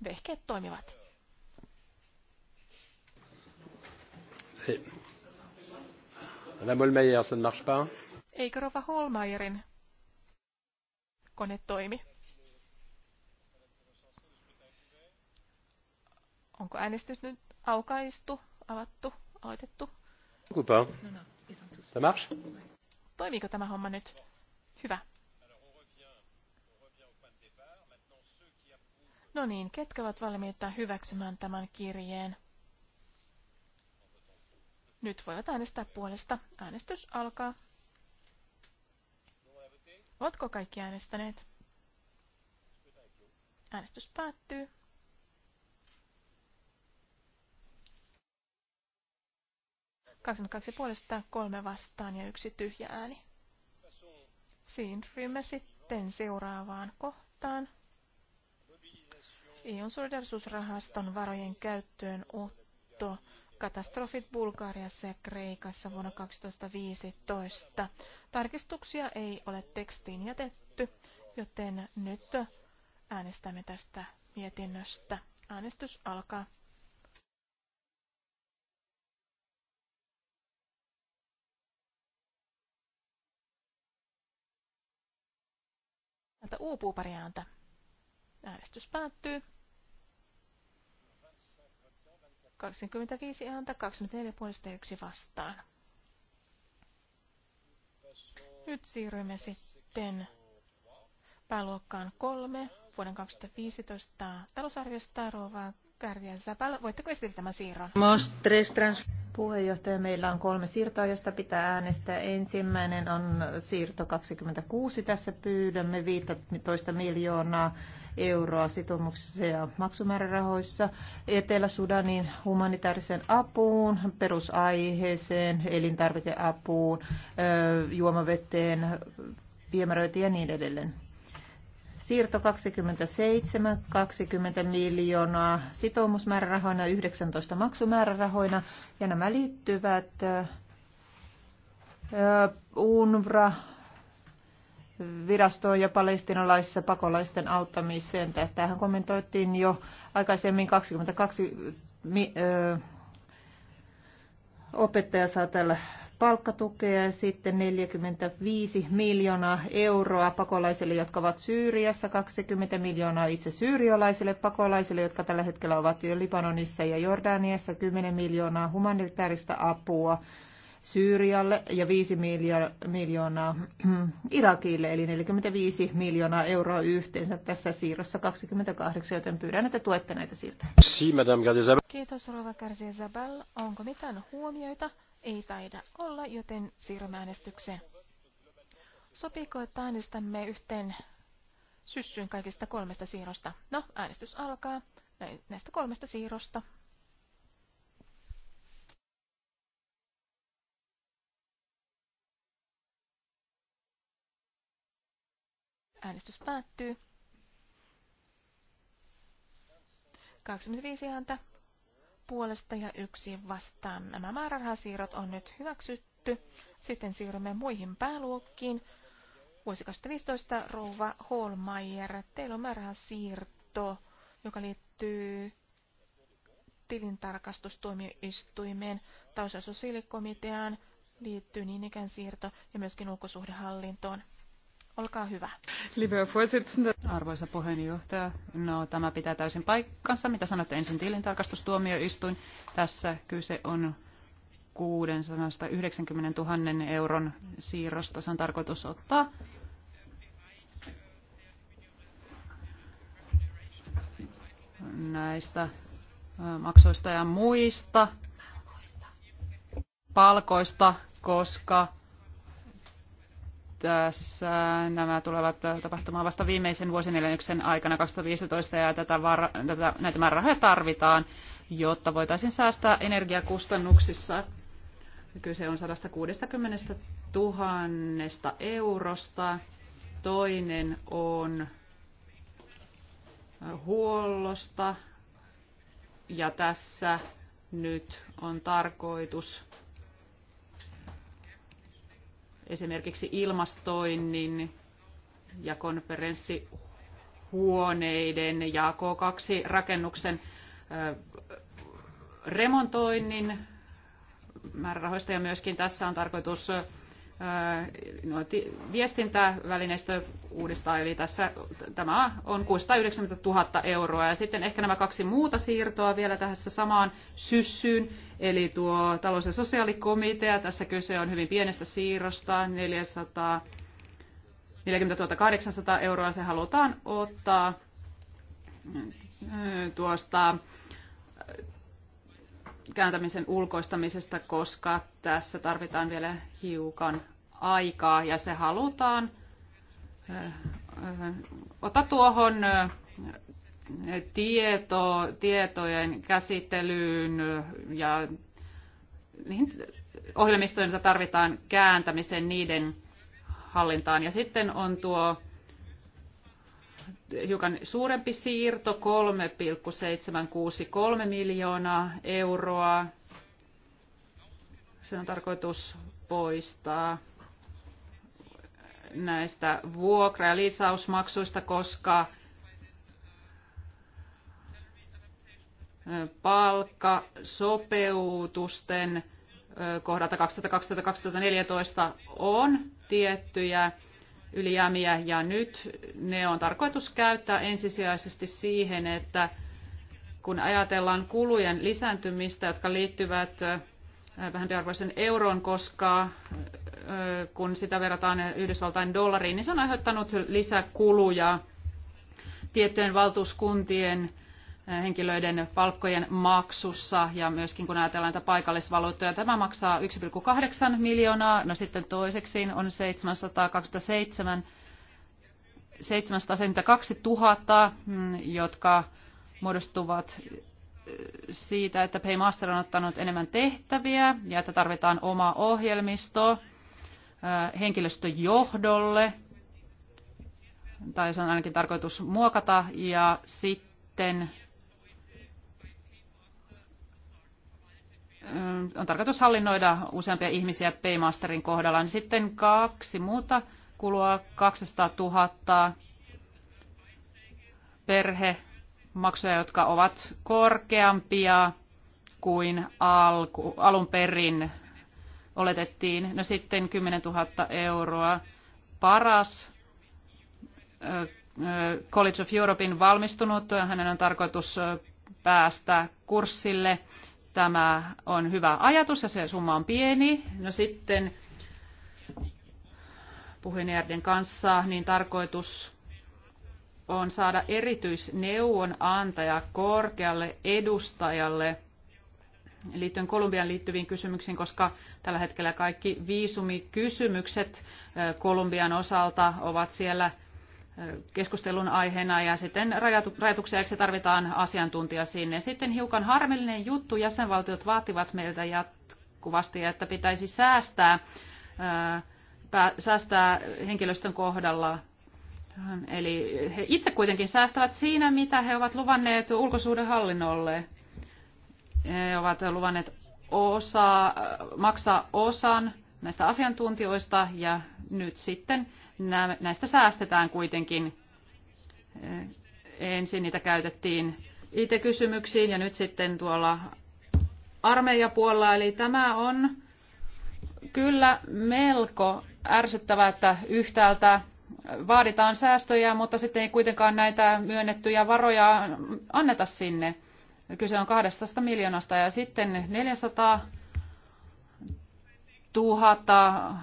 vehkeet toimivat. Eikö Rova Holmeierin kone toimi? Onko äänestys nyt aukaistu, avattu, aloitettu? Kuka? No, no, tämä Toimiiko tämä homma nyt? Hyvä. No niin, ketkä ovat valmiita hyväksymään tämän kirjeen? Nyt voivat äänestää puolesta. Äänestys alkaa. Ovatko kaikki äänestäneet? Äänestys päättyy. 22 puolesta, kolme vastaan ja yksi tyhjä ääni. Siirrymme sitten seuraavaan kohtaan. Ion e solidarisuusrahaston varojen käyttöön otto katastrofit Bulgariassa ja Kreikassa vuonna 2015. Tarkistuksia ei ole tekstiin jätetty, joten nyt äänestämme tästä mietinnöstä. Äänestys alkaa. Täältä uupuu pari ääntä. Äänestys päättyy. 25 ääntä, 24 puolesta ja yksi vastaan. Nyt siirrymme sitten pääluokkaan kolme vuoden 2015 talousarviosta Rova Kärjensä. Voitteko esitellä tämän siirron? Most puheenjohtaja. Meillä on kolme siirtoa, josta pitää äänestää. Ensimmäinen on siirto 26. Tässä pyydämme 15 miljoonaa euroa sitoumuksissa ja maksumäärärahoissa Etelä-Sudanin humanitaariseen apuun, perusaiheeseen, elintarvikeapuun, juomaveteen, viemäröintiin ja niin edelleen. Siirto 27, 20 miljoonaa sitoumusmäärärahoina, 19 maksumäärärahoina ja nämä liittyvät UNVRA virastoon ja palestinalaisissa pakolaisten auttamiseen. Tähän kommentoitiin jo aikaisemmin 22 mi, ö, opettaja saa tällä palkkatukea ja sitten 45 miljoonaa euroa pakolaisille, jotka ovat Syyriassa, 20 miljoonaa itse syyrialaisille pakolaisille, jotka tällä hetkellä ovat jo Libanonissa ja Jordaniassa, 10 miljoonaa humanitaarista apua Syyrialle ja 5 miljoonaa [clears throat] Irakille, eli 45 miljoonaa euroa yhteensä tässä siirrossa 28, joten pyydän, että tuette näitä siirtoja. Kiitos Rova Kärsi Isabel. Onko mitään huomioita? ei taida olla, joten siirrymme äänestykseen. Sopiiko, että äänestämme yhteen syssyn kaikista kolmesta siirrosta? No, äänestys alkaa näistä kolmesta siirrosta. Äänestys päättyy. 25 ääntä, puolesta ja yksi vastaan. Nämä määrärahasiirrot on nyt hyväksytty. Sitten siirrymme muihin pääluokkiin. Vuosi 2015 rouva Holmeier, teillä on määrärahasiirto, joka liittyy tilintarkastustuomioistuimeen, talous- ja sosiaalikomiteaan liittyy niin ikään siirto ja myöskin ulkosuhdehallintoon. Olkaa hyvä. Arvoisa puheenjohtaja, no tämä pitää täysin paikkansa. Mitä sanotte ensin tilintarkastustuomioistuin? Tässä kyse on 690 000 euron siirrosta. Se on tarkoitus ottaa näistä maksoista ja muista palkoista, koska tässä nämä tulevat tapahtumaan vasta viimeisen vuosineljännyksen aikana 2015 ja tätä var, tätä, näitä määrärahoja tarvitaan, jotta voitaisiin säästää energiakustannuksissa. Kyse on 160 000 eurosta. Toinen on huollosta ja tässä nyt on tarkoitus esimerkiksi ilmastoinnin ja konferenssihuoneiden ja K2-rakennuksen remontoinnin määrärahoista ja myöskin tässä on tarkoitus viestintävälineistö uudistaa, eli tässä tämä on 690 000 euroa. Ja sitten ehkä nämä kaksi muuta siirtoa vielä tässä samaan syssyyn, eli tuo talous- ja sosiaalikomitea, tässä kyse on hyvin pienestä siirrosta, 400 40 800 euroa se halutaan ottaa tuosta kääntämisen ulkoistamisesta, koska tässä tarvitaan vielä hiukan aikaa ja se halutaan eh, ota tuohon eh, tieto, tietojen käsittelyyn eh, ja niihin ohjelmistoihin, joita tarvitaan kääntämiseen niiden hallintaan. Ja sitten on tuo hiukan suurempi siirto, 3,763 miljoonaa euroa. Se on tarkoitus poistaa näistä vuokra- ja lisäysmaksuista, koska palkkasopeutusten kohdalta 2012-2014 on tiettyjä ylijäämiä ja nyt ne on tarkoitus käyttää ensisijaisesti siihen, että kun ajatellaan kulujen lisääntymistä, jotka liittyvät Äh, vähän arvoisen euron, koska äh, kun sitä verrataan Yhdysvaltain dollariin, niin se on aiheuttanut lisäkuluja tiettyjen valtuuskuntien äh, henkilöiden palkkojen maksussa ja myöskin kun ajatellaan näitä paikallisvaluuttoja. Tämä maksaa 1,8 miljoonaa, no sitten toiseksi on 727 772 000, jotka muodostuvat siitä, että Paymaster on ottanut enemmän tehtäviä ja että tarvitaan oma ohjelmisto henkilöstön johdolle, tai se on ainakin tarkoitus muokata, ja sitten on tarkoitus hallinnoida useampia ihmisiä Paymasterin kohdalla. Niin sitten kaksi muuta kulua 200 000 perhe maksuja, jotka ovat korkeampia kuin alku, alun perin oletettiin. No sitten 10 000 euroa. Paras College of Europein valmistunut. Hänen on tarkoitus päästä kurssille. Tämä on hyvä ajatus ja se summa on pieni. No sitten puheenjärden kanssa, niin tarkoitus on saada erityisneuvonantaja korkealle edustajalle liittyen Kolumbian liittyviin kysymyksiin, koska tällä hetkellä kaikki viisumikysymykset Kolumbian osalta ovat siellä keskustelun aiheena ja sitten rajoituksia, eikö se tarvitaan asiantuntija sinne. Sitten hiukan harmillinen juttu, jäsenvaltiot vaativat meiltä jatkuvasti, että pitäisi säästää, säästää henkilöstön kohdalla Eli he itse kuitenkin säästävät siinä, mitä he ovat luvanneet ulkosuhdehallinnolle. He ovat luvanneet osa, maksaa osan näistä asiantuntijoista ja nyt sitten näistä säästetään kuitenkin. Ensin niitä käytettiin IT-kysymyksiin ja nyt sitten tuolla armeijapuolella. Eli tämä on kyllä melko ärsyttävää, että yhtäältä vaaditaan säästöjä, mutta sitten ei kuitenkaan näitä myönnettyjä varoja anneta sinne. Kyse on 200 miljoonasta ja sitten 400 000 äh,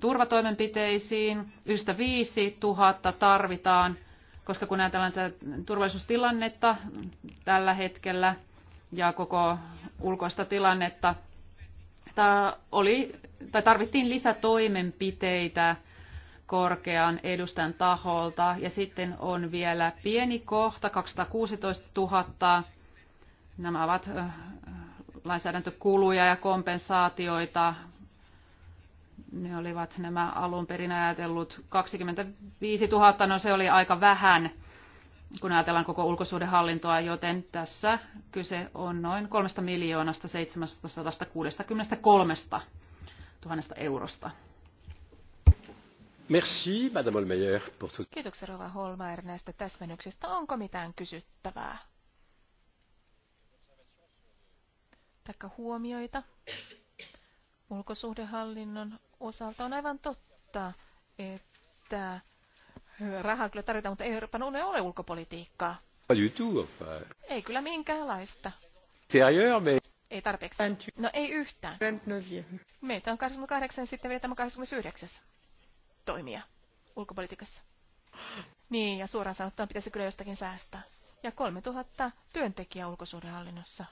turvatoimenpiteisiin, ystä 5 000 tarvitaan, koska kun ajatellaan tätä turvallisuustilannetta tällä hetkellä ja koko ulkoista tilannetta, tai oli, tai tarvittiin lisätoimenpiteitä korkean edustajan taholta. Ja sitten on vielä pieni kohta, 216 000. Nämä ovat lainsäädäntökuluja ja kompensaatioita. Ne olivat nämä alun perin ajatellut 25 000, no se oli aika vähän kun ajatellaan koko ulkosuhdehallintoa, joten tässä kyse on noin 3 miljoonasta 763 000 eurosta. Merci, Madame pour tout. Kiitoksia Rova Holmeier näistä täsmennyksistä. Onko mitään kysyttävää? Taikka huomioita? Ulkosuhdehallinnon osalta on aivan totta, että rahaa kyllä tarvitaan, mutta ei Euroopan unioni ole ulkopolitiikkaa. Ei kyllä minkäänlaista. Ei tarpeeksi. No ei yhtään. Meitä on 28 sitten tämä 29 toimia ulkopolitiikassa. Niin, ja suoraan sanottuna pitäisi kyllä jostakin säästää. Ja 3000 työntekijää ulkosuhdehallinnossa.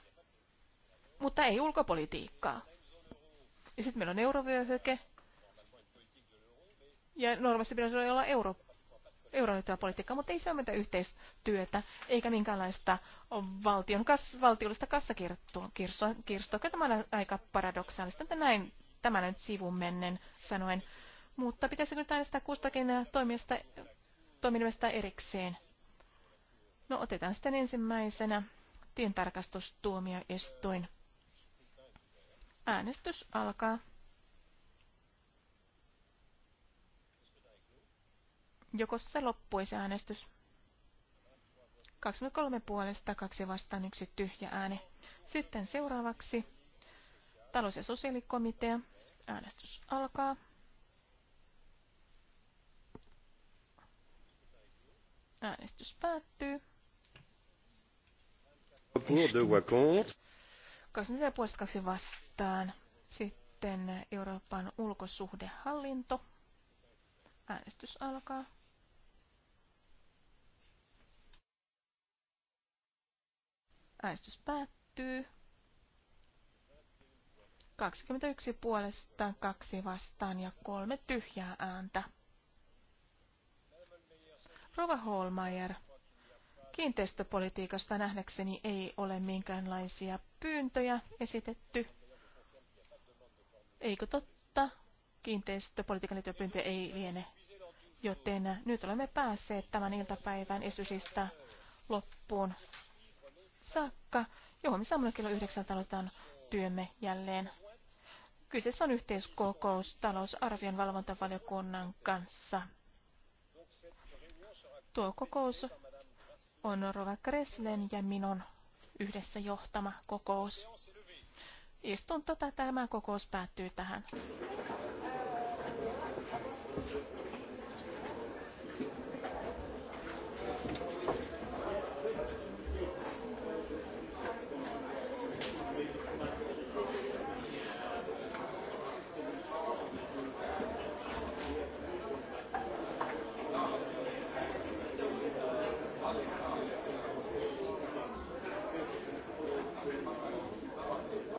Mutta ei ulkopolitiikkaa. Ja sitten meillä on eurovyöhyke. Ja normaalisti pitäisi olla euro, euroon liittyvää politiikkaa, mutta ei se ole mitään yhteistyötä, eikä minkäänlaista valtion, kas, valtiollista kassakirstoa. Tämä on aika paradoksaalista, että näin tämä nyt sivun mennen sanoen mutta pitäisikö nyt äänestää kustakin toiminnasta erikseen? No otetaan sitten ensimmäisenä tientarkastustuomioistuin. Äänestys alkaa. Joko se loppui se äänestys? 23 puolesta, kaksi vastaan, yksi tyhjä ääni. Sitten seuraavaksi talous- ja sosiaalikomitea. Äänestys alkaa. Äänestys päättyy. Pour, deux voix contre. 24 puolesta kaksi vastaan. Sitten Euroopan ulkosuhdehallinto. Äänestys alkaa. Äänestys päättyy. 21 puolesta, kaksi vastaan ja kolme tyhjää ääntä. Rova Holmeier, kiinteistöpolitiikasta nähdäkseni ei ole minkäänlaisia pyyntöjä esitetty. Eikö totta? Kiinteistöpolitiikan liittyvä pyyntö ei liene. Joten nyt olemme päässeet tämän iltapäivän esitystä loppuun saakka. me samalla kello yhdeksän aloitetaan työmme jälleen. Kyseessä on yhteiskokous talousarvion valvontavaliokunnan kanssa. Tuo kokous on Rova Kreslen ja minun yhdessä johtama kokous. Istunto tota, tämä kokous päättyy tähän.